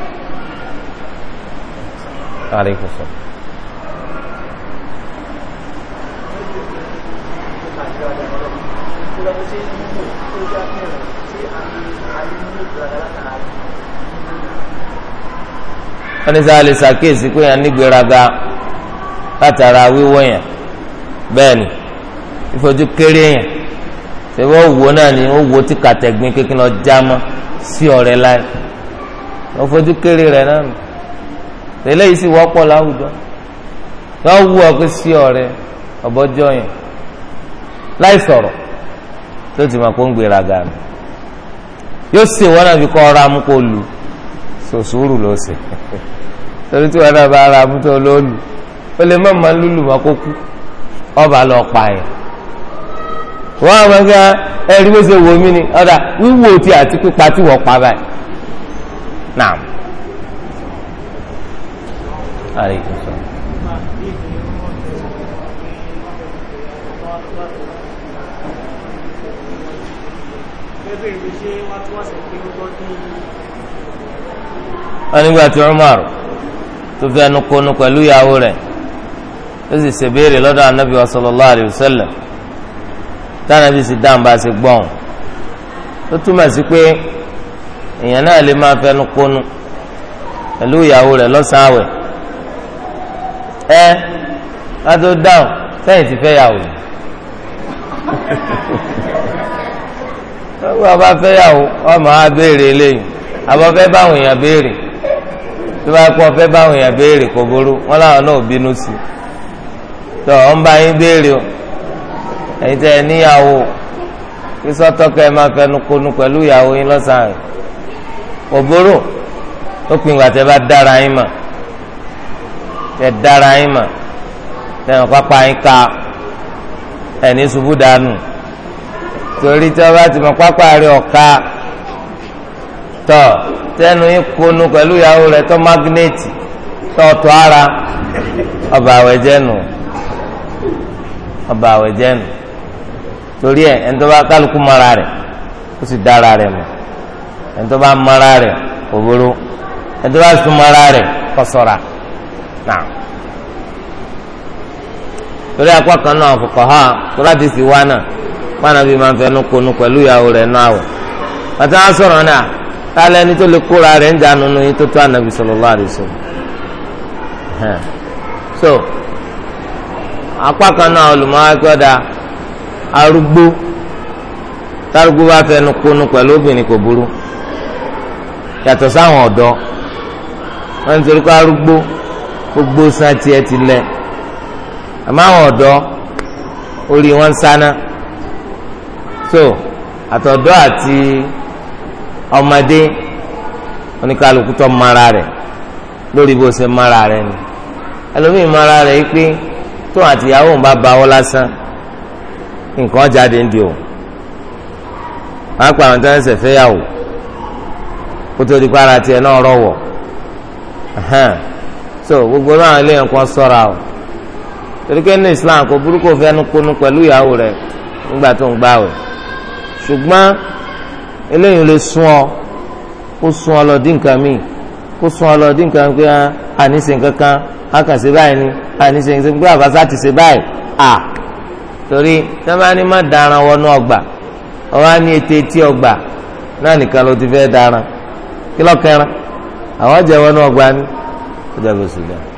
wọ́n ní sáà pé yẹn nígbéraga látara wíwọ́ yẹn ìfojú kéré yẹn. ṣèwọ́ wo náà ni ó wo tí kàtẹ́gbin kékeré lọ já mọ́ sí ọ̀rẹ́ láì wọ́n fojú kéré rẹ̀ náà nù tẹ́lẹ̀ yìí sì wọ́pọ̀ láwùjọ wọ́n wú ọ pé sí ọ̀rẹ́ ọ̀bọ́jọ́ yẹn láì sọ̀rọ̀ tó ti mọ̀ kó ń gbéra ga nù yóò sì wọ́n náà fi kọ́ ọ̀rọ̀ amú kó lu sòsúrù ló sì [laughs] torí tí wọ́n náà bá ara amú tó lólu ó lè má máa lùlù mọ́ kó kú ọba lọ pa yẹn. wọ́n á máa gbé ẹ̀rí bó ṣe wò mí ni ọ̀dà wíwò tí àti pípa tí wọ́n pa báyìí. Naam. Aleykum salaam. Umar tó fẹ́ ẹnu kónú pẹ̀lú ìyàwó rẹ̀ ó sì lọ́dọ̀ anabi wa sallallahu alayhi wa sallam. tánàbí sì dáhùn bá a ṣe gbọ́n ó túmọ̀ sí pé èèyàn náà lè máa fẹnu kónú pẹ̀lú ìyàwó rẹ̀ lọ́sàn-án ẹ tó dáhùn sẹ́yìn ti fẹ́ yàwó wọ́n bá fẹ́ yàwó wọ́n máa béèrè eléyìí àbọ̀ fẹ́ báwọn èèyàn béèrè tó bá pọ̀ fẹ́ báwọn èèyàn béèrè kò burú wọ́n láwọn náà bínú sí i tó ń bá o. ẹ̀yin tẹ ẹ níyàwó kí sọ́tọ́kẹ́ máa fẹnu konu pẹlú ìyàwó yín lọ́sàn-án òbóró ó pin ìgbà bá dára yín mà dára yín mà ka ṣubú dànù torí tí wọ́n bá ti mọ pápá rẹ̀ ọ̀ka tọ yín konu ara nù nù. torí ẹ ẹni tó mara rẹ ó sì dára rẹ mọ mara rẹ òboro ẹni tó mara rẹ kọsọra náà torí akọ kan náà ha tó sì wá náà wọn àbí máa ń fẹnu konu pẹ̀lú ìyàwó rẹ náà wọ pàtó wọn sọ̀rọ̀ náà kálẹ ẹni tó lè kóra rẹ ń dànù arúgbó tárúgbó bá fẹnu kunu pẹ̀lú obìnrin kò burú yàtọ̀ sáwọn ọ̀dọ́ wọ́n ti rí gbogbo san tiẹ̀ ti lẹ̀ àmọ́ àwọn ọ̀dọ́ orí wọn sáná so àtọ̀dọ́ àti ọmọdé oníkàlùkù mara rẹ̀ lórí bó mara rẹ̀ ni ẹlòmíì mara rẹ̀ yìí pé tó àtìyàwó ń bá ba nǹkan jáde ń di o Ha pa àwọn tó ń ṣe fẹ́yàwó kó tó di pa ara tiẹ̀ so gbogbo náà ilé nǹkan sọ́ra o torí pé Islam kò burúkú fẹnu kunu pẹ̀lú ìyàwó rẹ nígbà tó ń gbààwẹ̀ ṣùgbọ́n eléyìí lè sún ọ kó sún ọ lọ dín nǹkan míì kó sún ọ lọ dín nǹkan pé àníṣe a kàn ṣe báyìí ni àníṣe pé ti ṣe báyìí torí sábàánì má daran wọnú ọgbà ọwọ́ á ní ètè etí ọgbà náà nìkan ló ti fẹ́ daran kí lọ́kẹ́ran àwọn jẹ́ wọnú ọgbà ni ó jẹ́ bó sì dáa.